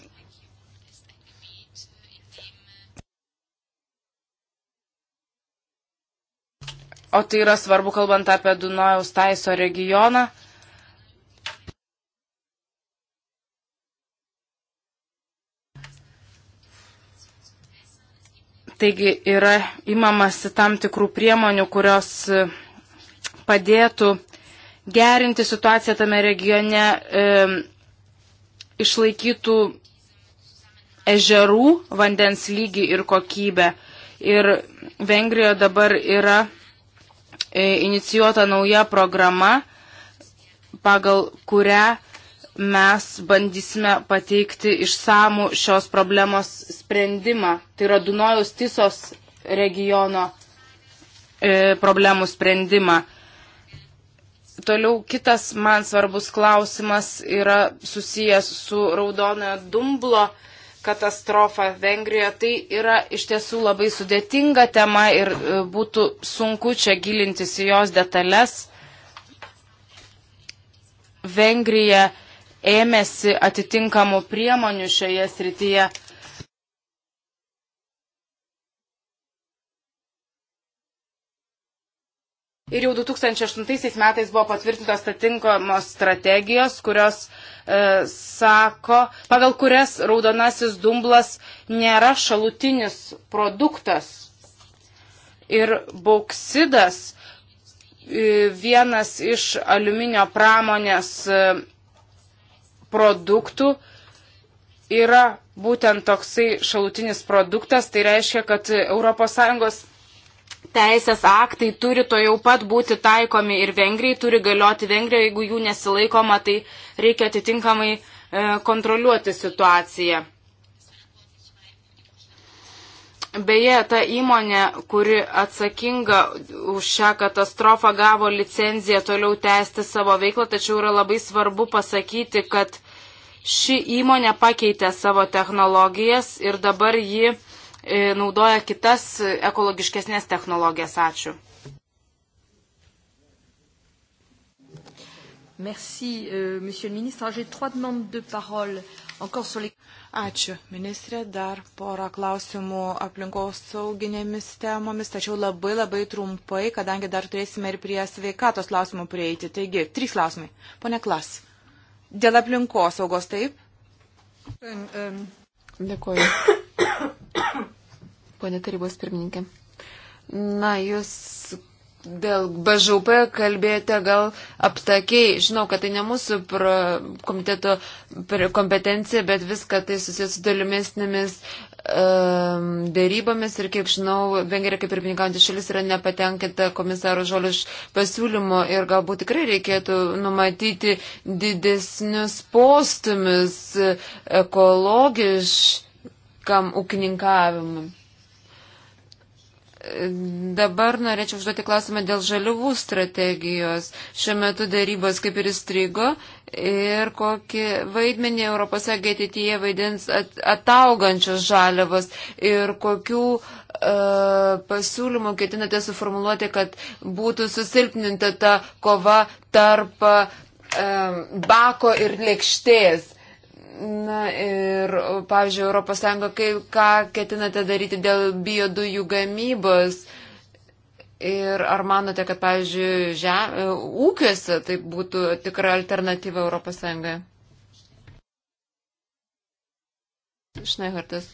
o tai yra svarbu kalbant apie Dunojaus Taiso regioną. Taigi yra imamasi tam tikrų priemonių, kurios padėtų gerinti situaciją tame regione, e, išlaikytų ežerų vandens lygį ir kokybę. Ir Vengrijoje dabar yra E, inicijuota nauja programa, pagal kurią mes bandysime pateikti išsamų šios problemos sprendimą. Tai yra Dunojaus Tisos regiono e, problemų sprendimą. Toliau kitas man svarbus klausimas yra susijęs su raudonojo dumblo e, katastrofą Vengrijoje. Tai yra iš tiesų labai sudėtinga tema ir e, būtų sunku čia gilintis į jos detalės. Vengrija ėmėsi atitinkamų priemonių šioje srityje. Ir jau 2008 metais buvo patvirtintos atitinkamos strategijos, kurios e, sako, pagal kurias raudonasis dumblas nėra šalutinis produktas. Ir bauksidas, e, vienas iš aliuminio pramonės e, produktų, yra būtent toksai šalutinis produktas. Tai reiškia, kad ES teisės aktai turi to jau pat būti taikomi ir Vengrijai, turi galioti Vengrijai, jeigu jų nesilaikoma, tai reikia atitinkamai e, kontroliuoti situaciją. Beje, ta įmonė, kuri atsakinga už šią katastrofą, gavo licenciją toliau tęsti savo veiklą, tačiau yra labai svarbu pasakyti, kad ši įmonė pakeitė savo technologijas ir dabar ji E, naudoja kitas ekologiškesnės technologijas. Ačiū.
Merci, euh, Monsieur le Ministre. J'ai trois demandes de parole. Encore sur les... Ačiū, ministrė. Dar porą klausimų aplinkos sauginėmis temomis, tačiau labai labai trumpai, kadangi dar turėsime ir prie sveikatos klausimų prieiti. Taigi, trys klausimai. Pone Klas, dėl aplinkos saugos taip? Dėkuoju
ponė tarybos pirmininkė. Na, jūs dėl BŽP kalbėjote gal aptakiai. Žinau, kad tai ne mūsų komiteto kompetencija, bet viską tai susijęs su tolimesnėmis um, ehm, dėrybomis ir kiek žinau, Vengrija kaip ir pininkantis šalis yra nepatenkinta komisaro žoliš pasiūlymo ir galbūt tikrai reikėtų numatyti didesnius postumis ekologiškam ūkininkavimui. Dabar norėčiau užduoti klausimą dėl žaliavų strategijos. Šiuo metu darybos kaip ir įstrigo ir kokį vaidmenį Europos ateityje vaidins at, ataugančios žaliavos ir kokių e, pasiūlymų ketinate suformuluoti, kad būtų susilpninta ta kova tarp e, bako ir lėkštės Na ir, pavyzdžiui, ES, ką ketinate daryti dėl biodujų gamybos? Ir ar manote, kad, pavyzdžiui, žem, e, ūkiuose tai būtų tikra alternatyva ES? Šneihartas.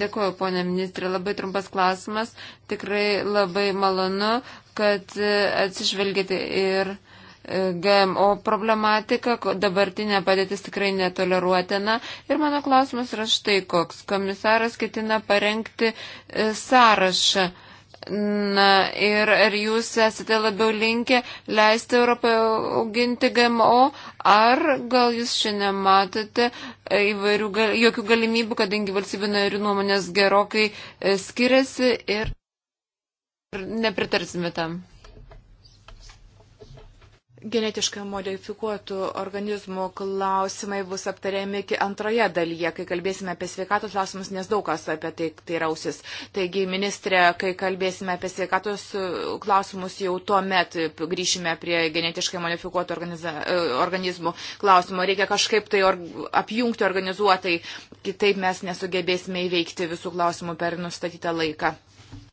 Dėkuoju, ponė ministrė, labai trumpas klausimas. Tikrai labai malonu, kad e, atsižvelgėte ir. GMO problematika, dabartinė padėtis tikrai netoleruotina. Ir mano klausimas yra štai koks. Komisaras ketina parengti e, sąrašą. Na ir ar jūs esate labiau linkę leisti Europoje auginti GMO, ar gal jūs šiandien matote e, įvairių, jokių galimybių, kadangi valstybių narių nuomonės gerokai e,
skiriasi ir, ir nepritarsime tam. Genetiškai modifikuotų organizmų klausimai bus aptariami antroje dalyje, kai kalbėsime apie sveikatos klausimus, nes daug kas apie tai teirausis. Taigi, ministrė, kai kalbėsime apie sveikatos klausimus, jau tuo met grįšime prie genetiškai modifikuotų organizmų klausimų. Reikia kažkaip tai or, apjungti organizuotai, kitaip mes nesugebėsime įveikti visų klausimų per nustatytą laiką.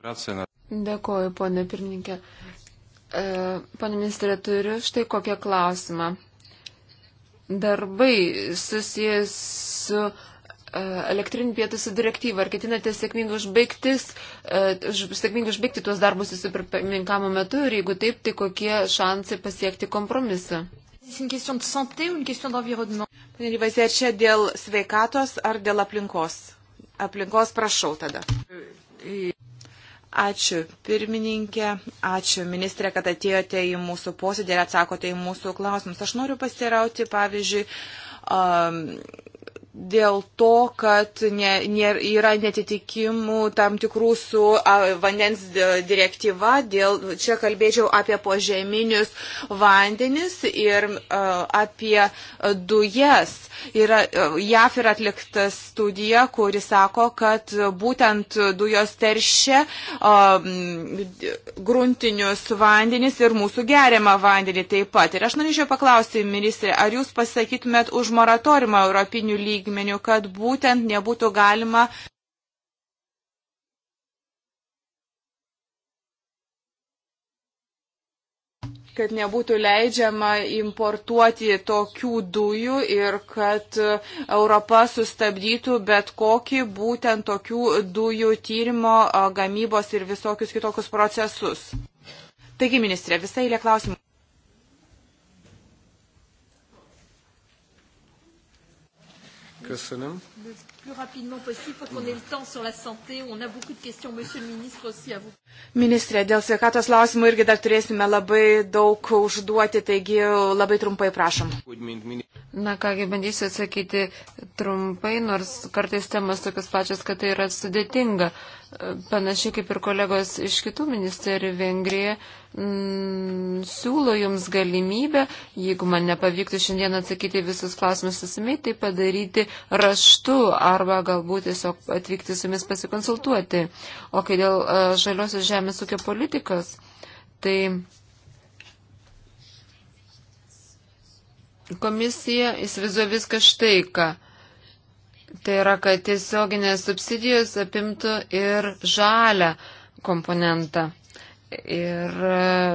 Dėkoju,
ponė pirmininkė. E, Pane ministrė, turiu štai kokią klausimą. Darbai susijęs su e, elektrinių pietusų direktyva. Ar ketinate sėkmingai užbaigti, e, sėkmingai užbaigti tuos darbus jūsų pirmininkamo metu ir jeigu taip, tai kokie
šansai pasiekti kompromisą? Pane Rybazė, ar čia dėl sveikatos ar dėl aplinkos? Aplinkos prašau tada. Euh, Ačiū pirmininkė, ačiū ministrė, kad atėjote į mūsų posėdį ir atsakote į mūsų klausimus. Aš noriu pasirauti, pavyzdžiui, um, dėl to, kad ne, ne, yra netitikimų tam tikrų su a, vandens direktyva. Dėl, čia kalbėčiau apie požeminius vandenis ir a, apie dujas. Yra, JAF yra atlikta studija, kuri sako, kad būtent dujos teršia a, gruntinius vandenis ir mūsų geriamą vandenį taip pat. Ir aš norėčiau paklausti, ministrė, ar jūs pasakytumėt už moratoriumą europinių lygių? lygmenių, kad būtent nebūtų galima kad nebūtų leidžiama importuoti tokių dujų ir kad Europa sustabdytų bet kokį būtent tokių dujų tyrimo, gamybos ir visokius kitokius procesus. Taigi, ministrė, visai lė klausimų. Köszönöm.
Le plus rapidement possible pour qu'on ait le temps sur la santé. On a beaucoup de questions, monsieur le ministre, aussi à vous.
Ministrė, dėl sveikatos klausimų irgi dar turėsime labai daug užduoti, taigi labai trumpai prašom. Na kągi, bandysiu atsakyti
trumpai, nors kartais temas tokios pačios, kad tai yra sudėtinga. Panašiai kaip ir kolegos iš kitų ministerijų Vengrija mm, siūlo jums galimybę, jeigu man nepavyktų šiandien atsakyti visus klausimus susimei, tai padaryti raštu arba galbūt tiesiog atvykti su jumis pasikonsultuoti. O kai dėl uh, žaliosios žemės ūkio politikos, tai. Komisija įsivizuoja viską štai ką. Tai yra, kad tiesioginės subsidijos apimtų ir žalę komponentą. Ir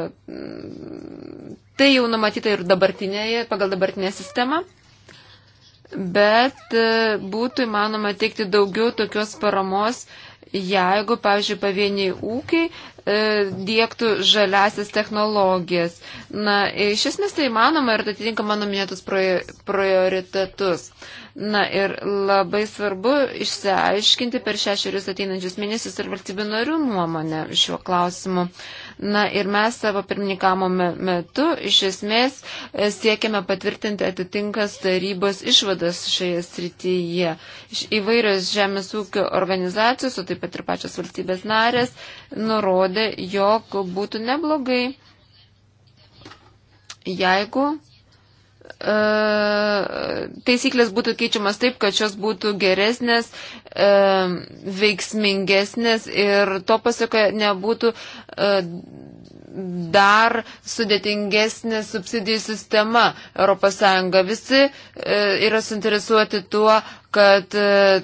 mm, tai jau numatyta ir dabartinėje, pagal dabartinę sistemą, bet e, būtų įmanoma teikti daugiau tokios paramos, jeigu, pavyzdžiui, pavieniai ūkiai E, dėktų žaliasis technologijas. Na, iš esmės tai įmanoma ir tai atitinka mano minėtus prioritetus. Na ir labai svarbu išsiaiškinti per šešerius ateinančius mėnesius ir valstybių narių nuomonę šiuo klausimu. Na ir mes savo pirmininkamo metu iš esmės e, siekiame patvirtinti atitinkas tarybos išvadas šioje srityje. Iš įvairios žemės ūkio organizacijos, o taip pat ir pačios valstybės narės, nurodė, jog būtų neblogai, jeigu E, taisyklės būtų keičiamas taip, kad šios būtų geresnės, e, veiksmingesnės ir to pasiekoje nebūtų e, dar sudėtingesnė subsidijų sistema ES. Visi yra suinteresuoti tuo, kad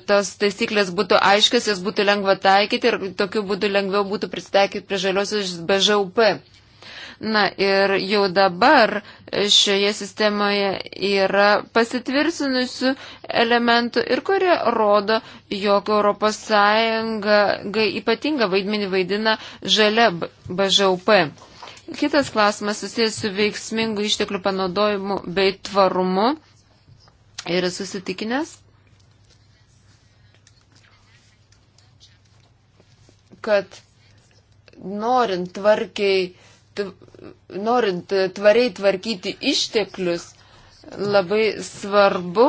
tos taisyklės būtų aiškės, jas būtų lengva taikyti ir tokiu būdu lengviau būtų pristaikyti prie žaliosios BŽUP. Na ir jau dabar šioje sistemoje yra pasitvirtinusių elementų ir kurie rodo, jog ES ypatingą vaidmenį vaidina žalia BŽUP. Kitas klausimas susijęs su veiksmingu išteklių panaudojimu bei tvarumu. Ir susitikinęs, kad norint tvarkiai norint tvariai tvarkyti išteklius, labai svarbu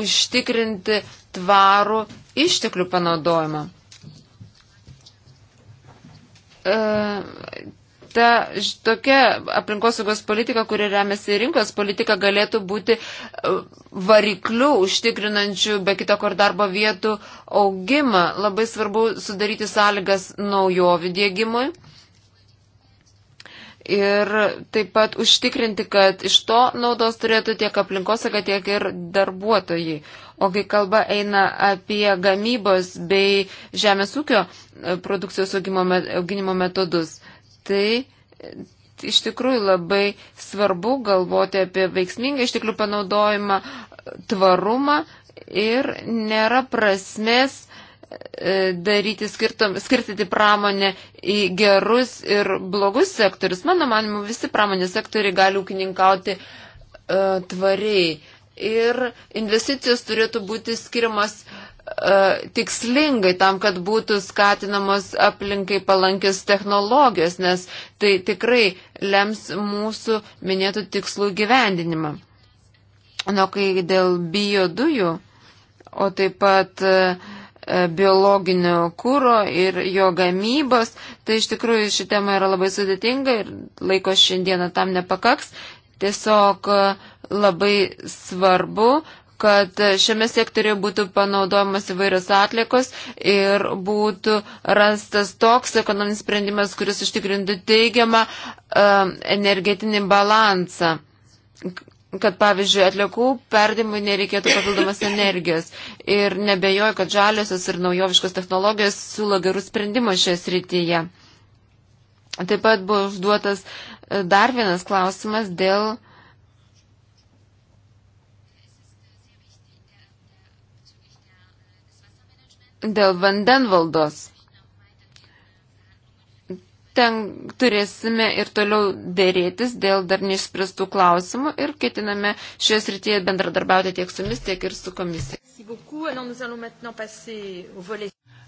užtikrinti tvarų išteklių panaudojimą. E, ta tokia aplinkosaugos politika, kuri remiasi rinkos politika, galėtų būti e, varikliu užtikrinančiu be kito kur darbo vietų augimą. Labai svarbu sudaryti sąlygas naujovių dėgymui ir taip pat užtikrinti, kad iš to naudos turėtų tiek aplinkosaga, tiek ir darbuotojai. O kai kalba eina apie gamybos bei žemės ūkio e, produkcijos auginimo metodus, tai e, iš tikrųjų labai svarbu galvoti apie veiksmingą išteklių panaudojimą, tvarumą ir nėra prasmės E, daryti skirtum, skirtyti pramonę į gerus ir blogus sektorius. Mano manimu, visi pramonės sektoriai gali ūkininkauti uh, tvariai. Ir investicijos turėtų būti skiriamas uh, e, tikslingai tam, kad būtų skatinamos aplinkai palankios technologijos, nes tai tikrai lems mūsų minėtų tikslų gyvendinimą. Na, kai dėl biodujų, o taip pat uh, E, biologinio kūro ir jo gamybos, tai iš tikrųjų ši tema yra labai sudėtinga ir laiko šiandieną tam nepakaks. Tiesiog e, labai svarbu, kad šiame sektoriuje būtų panaudojamas įvairios atlikos ir būtų rastas toks ekonominis sprendimas, kuris užtikrintų teigiamą e, energetinį balansą kad, pavyzdžiui, atliekų perdimui nereikėtų papildomas energijos. Ir nebejoju, kad žaliosios ir naujoviškos technologijos siūlo gerus sprendimus šioje srityje. Taip pat buvo užduotas e, dar vienas klausimas dėl. Dėl vandenvaldos ten turėsime ir toliau dėrėtis dėl dar neišspręstų klausimų ir ketiname šioje srityje bendradarbiauti tiek su jumis, tiek ir su komisija.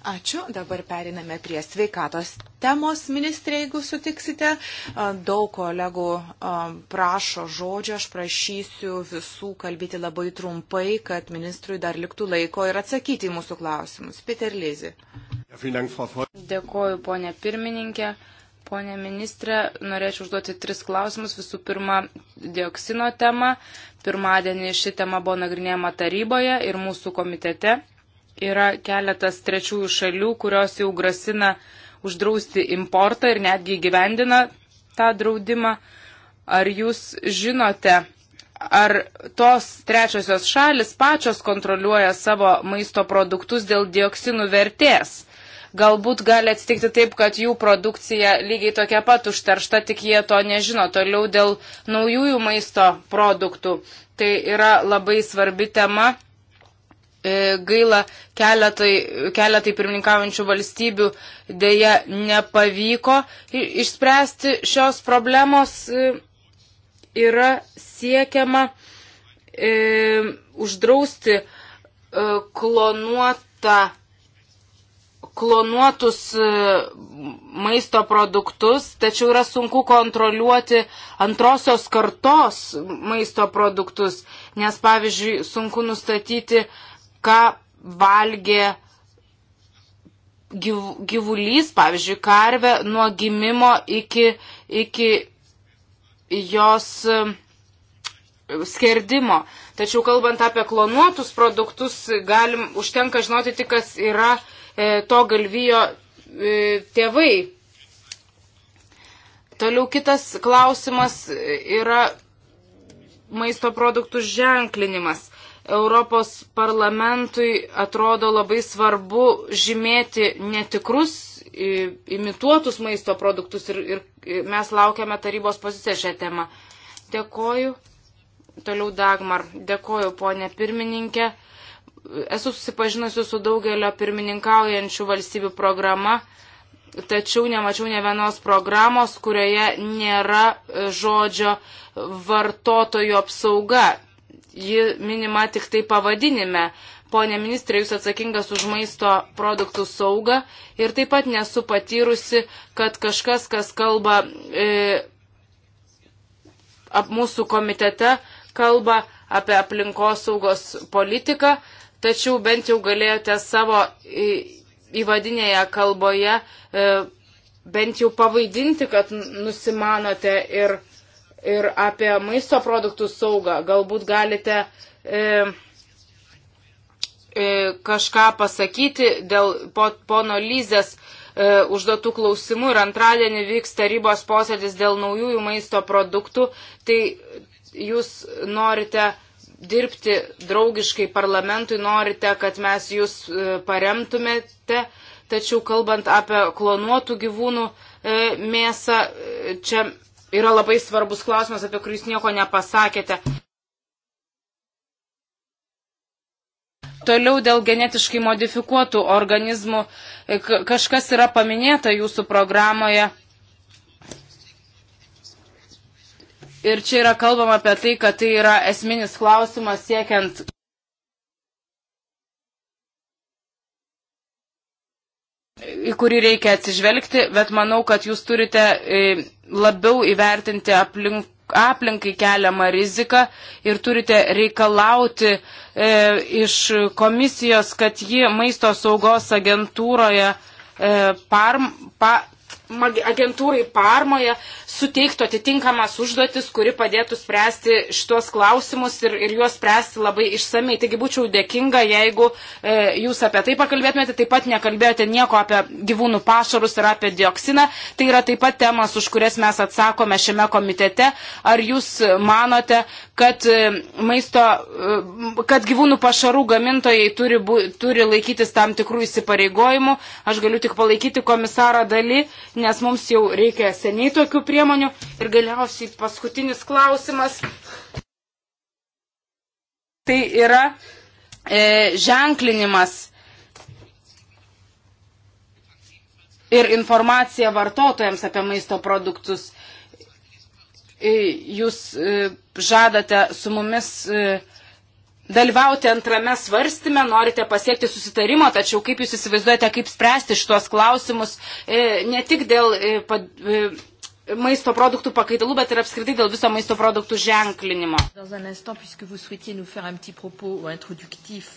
Ačiū, dabar periname prie sveikatos temos, ministrė, jeigu sutiksite. Daug kolegų prašo žodžio, aš prašysiu visų kalbėti labai trumpai, kad ministrui dar liktų laiko ir atsakyti į mūsų klausimus. Peter Lizi.
Dėkuoju,
ponė pirmininkė. Pone ministrė, norėčiau užduoti tris klausimus.
Visų pirma, dioksino tema. Pirmadienį ši tema buvo nagrinėjama taryboje ir mūsų komitete. Yra keletas trečiųjų šalių, kurios jau grasina uždrausti importą ir netgi gyvendina tą draudimą. Ar jūs žinote, ar tos trečiosios šalis pačios kontroliuoja savo maisto produktus dėl dioksinų vertės? Galbūt gali atsitikti taip, kad jų produkcija lygiai tokia pat užteršta, tik jie to nežino. Toliau dėl naujųjų maisto produktų. Tai yra labai svarbi tema. E, gaila keletai, keletai pirmininkaujančių valstybių dėja nepavyko išspręsti šios problemos. E, yra siekiama e, uždrausti e, klonuotą klonuotus e, maisto produktus, tačiau yra sunku kontroliuoti antrosios kartos maisto produktus, nes pavyzdžiui sunku nustatyti, ką valgė gyvulys, pavyzdžiui, karvė nuo gimimo iki, iki jos e, skerdimo. Tačiau kalbant apie klonuotus produktus, galim, užtenka žinoti tik, kas yra E, to galvijo e, tėvai. Toliau kitas klausimas yra maisto produktų ženklinimas. Europos parlamentui atrodo labai svarbu žymėti netikrus, imituotus maisto produktus ir, ir mes laukiame tarybos poziciją šią temą. Dėkoju. Toliau Dagmar. Dėkoju, ponė pirmininkė esu susipažinusi su daugelio pirmininkaujančių valstybių programa, tačiau nemačiau ne vienos programos, kurioje nėra e, žodžio vartotojų apsauga. Ji minima tik tai pavadinime. Pone ministrė, jūs atsakingas už maisto produktų saugą ir taip pat nesu patyrusi, kad kažkas, kas kalba e, ap mūsų komitete, kalba apie aplinkosaugos politiką, tačiau bent jau galėjote savo įvadinėje kalboje e, bent jau pavaidinti, kad nusimanote ir, ir apie maisto produktų saugą. Galbūt galite e, e, kažką pasakyti dėl po, pono Lyzės e, užduotų klausimų ir antradienį vyks tarybos posėdis dėl naujųjų maisto produktų. Tai jūs norite dirbti draugiškai parlamentui, norite, kad mes jūs e, paremtumėte, tačiau kalbant apie klonuotų gyvūnų e, mėsą, e, čia yra labai svarbus klausimas, apie kurį jūs nieko nepasakėte. Toliau dėl genetiškai modifikuotų organizmų kažkas yra paminėta jūsų programoje Ir čia yra kalbama apie tai, kad tai yra esminis klausimas siekiant. į kurį reikia atsižvelgti, bet manau, kad jūs turite e, labiau įvertinti aplink, aplinkai keliamą riziką ir turite reikalauti e, iš komisijos, kad ji maisto saugos agentūroje e, parm, pa, agentūrai Parmoje suteiktų atitinkamas užduotis, kuri padėtų spręsti šitos klausimus ir, ir juos spręsti labai išsamei. Taigi būčiau dėkinga, jeigu e, jūs apie tai pakalbėtumėte, taip pat nekalbėjote nieko apie gyvūnų pašarus ir apie dioksiną. Tai yra taip pat temas, už kurias mes atsakome šiame komitete. Ar jūs manote, kad, e, maisto, e, kad gyvūnų pašarų gamintojai turi, bu, turi laikytis tam tikrų įsipareigojimų? Aš galiu tik palaikyti komisarą dalį nes mums jau reikia seniai tokių priemonių. Ir galiausiai paskutinis klausimas. Tai yra e, ženklinimas ir informacija vartotojams apie maisto produktus. E, jūs e, žadate su mumis e, dalyvauti antrame svarstime, norite pasiekti susitarimo, tačiau kaip jūs įsivaizduojate, kaip spręsti šitos klausimus e, ne tik dėl e, e, maisto produktų pakaitalų, bet ir apskritai dėl viso maisto produktų ženklinimo.
Instant, propos,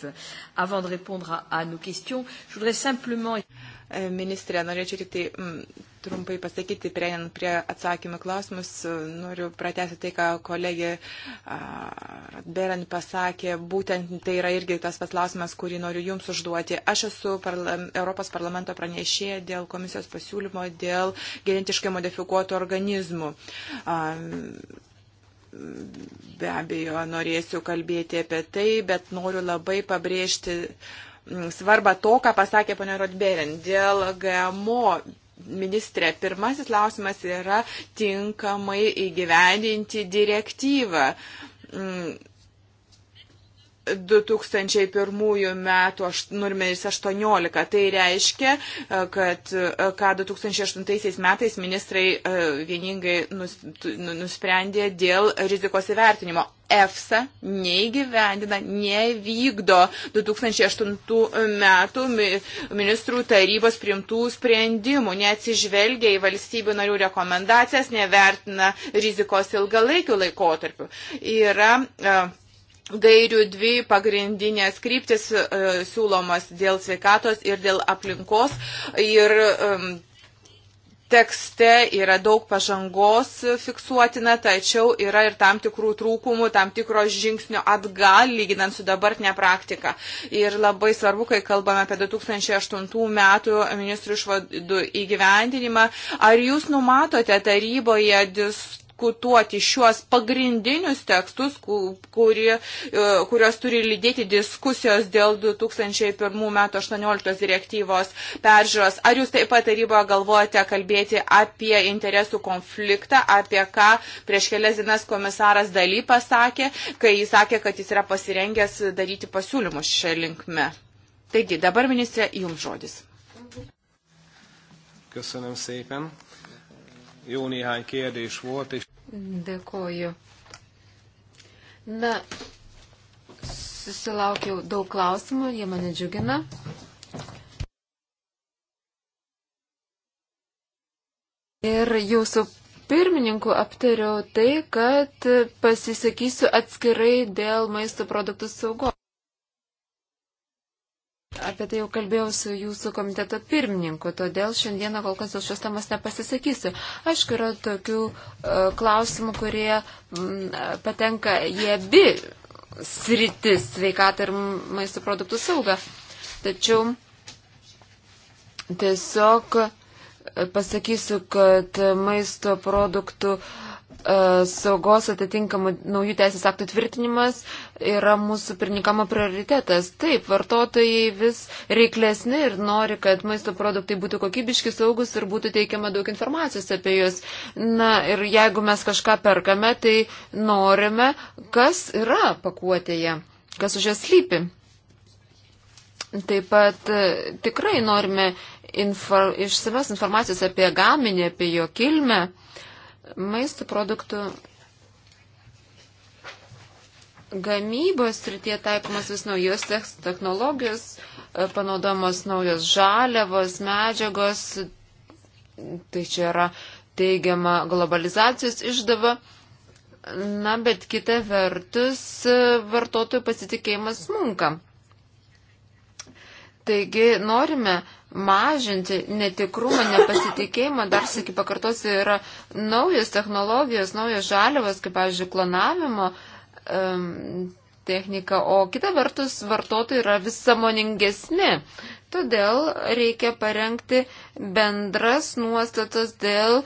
avant de répondre à, à nos questions, je voudrais simplement... Ministrė, norėčiau tik tai m, mm, trumpai pasakyti, prieinant prie atsakymų klausimus, noriu pratęsti tai, ką kolegė Beran pasakė. Būtent tai yra irgi tas pats klausimas, kurį noriu Jums užduoti. Aš esu parlam, Europos parlamento pranešėja dėl komisijos pasiūlymo dėl genetiškai modifikuotų organizmų. A, be abejo, norėsiu kalbėti apie tai, bet noriu labai pabrėžti. A, Mm, svarbą to, ką pasakė ponia Rodberin dėl GMO ministrė, pirmasis klausimas yra tinkamai įgyvendinti direktyvą. Mm, 2001 metų numeris 18. Tai reiškia, e, kad e, ką 2008 metais ministrai e, vieningai nu, nusprendė dėl rizikos įvertinimo. EFSA neįgyvendina, nevykdo 2008 metų ministrų tarybos primtų sprendimų, neatsižvelgia į valstybių narių rekomendacijas, nevertina rizikos ilgalaikių laikotarpių. Yra uh, gairių dvi pagrindinės kryptis e, siūlomas dėl sveikatos ir dėl aplinkos. Ir, e, tekste yra daug pažangos fiksuotina, tačiau yra ir tam tikrų trūkumų, tam tikro žingsnio atgal, lyginant su dabartinė praktika. Ir labai svarbu, kai kalbame apie 2008 metų ministrų išvadų įgyvendinimą, ar jūs numatote taryboje dis diskutuoti šiuos pagrindinius tekstus, kuri, e, kurios turi lydėti diskusijos dėl 2001 metų 18 direktyvos peržiūros. Ar jūs taip pat taryboje galvojate kalbėti apie interesų konfliktą, apie ką prieš kelias dienas komisaras daly pasakė, kai jis sakė, kad jis yra pasirengęs daryti pasiūlymus šią linkmę? Taigi, dabar ministrė, jums žodis. Köszönöm szépen jó néhány kérdés volt. És...
Dėkoju. Na, susilaukiau daug klausimų, jie mane džiugina. Ir jūsų pirmininku aptariau tai, kad pasisakysiu atskirai dėl maisto produktų saugos apie tai jau kalbėjau su jūsų komiteto pirmininku, todėl šiandieną kol kas dėl šios temos nepasisakysiu. Aišku, yra tokių uh, klausimų, kurie m, patenka į abi sritis sveikatą ir maisto produktų saugą. Tačiau tiesiog e, pasakysiu, kad maisto produktų uh, E, saugos atitinkamų naujų teisės aktų tvirtinimas yra mūsų pirmininkamo prioritetas. Taip, vartotojai vis reiklesni ir nori, kad maisto produktai būtų kokybiški, saugus ir būtų teikiama daug informacijos apie juos. Na ir jeigu mes kažką perkame, tai norime, kas yra pakuotėje, kas už jas lypi. Taip pat e, tikrai norime infor, išsames informacijos apie gaminį, apie jo kilmę. Uh, maisto produktų gamybos srityje taikomas vis naujos technologijos, e, panaudojamos naujos žaliavos, medžiagos, tai čia yra teigiama globalizacijos išdava. Na, bet kita vertus, e, vartotojų pasitikėjimas smunka. Taigi norime mažinti netikrumą, nepasitikėjimą, dar, sakyk, pakartosiu, yra naujas technologijos, naujas žaliavas, kaip, pavyzdžiui, klonavimo um, technika, o kita vertus vartotojai yra vis samoningesni. Todėl reikia parengti bendras nuostatas dėl e,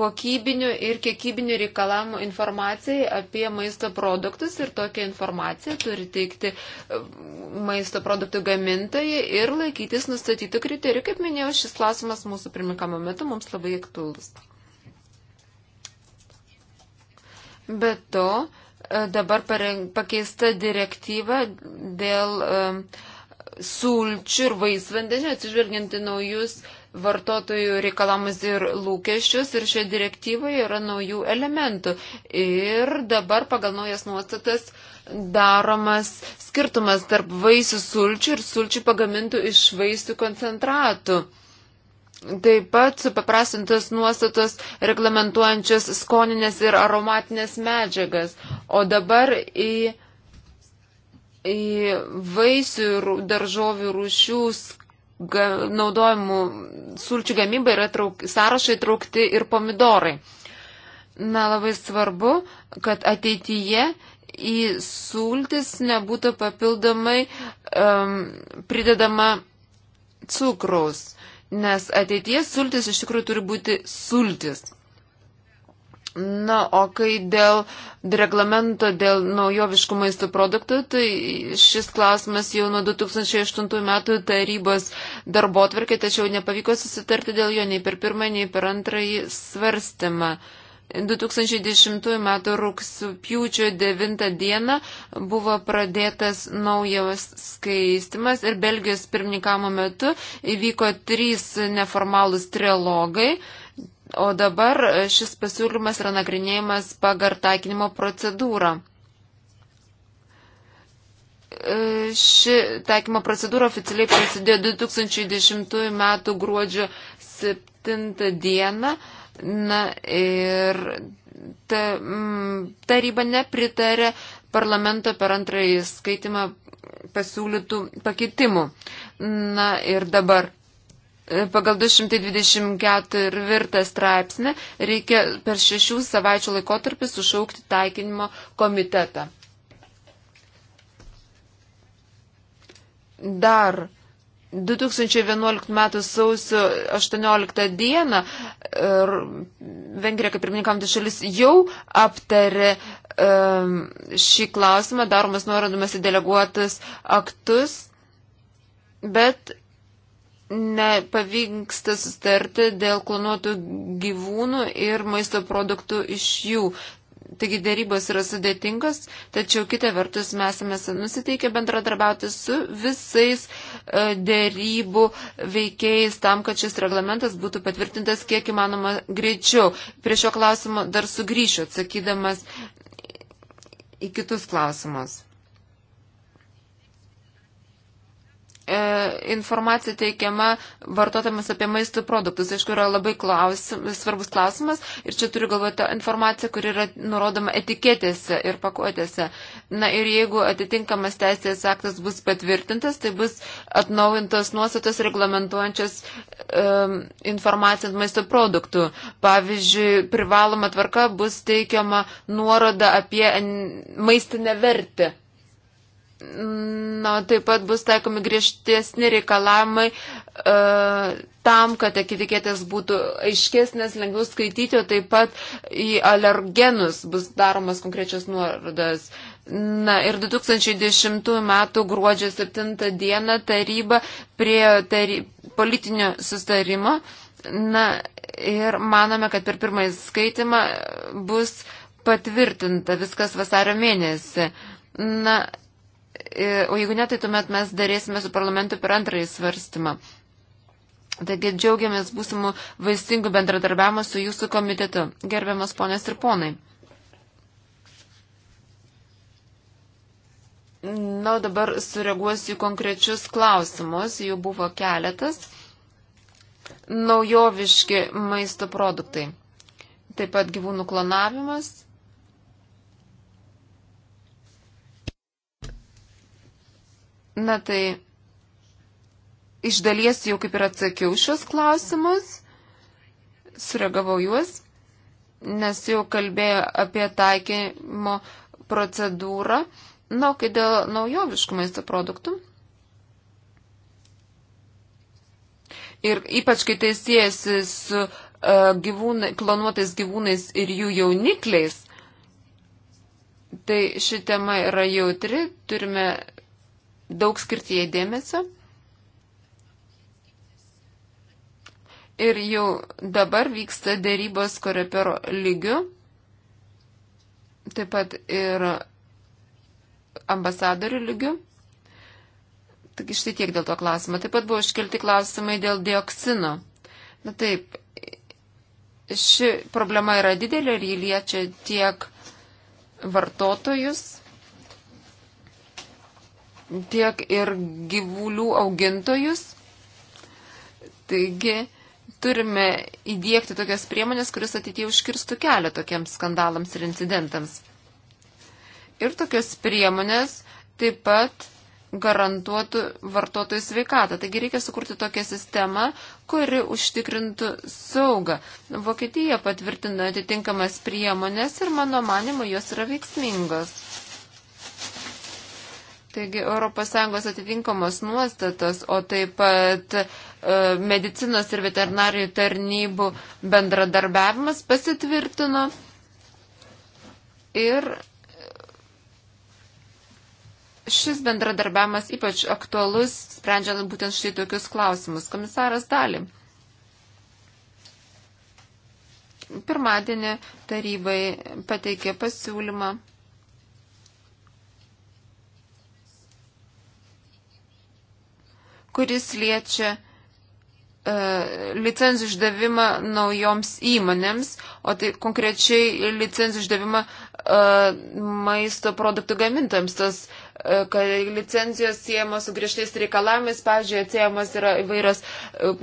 kokybinių ir kiekybinių reikalavimų informacijai apie maisto produktus ir tokią informaciją turi teikti e, maisto produktų gamintojai ir laikytis nustatytų kriterijų. Kaip minėjau, šis klausimas mūsų pirmikamo metu mums labai aktuolus. Be to, e, dabar pakeista direktyva dėl uh, sulčių ir vaisvandenį, atsižvelgianti naujus vartotojų reikalamus ir lūkesčius ir šioje direktyvoje yra naujų elementų. Ir dabar pagal naujas nuostatas daromas skirtumas tarp vaisių sulčių ir sulčių pagamintų iš vaisių koncentratų. Taip pat supaprastintos nuostatos reglamentuojančios skoninės ir aromatinės medžiagas. O dabar į vaisių ir daržovių rūšių naudojimų sulčių gamybai yra trauk, sąrašai traukti ir pomidorai. Na, labai svarbu, kad ateityje į sultis nebūtų papildomai um, pridedama cukraus, nes ateities sultis iš tikrųjų turi būti sultis. Na, o kai dėl reglamento dėl naujoviškų maisto produktų, tai šis klausimas jau nuo 2008 metų tarybos darbo atvarkė, tačiau nepavyko susitarti dėl jo nei per pirmą, nei per antrąjį svarstymą. 2010 m. rūksupjūčio 9 d. buvo pradėtas naujas skaistimas ir Belgijos pirmininkamo metu įvyko trys neformalūs trilogai. O dabar šis pasiūlymas yra nagrinėjimas pagal taikinimo procedūrą. E, ši taikymo procedūra oficialiai prasidėjo 2010 m. gruodžio 7 d. Na ir ta, mm, taryba nepritarė parlamento per antrąjį skaitimą pasiūlytų pakeitimų. Na ir dabar pagal 224 straipsnį reikia per šešių savaičių laikotarpį sušaukti taikinimo komitetą. Dar 2011 m. sausio 18 d. Vengrija, kaip pirmininkamtis šalis, jau aptarė šį klausimą, daromas nuorodamas į deleguotus aktus, bet nepavyksta sustarti dėl klonuotų gyvūnų ir maisto produktų iš jų. Taigi dėrybos yra sudėtingos, tačiau kitą vertus mes esame nusiteikę bendradarbiauti su visais e, dėrybų veikėjais tam, kad šis reglamentas būtų patvirtintas kiek įmanoma greičiau. Prie šio klausimo dar sugrįšiu atsakydamas į kitus klausimus. E, informacija teikiama vartotojams apie maisto produktus. Aišku, yra labai klausim, svarbus klausimas ir čia turiu galvoje tą informaciją, kur yra nurodoma etiketėse ir pakuotėse. Na ir jeigu atitinkamas teisės aktas bus patvirtintas, tai bus atnaujintos nuostatos reglamentuojančias um, e, informaciją ant maisto produktų. Pavyzdžiui, privaloma tvarka bus teikiama nuoroda apie maistinę vertę Na, taip pat bus taikomi griežtesni reikalavimai e, tam, kad etiketės būtų aiškesnės, lengviau skaityti, o taip pat į alergenus bus daromas konkrečios nuorodas. Na ir 2010 m. gruodžio 7 d. taryba prie tary, politinio sustarimo. Na ir manome, kad per pirmąjį skaitimą bus patvirtinta viskas vasario mėnesį. Na E, o jeigu ne, tai tuomet mes darėsime su parlamentu per antrąjį svarstymą. Taigi džiaugiamės būsimų vaisingų bendradarbiavimo su jūsų komitetu. Gerbiamas ponės ir ponai. Na, dabar sureaguosiu konkrečius klausimus, jų buvo keletas. Naujoviški maisto produktai. Taip pat gyvūnų klonavimas Na tai iš dalies jau kaip ir atsakiau šios klausimus, sureagavau juos, nes jau kalbėjau apie taikymo procedūrą. Na, kai dėl naujoviškų maisto produktų. Ir ypač, kai tai siejasi su uh, gyvūnai, klonuotais gyvūnais ir jų jaunikliais, tai ši tema yra jautri, turime daug skirti jai dėmesio. Ir jau dabar vyksta dėrybos korepero lygiu. Taip pat ir ambasadorių lygių. Tik iš tai tiek dėl to klausimo. Taip pat buvo iškelti klausimai dėl dioksino. Na taip, ši problema yra didelė ir jį liečia tiek vartotojus, tiek ir gyvulių augintojus. Taigi turime įdėkti tokias priemonės, kuris ateityje užkirstų kelią tokiems skandalams ir incidentams. Ir tokias priemonės taip pat garantuotų vartotojų sveikatą. Taigi reikia sukurti tokią sistemą, kuri užtikrintų saugą. Vokietija patvirtina atitinkamas priemonės ir mano manimo jos yra veiksmingos. Taigi ES atitinkamos nuostatos, o taip pat e, medicinos ir veterinarijų tarnybų bendradarbiavimas pasitvirtino ir šis bendradarbiavimas ypač aktualus, sprendžiant būtent štai tokius klausimus. Komisaras Dali. Pirmadienį tarybai pateikė pasiūlymą kuris liečia e, licencijų išdavimą naujoms įmonėms, o tai konkrečiai licencijų išdavimą e, maisto produktų gamintams. Tas, e, kad licencijos siejamos su griežtais reikalavimais, pavyzdžiui, atsiejamos yra įvairios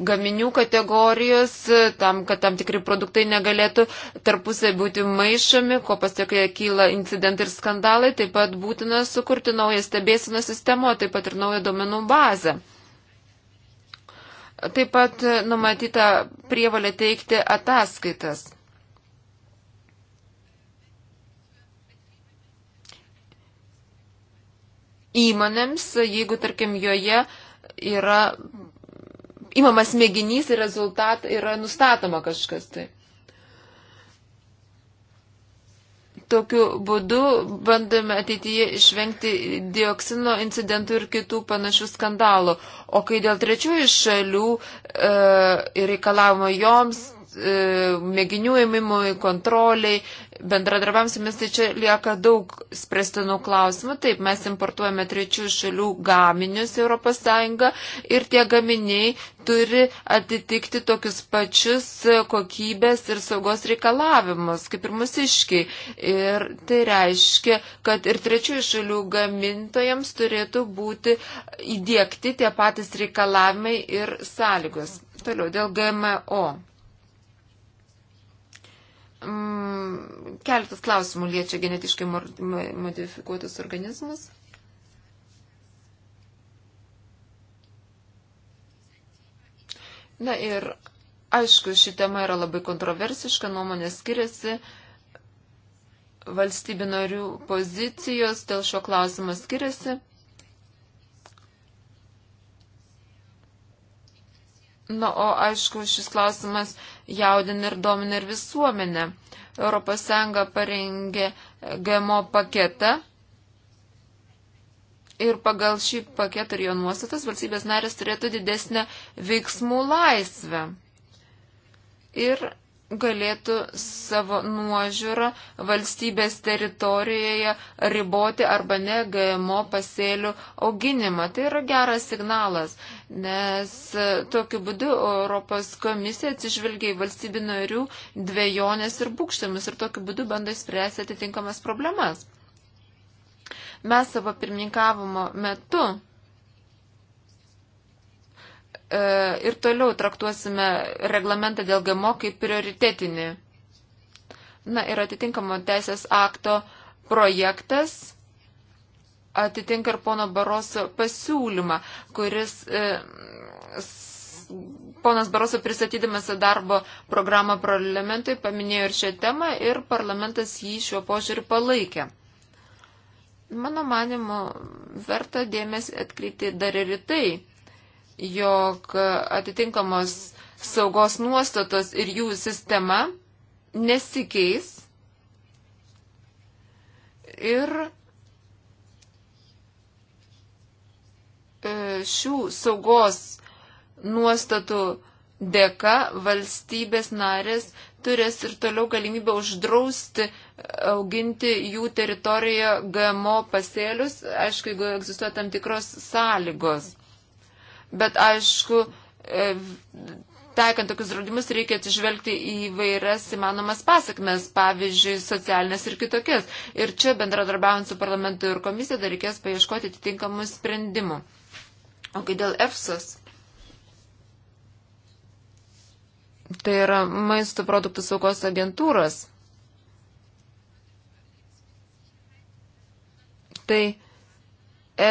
gaminių kategorijos, tam, kad tam tikri produktai negalėtų tarpusai būti maišomi, ko pasiekoje kyla incidentai ir skandalai, taip pat būtina sukurti naują stebėsino sistemą, taip pat ir naują domenų bazę. Taip pat numatyta prievalė teikti ataskaitas. Įmonėms, jeigu tarkim joje yra imamas mėginys ir rezultat yra nustatoma kažkas tai. Tokiu būdu bandome ateityje išvengti dioksino incidentų ir kitų panašių skandalų. O kai dėl trečiųjų šalių e, reikalavimo joms, e, mėginių ėmimui, kontroliai, bendradarbiavimsimis, tai čia lieka daug spręstinų klausimų. Taip, mes importuojame trečių šalių gaminius ES ir tie gaminiai turi atitikti tokius pačius kokybės ir saugos reikalavimus, kaip ir musiškiai. Ir tai reiškia, kad ir trečiųjų šalių gamintojams turėtų būti įdėkti tie patys reikalavimai ir sąlygos. Toliau, dėl GMO mm, keletas klausimų liečia genetiškai modifikuotus organizmus. Na ir aišku, ši tema yra labai kontroversiška, nuomonės skiriasi, valstybių narių pozicijos dėl šio klausimo skiriasi. Na, o aišku, šis klausimas jaudina ir domina ir visuomenę. ES parengė GMO paketą ir pagal šį paketą ir jo nuostatas valstybės narės turėtų didesnę veiksmų laisvę. Ir galėtų savo nuožiūrą valstybės teritorijoje riboti arba ne GMO pasėlių auginimą. Tai yra geras signalas, nes tokiu būdu Europos komisija atsižvelgia į valstybių narių dviejonės ir būkštėmis ir tokiu būdu bando spręsti atitinkamas problemas. Mes savo pirmininkavimo metu E, ir toliau traktuosime reglamentą dėl GMO kaip prioritetinį. Na ir atitinkamo teisės akto projektas atitinka ir pono Baroso pasiūlymą, kuris e, ponas Baroso pristatydamas darbo programą parlamentui paminėjo ir šią temą ir parlamentas jį šiuo požiūriu palaikė. Mano manimo, verta dėmesį atkreipti dar ir į tai, jog atitinkamos saugos nuostatos ir jų sistema nesikeis ir e, šių saugos nuostatų dėka valstybės narės turės ir toliau galimybę uždrausti auginti jų teritorijoje GMO pasėlius, aišku, jeigu egzistuoja tam tikros sąlygos. Bet aišku, e, taikant tokius draudimus reikia atsižvelgti į vairias įmanomas pasakmes, pavyzdžiui, socialinės ir kitokias. Ir čia bendradarbiaujant su parlamentu ir komisija dar reikės paieškoti atitinkamų sprendimų. O kai dėl EFSOS? Tai yra maisto produktų saugos agentūros. Tai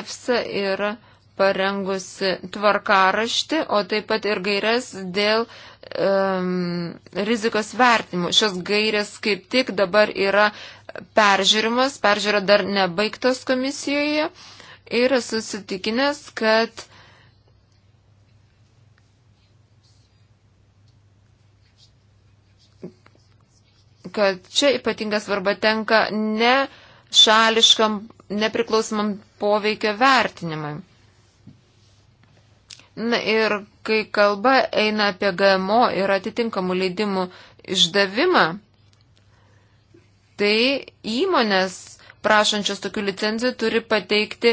EFSA yra. Ir parengusi tvarkaraštį, o taip pat ir gairias dėl um, rizikos vertimų. Šios gairės kaip tik dabar yra peržiūrimas, peržiūra dar nebaigtos komisijoje ir susitikinęs, kad kad čia ypatinga svarba tenka ne šališkam, nepriklausomam poveikio vertinimui. Na ir kai kalba eina apie GMO ir atitinkamų leidimų išdavimą, tai įmonės prašančios tokių licenzijų turi pateikti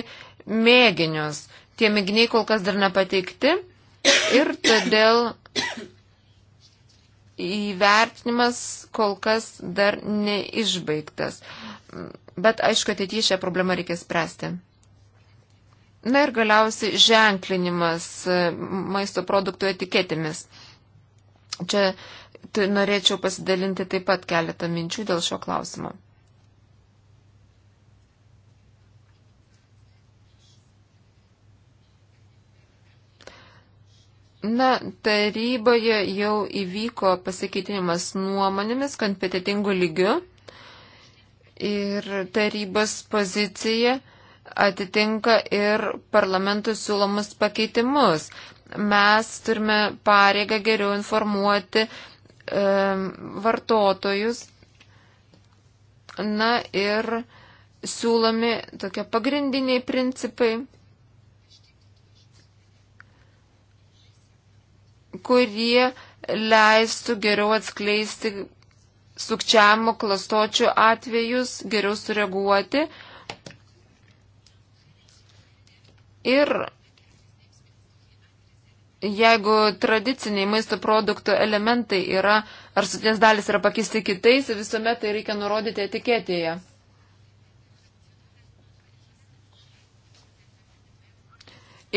mėginius. Tie mėginiai kol kas dar nepateikti ir todėl įvertinimas kol kas dar neišbaigtas. Bet aišku, ateityje šią problemą reikės spręsti. Na ir galiausiai ženklinimas e, maisto produktų etiketėmis. Čia norėčiau pasidalinti taip pat keletą minčių dėl šio klausimo. Na, taryboje jau įvyko pasikeitinimas nuomonėmis kompetitingų lygių ir tarybos pozicija atitinka ir parlamentų siūlomus pakeitimus. Mes turime pareigą geriau informuoti e, vartotojus. Na ir siūlomi tokie pagrindiniai principai, kurie leistų geriau atskleisti sukčiamo klastočių atvejus, geriau sureaguoti. E, Ir jeigu tradiciniai maisto produktų elementai yra, ar sudės dalis yra pakeisti kitais, visuomet tai reikia nurodyti etiketėje.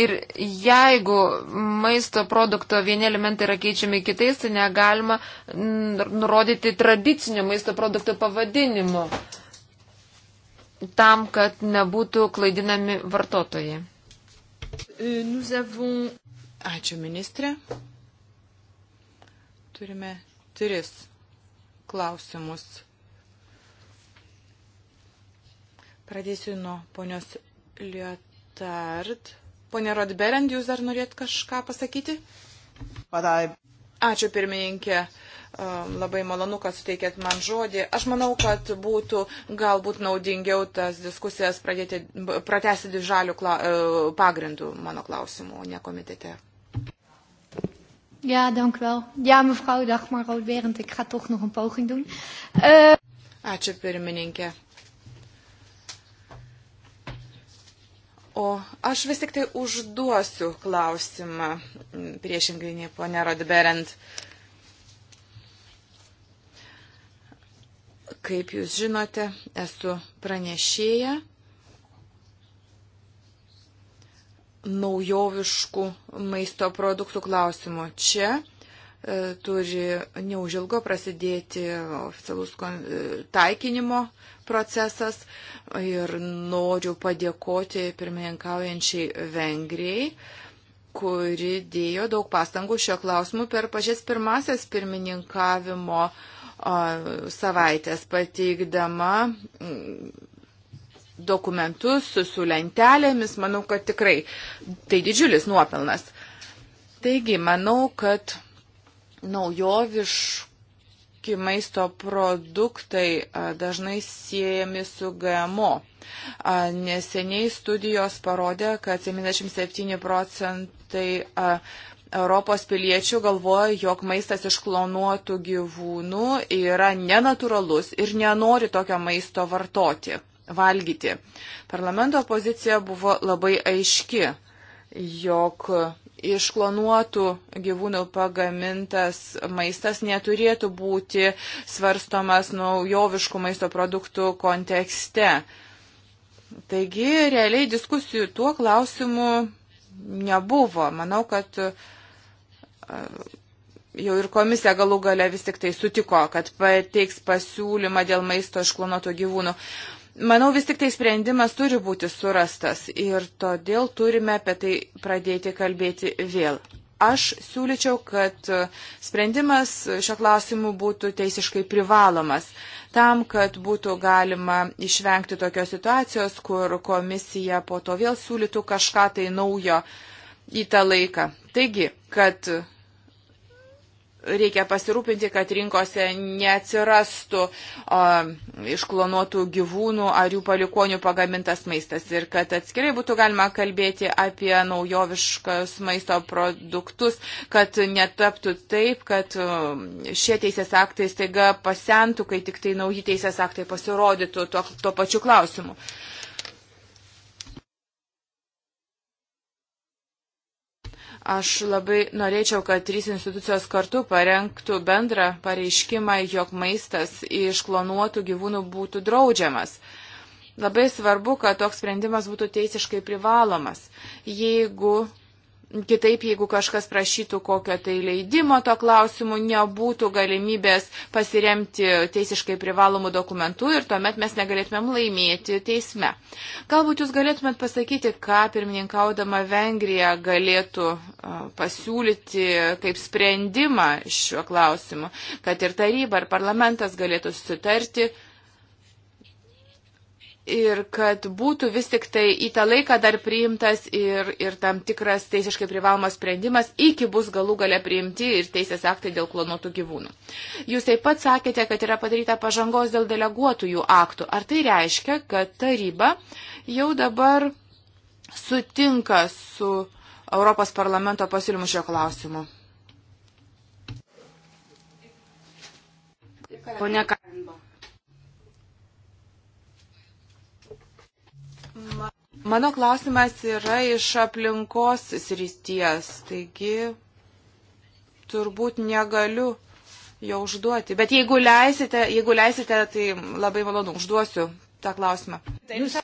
Ir jeigu maisto produkto vieni elementai yra keičiami kitais, tai negalima nurodyti tradicinio maisto produkto pavadinimu tam, kad nebūtų klaidinami vartotojai.
E, nous avons... Ačiū ministrė. Turime tris klausimus. Pradėsiu nuo ponios Liotard. Pone Rodberend, jūs dar norėt kažką pasakyti? Padai. Ačiū pirmininkė. Uh, Labai malonu, kad suteikėt man žodį. Aš manau, kad būtų galbūt naudingiau tas diskusijas pradėti, pratesti dvižalių kla, e, pagrindų mano klausimų, ne komitete. Ja, dank wel. Ja, mevrouw Dagmar Roodberend, ik ga toch nog een poging doen. Uh... Ačiū pirmininkė. O aš vis tik tai užduosiu klausimą, priešingai nei ponė Rodberent. Uh, Kaip jūs žinote, esu pranešėja naujoviškų maisto produktų klausimų. Čia e, turi neužilgo prasidėti oficialus e, taikinimo procesas ir noriu padėkoti pirmininkaujančiai Vengrijai kuri dėjo daug pastangų šio klausimu per pačias pirmasias pirmininkavimo uh, savaitės pateikdama mm, dokumentus su, su lentelėmis, manau, kad tikrai tai didžiulis nuopelnas. Taigi, manau, kad naujoviški maisto produktai dažnai siejami su GMO. Neseniai studijos parodė, kad 77 procentai Europos piliečių galvoja, jog maistas iš klonuotų gyvūnų yra nenatūralus ir nenori tokio maisto vartoti, valgyti. Parlamento pozicija buvo labai aiški, jog iš klonuotų gyvūnų pagamintas maistas neturėtų būti svarstomas naujoviškų maisto produktų kontekste. Taigi, realiai diskusijų tuo klausimu nebuvo. Manau, kad uh, jau ir komisija galų gale vis tik tai sutiko, kad pateiks pasiūlymą dėl maisto iš klonoto gyvūnų. Manau, vis tik tai sprendimas turi būti surastas ir todėl turime apie tai pradėti kalbėti vėl. Aš siūlyčiau, kad sprendimas šio klausimu būtų teisiškai privalomas, tam, kad būtų galima išvengti tokios situacijos, kur komisija po to vėl siūlytų kažką tai naujo į tą laiką. Taigi, kad reikia pasirūpinti, kad rinkose neatsirastų a, išklonuotų gyvūnų ar jų palikonių pagamintas maistas ir kad atskirai būtų galima kalbėti apie naujoviškas maisto produktus, kad netaptų taip, kad a, šie teisės aktai staiga pasentų, kai tik tai nauji teisės aktai pasirodytų tuo, tuo pačiu klausimu. A, Aš labai norėčiau, kad trys institucijos kartu parengtų bendrą pareiškimą, jog maistas iš klonuotų gyvūnų būtų draudžiamas. Labai svarbu, kad toks sprendimas būtų teisiškai privalomas. Jeigu Kitaip, jeigu kažkas prašytų kokio tai leidimo to klausimu, nebūtų galimybės pasiremti teisiškai privalomų dokumentų ir tuomet mes negalėtumėm laimėti teisme. Galbūt jūs galėtumėt pasakyti, ką pirmininkaudama Vengrija galėtų pasiūlyti kaip sprendimą šiuo klausimu, kad ir taryba ar parlamentas galėtų susitarti ir kad būtų vis tik tai į tą laiką dar priimtas ir, ir tam tikras teisiškai privalomas sprendimas, iki bus galų gale priimti ir teisės aktai dėl klonuotų gyvūnų. Jūs taip pat sakėte, kad yra padaryta pažangos dėl deleguotųjų aktų. Ar tai reiškia, kad taryba jau dabar sutinka su Europos parlamento pasiūlymu šio klausimu?
Pone Karimbo.
Mano klausimas yra iš aplinkos srities, taigi turbūt negaliu jo užduoti. Bet jeigu leisite, jeigu leisite tai labai malonu, užduosiu tą klausimą. Jūs...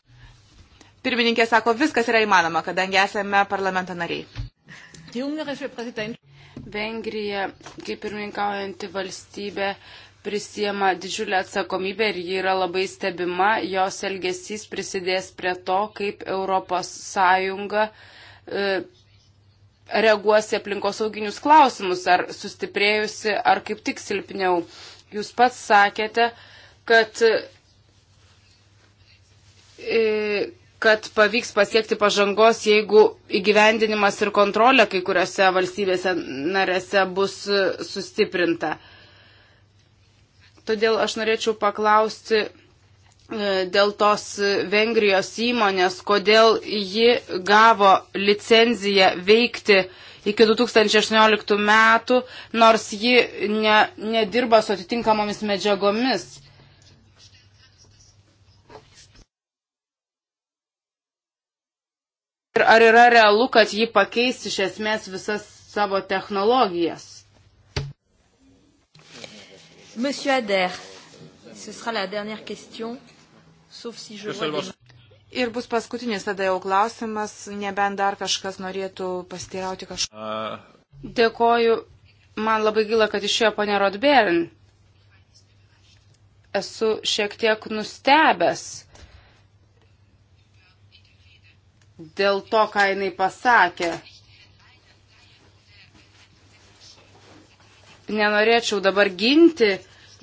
Pirmininkė sako, viskas yra įmanoma, kadangi esame parlamento nariai.
Vengrija, kaip pirmininkaujanti valstybė, prisiema didžiulę atsakomybę ir ji yra labai stebima, jos elgesys prisidės prie to, kaip Europos Sąjunga e, reaguos į aplinkosauginius klausimus, ar sustiprėjusi, ar kaip tik silpniau. Jūs pats sakėte, kad, e, kad pavyks pasiekti pažangos, jeigu įgyvendinimas ir kontrolė kai kuriuose valstybėse narėse bus e, sustiprinta. E, Todėl aš norėčiau paklausti e, dėl tos Vengrijos įmonės, kodėl ji gavo licenciją veikti iki 2018 metų, nors ji ne, nedirba su atitinkamomis medžiagomis. Ir ar yra realu, kad ji pakeis iš esmės visas savo technologijas?
Monsieur Adair, ce sera la dernière question, sauf si je vois... Ir bus paskutinis tada jau klausimas, nebent dar kažkas norėtų pastirauti kažką. Dėkoju, man labai gila, kad išėjo ponė
Rodberin. Esu šiek tiek nustebęs dėl to, ką jinai pasakė. nenorėčiau dabar ginti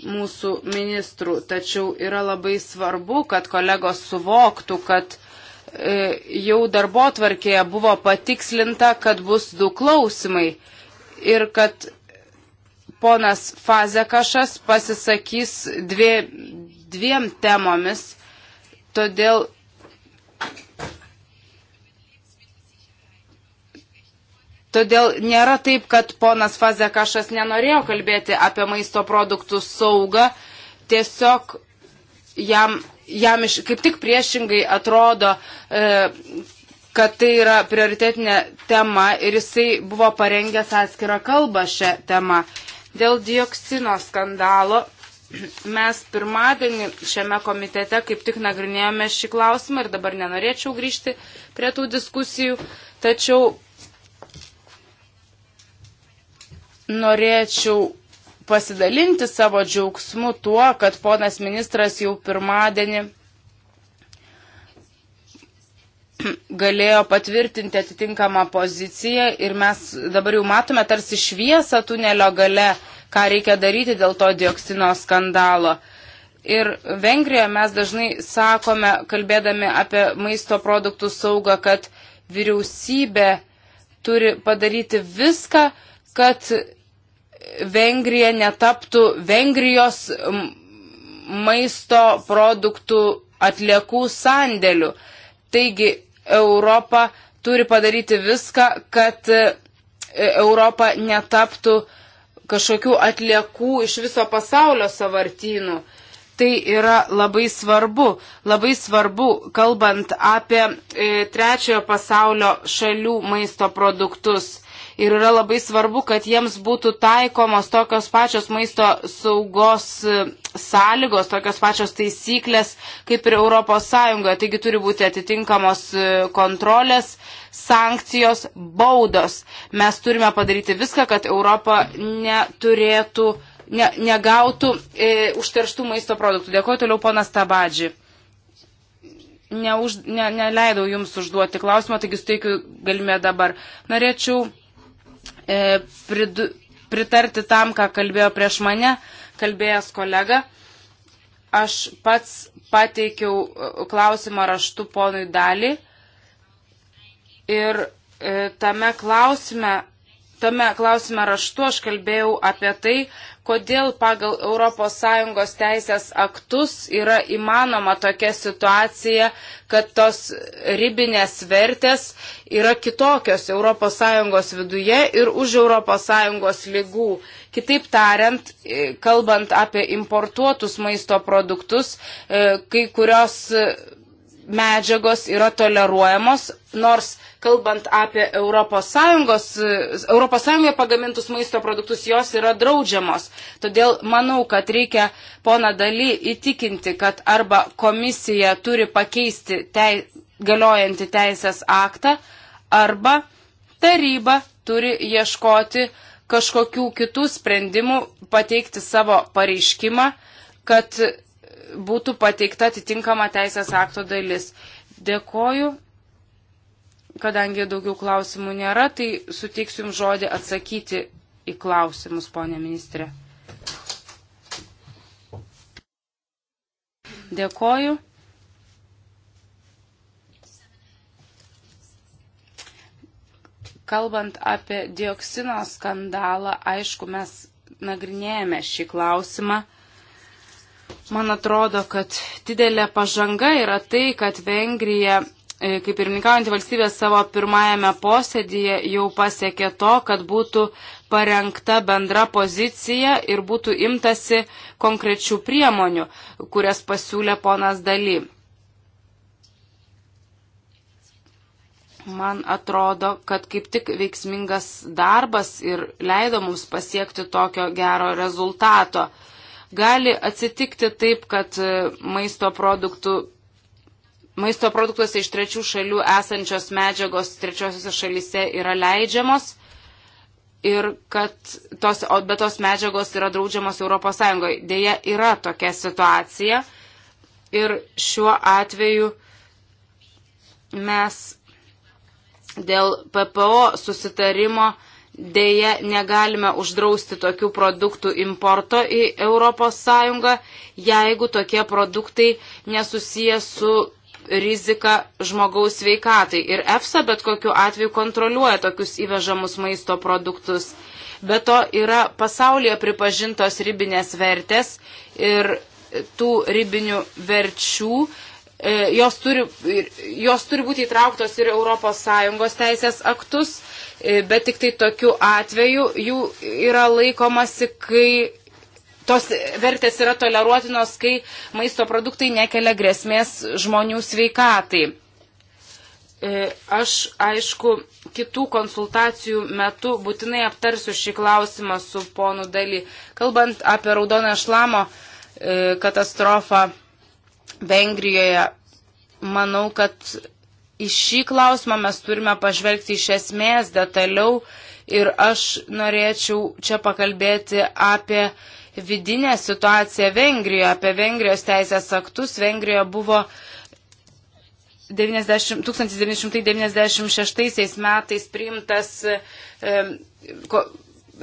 mūsų ministrų, tačiau yra labai svarbu, kad kolegos suvoktų, kad e, jau darbo tvarkėje buvo patikslinta, kad bus du klausimai ir kad ponas Fazekašas pasisakys dvie, dviem temomis, todėl Todėl nėra taip, kad ponas Fazekašas nenorėjo kalbėti apie maisto produktų saugą, tiesiog jam, jam iš, kaip tik priešingai atrodo, e, kad tai yra prioritetinė tema ir jisai buvo parengęs atskirą kalbą šią temą. Dėl dioksino skandalo mes pirmadienį šiame komitete kaip tik nagrinėjome šį klausimą ir dabar nenorėčiau grįžti prie tų diskusijų, tačiau norėčiau pasidalinti savo džiaugsmu tuo, kad ponas ministras jau pirmadienį galėjo patvirtinti atitinkamą poziciją ir mes dabar jau matome tarsi šviesą tunelio gale, ką reikia daryti dėl to dioksino skandalo. Ir Vengrijoje mes dažnai sakome, kalbėdami apie maisto produktų saugą, kad vyriausybė turi padaryti viską, kad Vengrija netaptų Vengrijos maisto produktų atliekų sandėlių. Taigi Europa turi padaryti viską, kad e, Europa netaptų kažkokių atliekų iš viso pasaulio savartynų. Tai yra labai svarbu, labai svarbu, kalbant apie e, trečiojo pasaulio šalių maisto produktus ir yra labai svarbu, kad jiems būtų taikomos tokios pačios maisto saugos e, sąlygos, tokios pačios taisyklės kaip ir ES. Taigi turi būti atitinkamos e, kontrolės, sankcijos, baudos. Mes turime padaryti viską, kad Europa neturėtų, ne, negautų e, užterštų maisto produktų. Dėkuoju toliau ponas Tabadži neuž, ne, neleidau jums užduoti klausimą, taigi suteikiu galimybę dabar. Norėčiau e, pridu, pritarti tam, ką kalbėjo prieš mane, kalbėjęs kolega. Aš pats pateikiau e, klausimą raštu ponui dalį ir e, tame klausime Tame klausime raštu aš kalbėjau apie tai, kodėl pagal ES teisės aktus yra įmanoma tokia situacija, kad tos ribinės vertės yra kitokios ES viduje ir už ES lygų. Kitaip tariant, e, kalbant apie importuotus maisto produktus, e, kai kurios medžiagos yra toleruojamos, nors kalbant apie ES, ES pagamintus maisto produktus, jos yra draudžiamos. Todėl manau, kad reikia pona daly įtikinti, kad arba komisija turi pakeisti tei, galiojantį teisės aktą, arba taryba turi ieškoti kažkokių kitų sprendimų, pateikti savo pareiškimą, kad būtų pateikta atitinkama teisės akto dalis. Dėkoju. Kadangi daugiau klausimų nėra, tai suteiksiu Jums žodį atsakyti į klausimus, ponė ministrė. Dėkoju. Kalbant apie dioksino skandalą, aišku, mes nagrinėjame šį klausimą. Man atrodo, kad didelė pažanga yra tai, kad Vengrija, e, kaip ir minkaujantį valstybę savo pirmajame posėdėje, jau pasiekė to, kad būtų parengta bendra pozicija ir būtų imtasi konkrečių priemonių, kurias pasiūlė ponas Daly. Man atrodo, kad kaip tik veiksmingas darbas ir leido mums pasiekti tokio gero rezultato. Gali atsitikti taip, kad e, maisto produktų maisto produktuose iš trečių šalių esančios medžiagos trečiosiuose šalyse yra leidžiamos ir kad tos, bet tos medžiagos yra draudžiamos ES. Deja, yra tokia situacija ir šiuo atveju mes dėl PPO susitarimo Deja, negalime uždrausti tokių produktų importo į ES, jeigu tokie produktai nesusiję su rizika žmogaus sveikatai. Ir EFSA bet kokiu atveju kontroliuoja tokius įvežamus maisto produktus. Be to yra pasaulyje pripažintos ribinės vertės ir tų ribinių verčių e, jos turi, jos turi būti įtrauktos ir ES teisės aktus. E, bet tik tai tokiu atveju jų yra laikomasi, kai tos vertės yra toleruotinos, kai maisto produktai nekelia grėsmės žmonių sveikatai. E, aš, aišku, kitų konsultacijų metu būtinai aptarsiu šį klausimą su ponu daly. Kalbant apie raudoną šlamo e, katastrofą Vengrijoje, manau, kad į šį klausimą mes turime pažvelgti iš esmės detaliau ir aš norėčiau čia pakalbėti apie vidinę situaciją Vengrijoje, apie Vengrijos teisės aktus. Vengrijoje buvo 90, 1996 metais priimtas e, ko,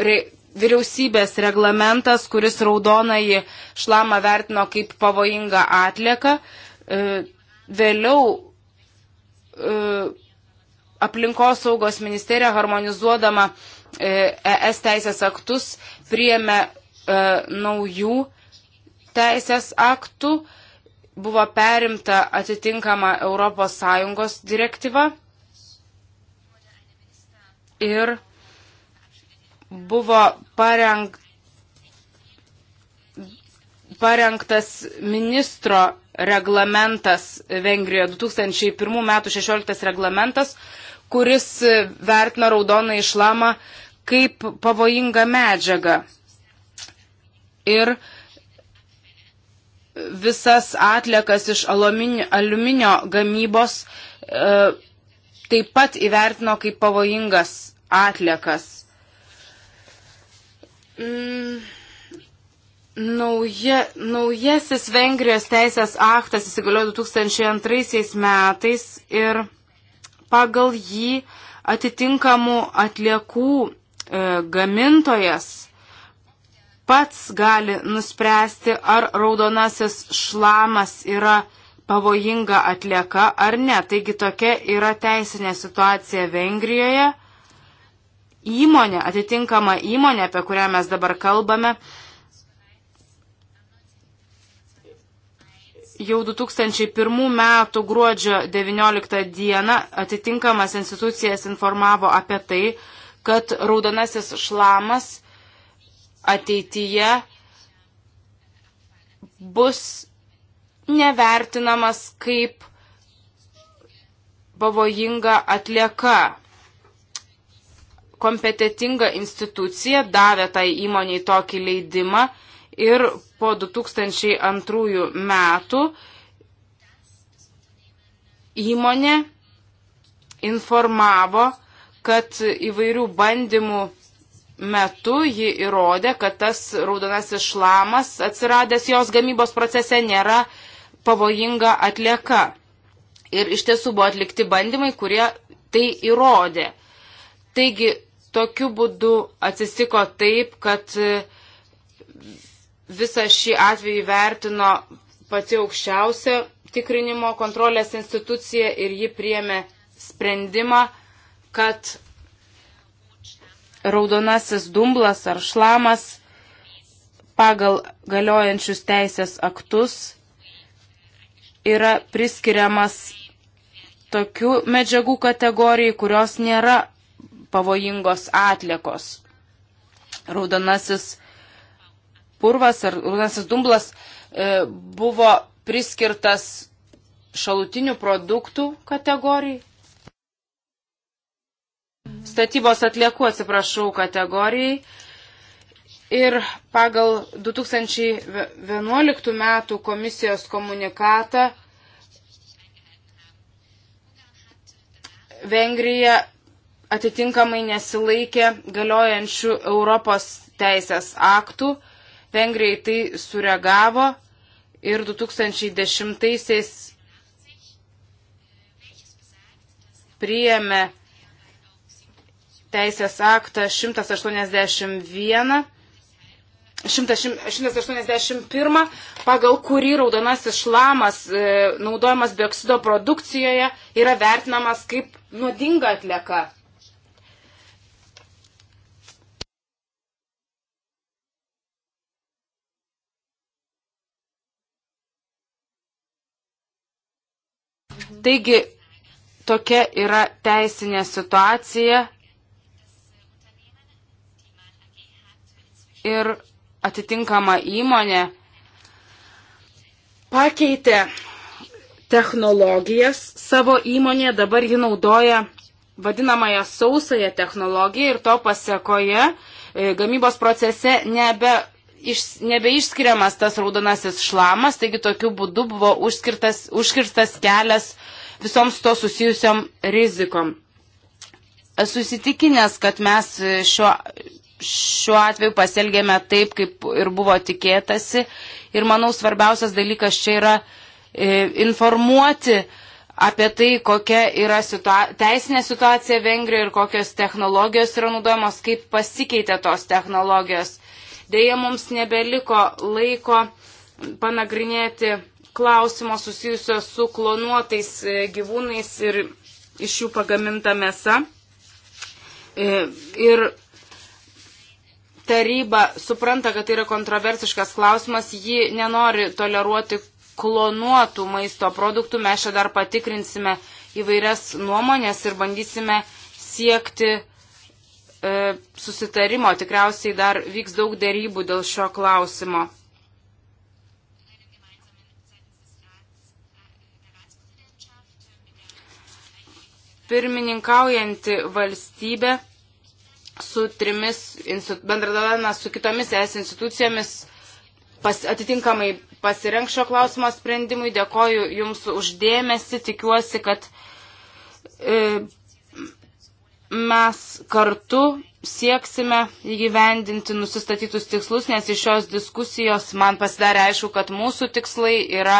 re, vyriausybės reglamentas, kuris raudonąjį šlamą vertino kaip pavojingą atlieką. E, vėliau E, aplinkosaugos ministerija harmonizuodama ES e teisės aktus priėmė e, naujų teisės aktų, buvo perimta atitinkama ES direktyva ir buvo pareng, parengtas ministro reglamentas Vengrijoje, 2001 metų 16 reglamentas, kuris vertina raudoną išlamą kaip pavojingą medžiagą. Ir visas atliekas iš aluminio, aliuminio gamybos e, taip pat įvertino kaip pavojingas atliekas. Mm Nauja, naujasis Vengrijos teisės aktas įsigaliojo 2002 metais ir pagal jį atitinkamų atliekų e, gamintojas pats gali nuspręsti, ar raudonasis šlamas yra pavojinga atlieka ar ne. Taigi tokia yra teisinė situacija Vengrijoje. Įmonė, atitinkama įmonė, apie kurią mes dabar kalbame, jau 2001 metų gruodžio 19 dieną atitinkamas institucijas informavo apie tai, kad raudonasis šlamas ateityje bus nevertinamas kaip pavojinga atlieka. Kompetitinga institucija davė tai įmoniai tokį leidimą ir po 2002 metų įmonė informavo, kad įvairių bandymų metu ji įrodė, kad tas raudonasis šlamas atsiradęs jos gamybos procese nėra pavojinga atlieka. Ir iš tiesų buvo atlikti bandymai, kurie tai įrodė. Taigi, tokiu būdu atsisiko taip, kad visą šį atvejį vertino pati aukščiausia tikrinimo kontrolės institucija ir ji priemė sprendimą, kad raudonasis dumblas ar šlamas pagal galiojančius teisės aktus yra priskiriamas tokių medžiagų kategorijai, kurios nėra pavojingos atlikos. Raudonasis purvas ar rudasis dumblas e, buvo priskirtas šalutinių produktų kategorijai. Statybos atliekų, atsiprašau, kategorijai. Ir pagal 2011 metų komisijos komunikatą Vengrija atitinkamai nesilaikė galiojančių Europos teisės aktų Vengrija į tai sureagavo ir 2010-aisiais priėmė teisės aktą 181. 181, pagal kurį raudonasis šlamas e, naudojamas bioksido produkcijoje yra vertinamas kaip nuodinga atleka. Taigi, tokia yra teisinė situacija ir atitinkama įmonė pakeitė technologijas savo įmonėje, dabar ji naudoja vadinamąją sausąją technologiją ir to pasiekoje e, gamybos procese nebe iš, nebeišskiriamas tas raudonasis šlamas, taigi tokiu būdu buvo užskirtas, užskirtas kelias visoms to susijusiam rizikom. Esu įsitikinęs, kad mes šiuo, šiuo atveju pasielgėme taip, kaip ir buvo tikėtasi. Ir manau, svarbiausias dalykas čia yra e, informuoti apie tai, kokia yra situa teisinė situacija Vengrijoje ir kokios technologijos yra naudojamos, kaip pasikeitė tos technologijos. Deja, mums nebeliko laiko panagrinėti klausimo susijusio su klonuotais e, gyvūnais ir iš jų pagaminta mėsa. E, ir taryba supranta, kad tai yra kontroversiškas klausimas, ji nenori toleruoti klonuotų maisto produktų. Mes čia dar patikrinsime įvairias nuomonės ir bandysime siekti E, susitarimo. Tikriausiai dar vyks daug dėrybų dėl šio klausimo. Pirmininkaujanti valstybė su trimis, bendradavime su kitomis es institucijomis pas, atitinkamai pasirenk šio klausimo sprendimui. Dėkoju Jums uždėmesi, tikiuosi, kad e, mes kartu sieksime įgyvendinti nusistatytus tikslus, nes iš šios diskusijos man pasidarė aišku, kad mūsų tikslai yra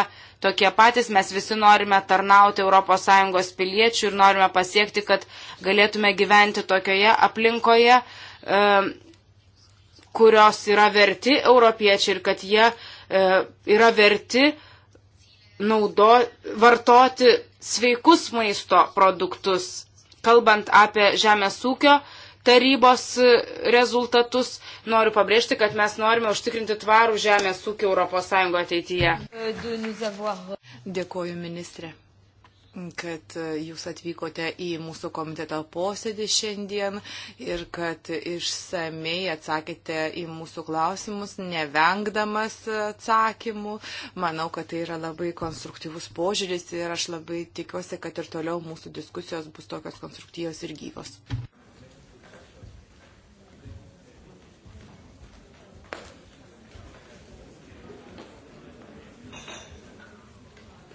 tokie patys, mes visi norime tarnauti ES piliečių ir norime pasiekti, kad galėtume gyventi tokioje aplinkoje, e, kurios yra verti europiečiai ir kad jie e, yra verti naudo, vartoti sveikus maisto produktus kalbant apie žemės ūkio tarybos rezultatus, noriu pabrėžti, kad mes norime užtikrinti tvarų žemės ūkį ES ateityje.
Euh, Dėkuoju, ministrė kad e, jūs atvykote į mūsų komiteto posėdį šiandien ir kad išsamei atsakėte į mūsų klausimus, nevengdamas atsakymų. Manau, kad tai yra labai konstruktyvus požiūris ir aš labai tikiuosi, kad ir toliau mūsų diskusijos bus tokios konstruktyvios ir gyvos.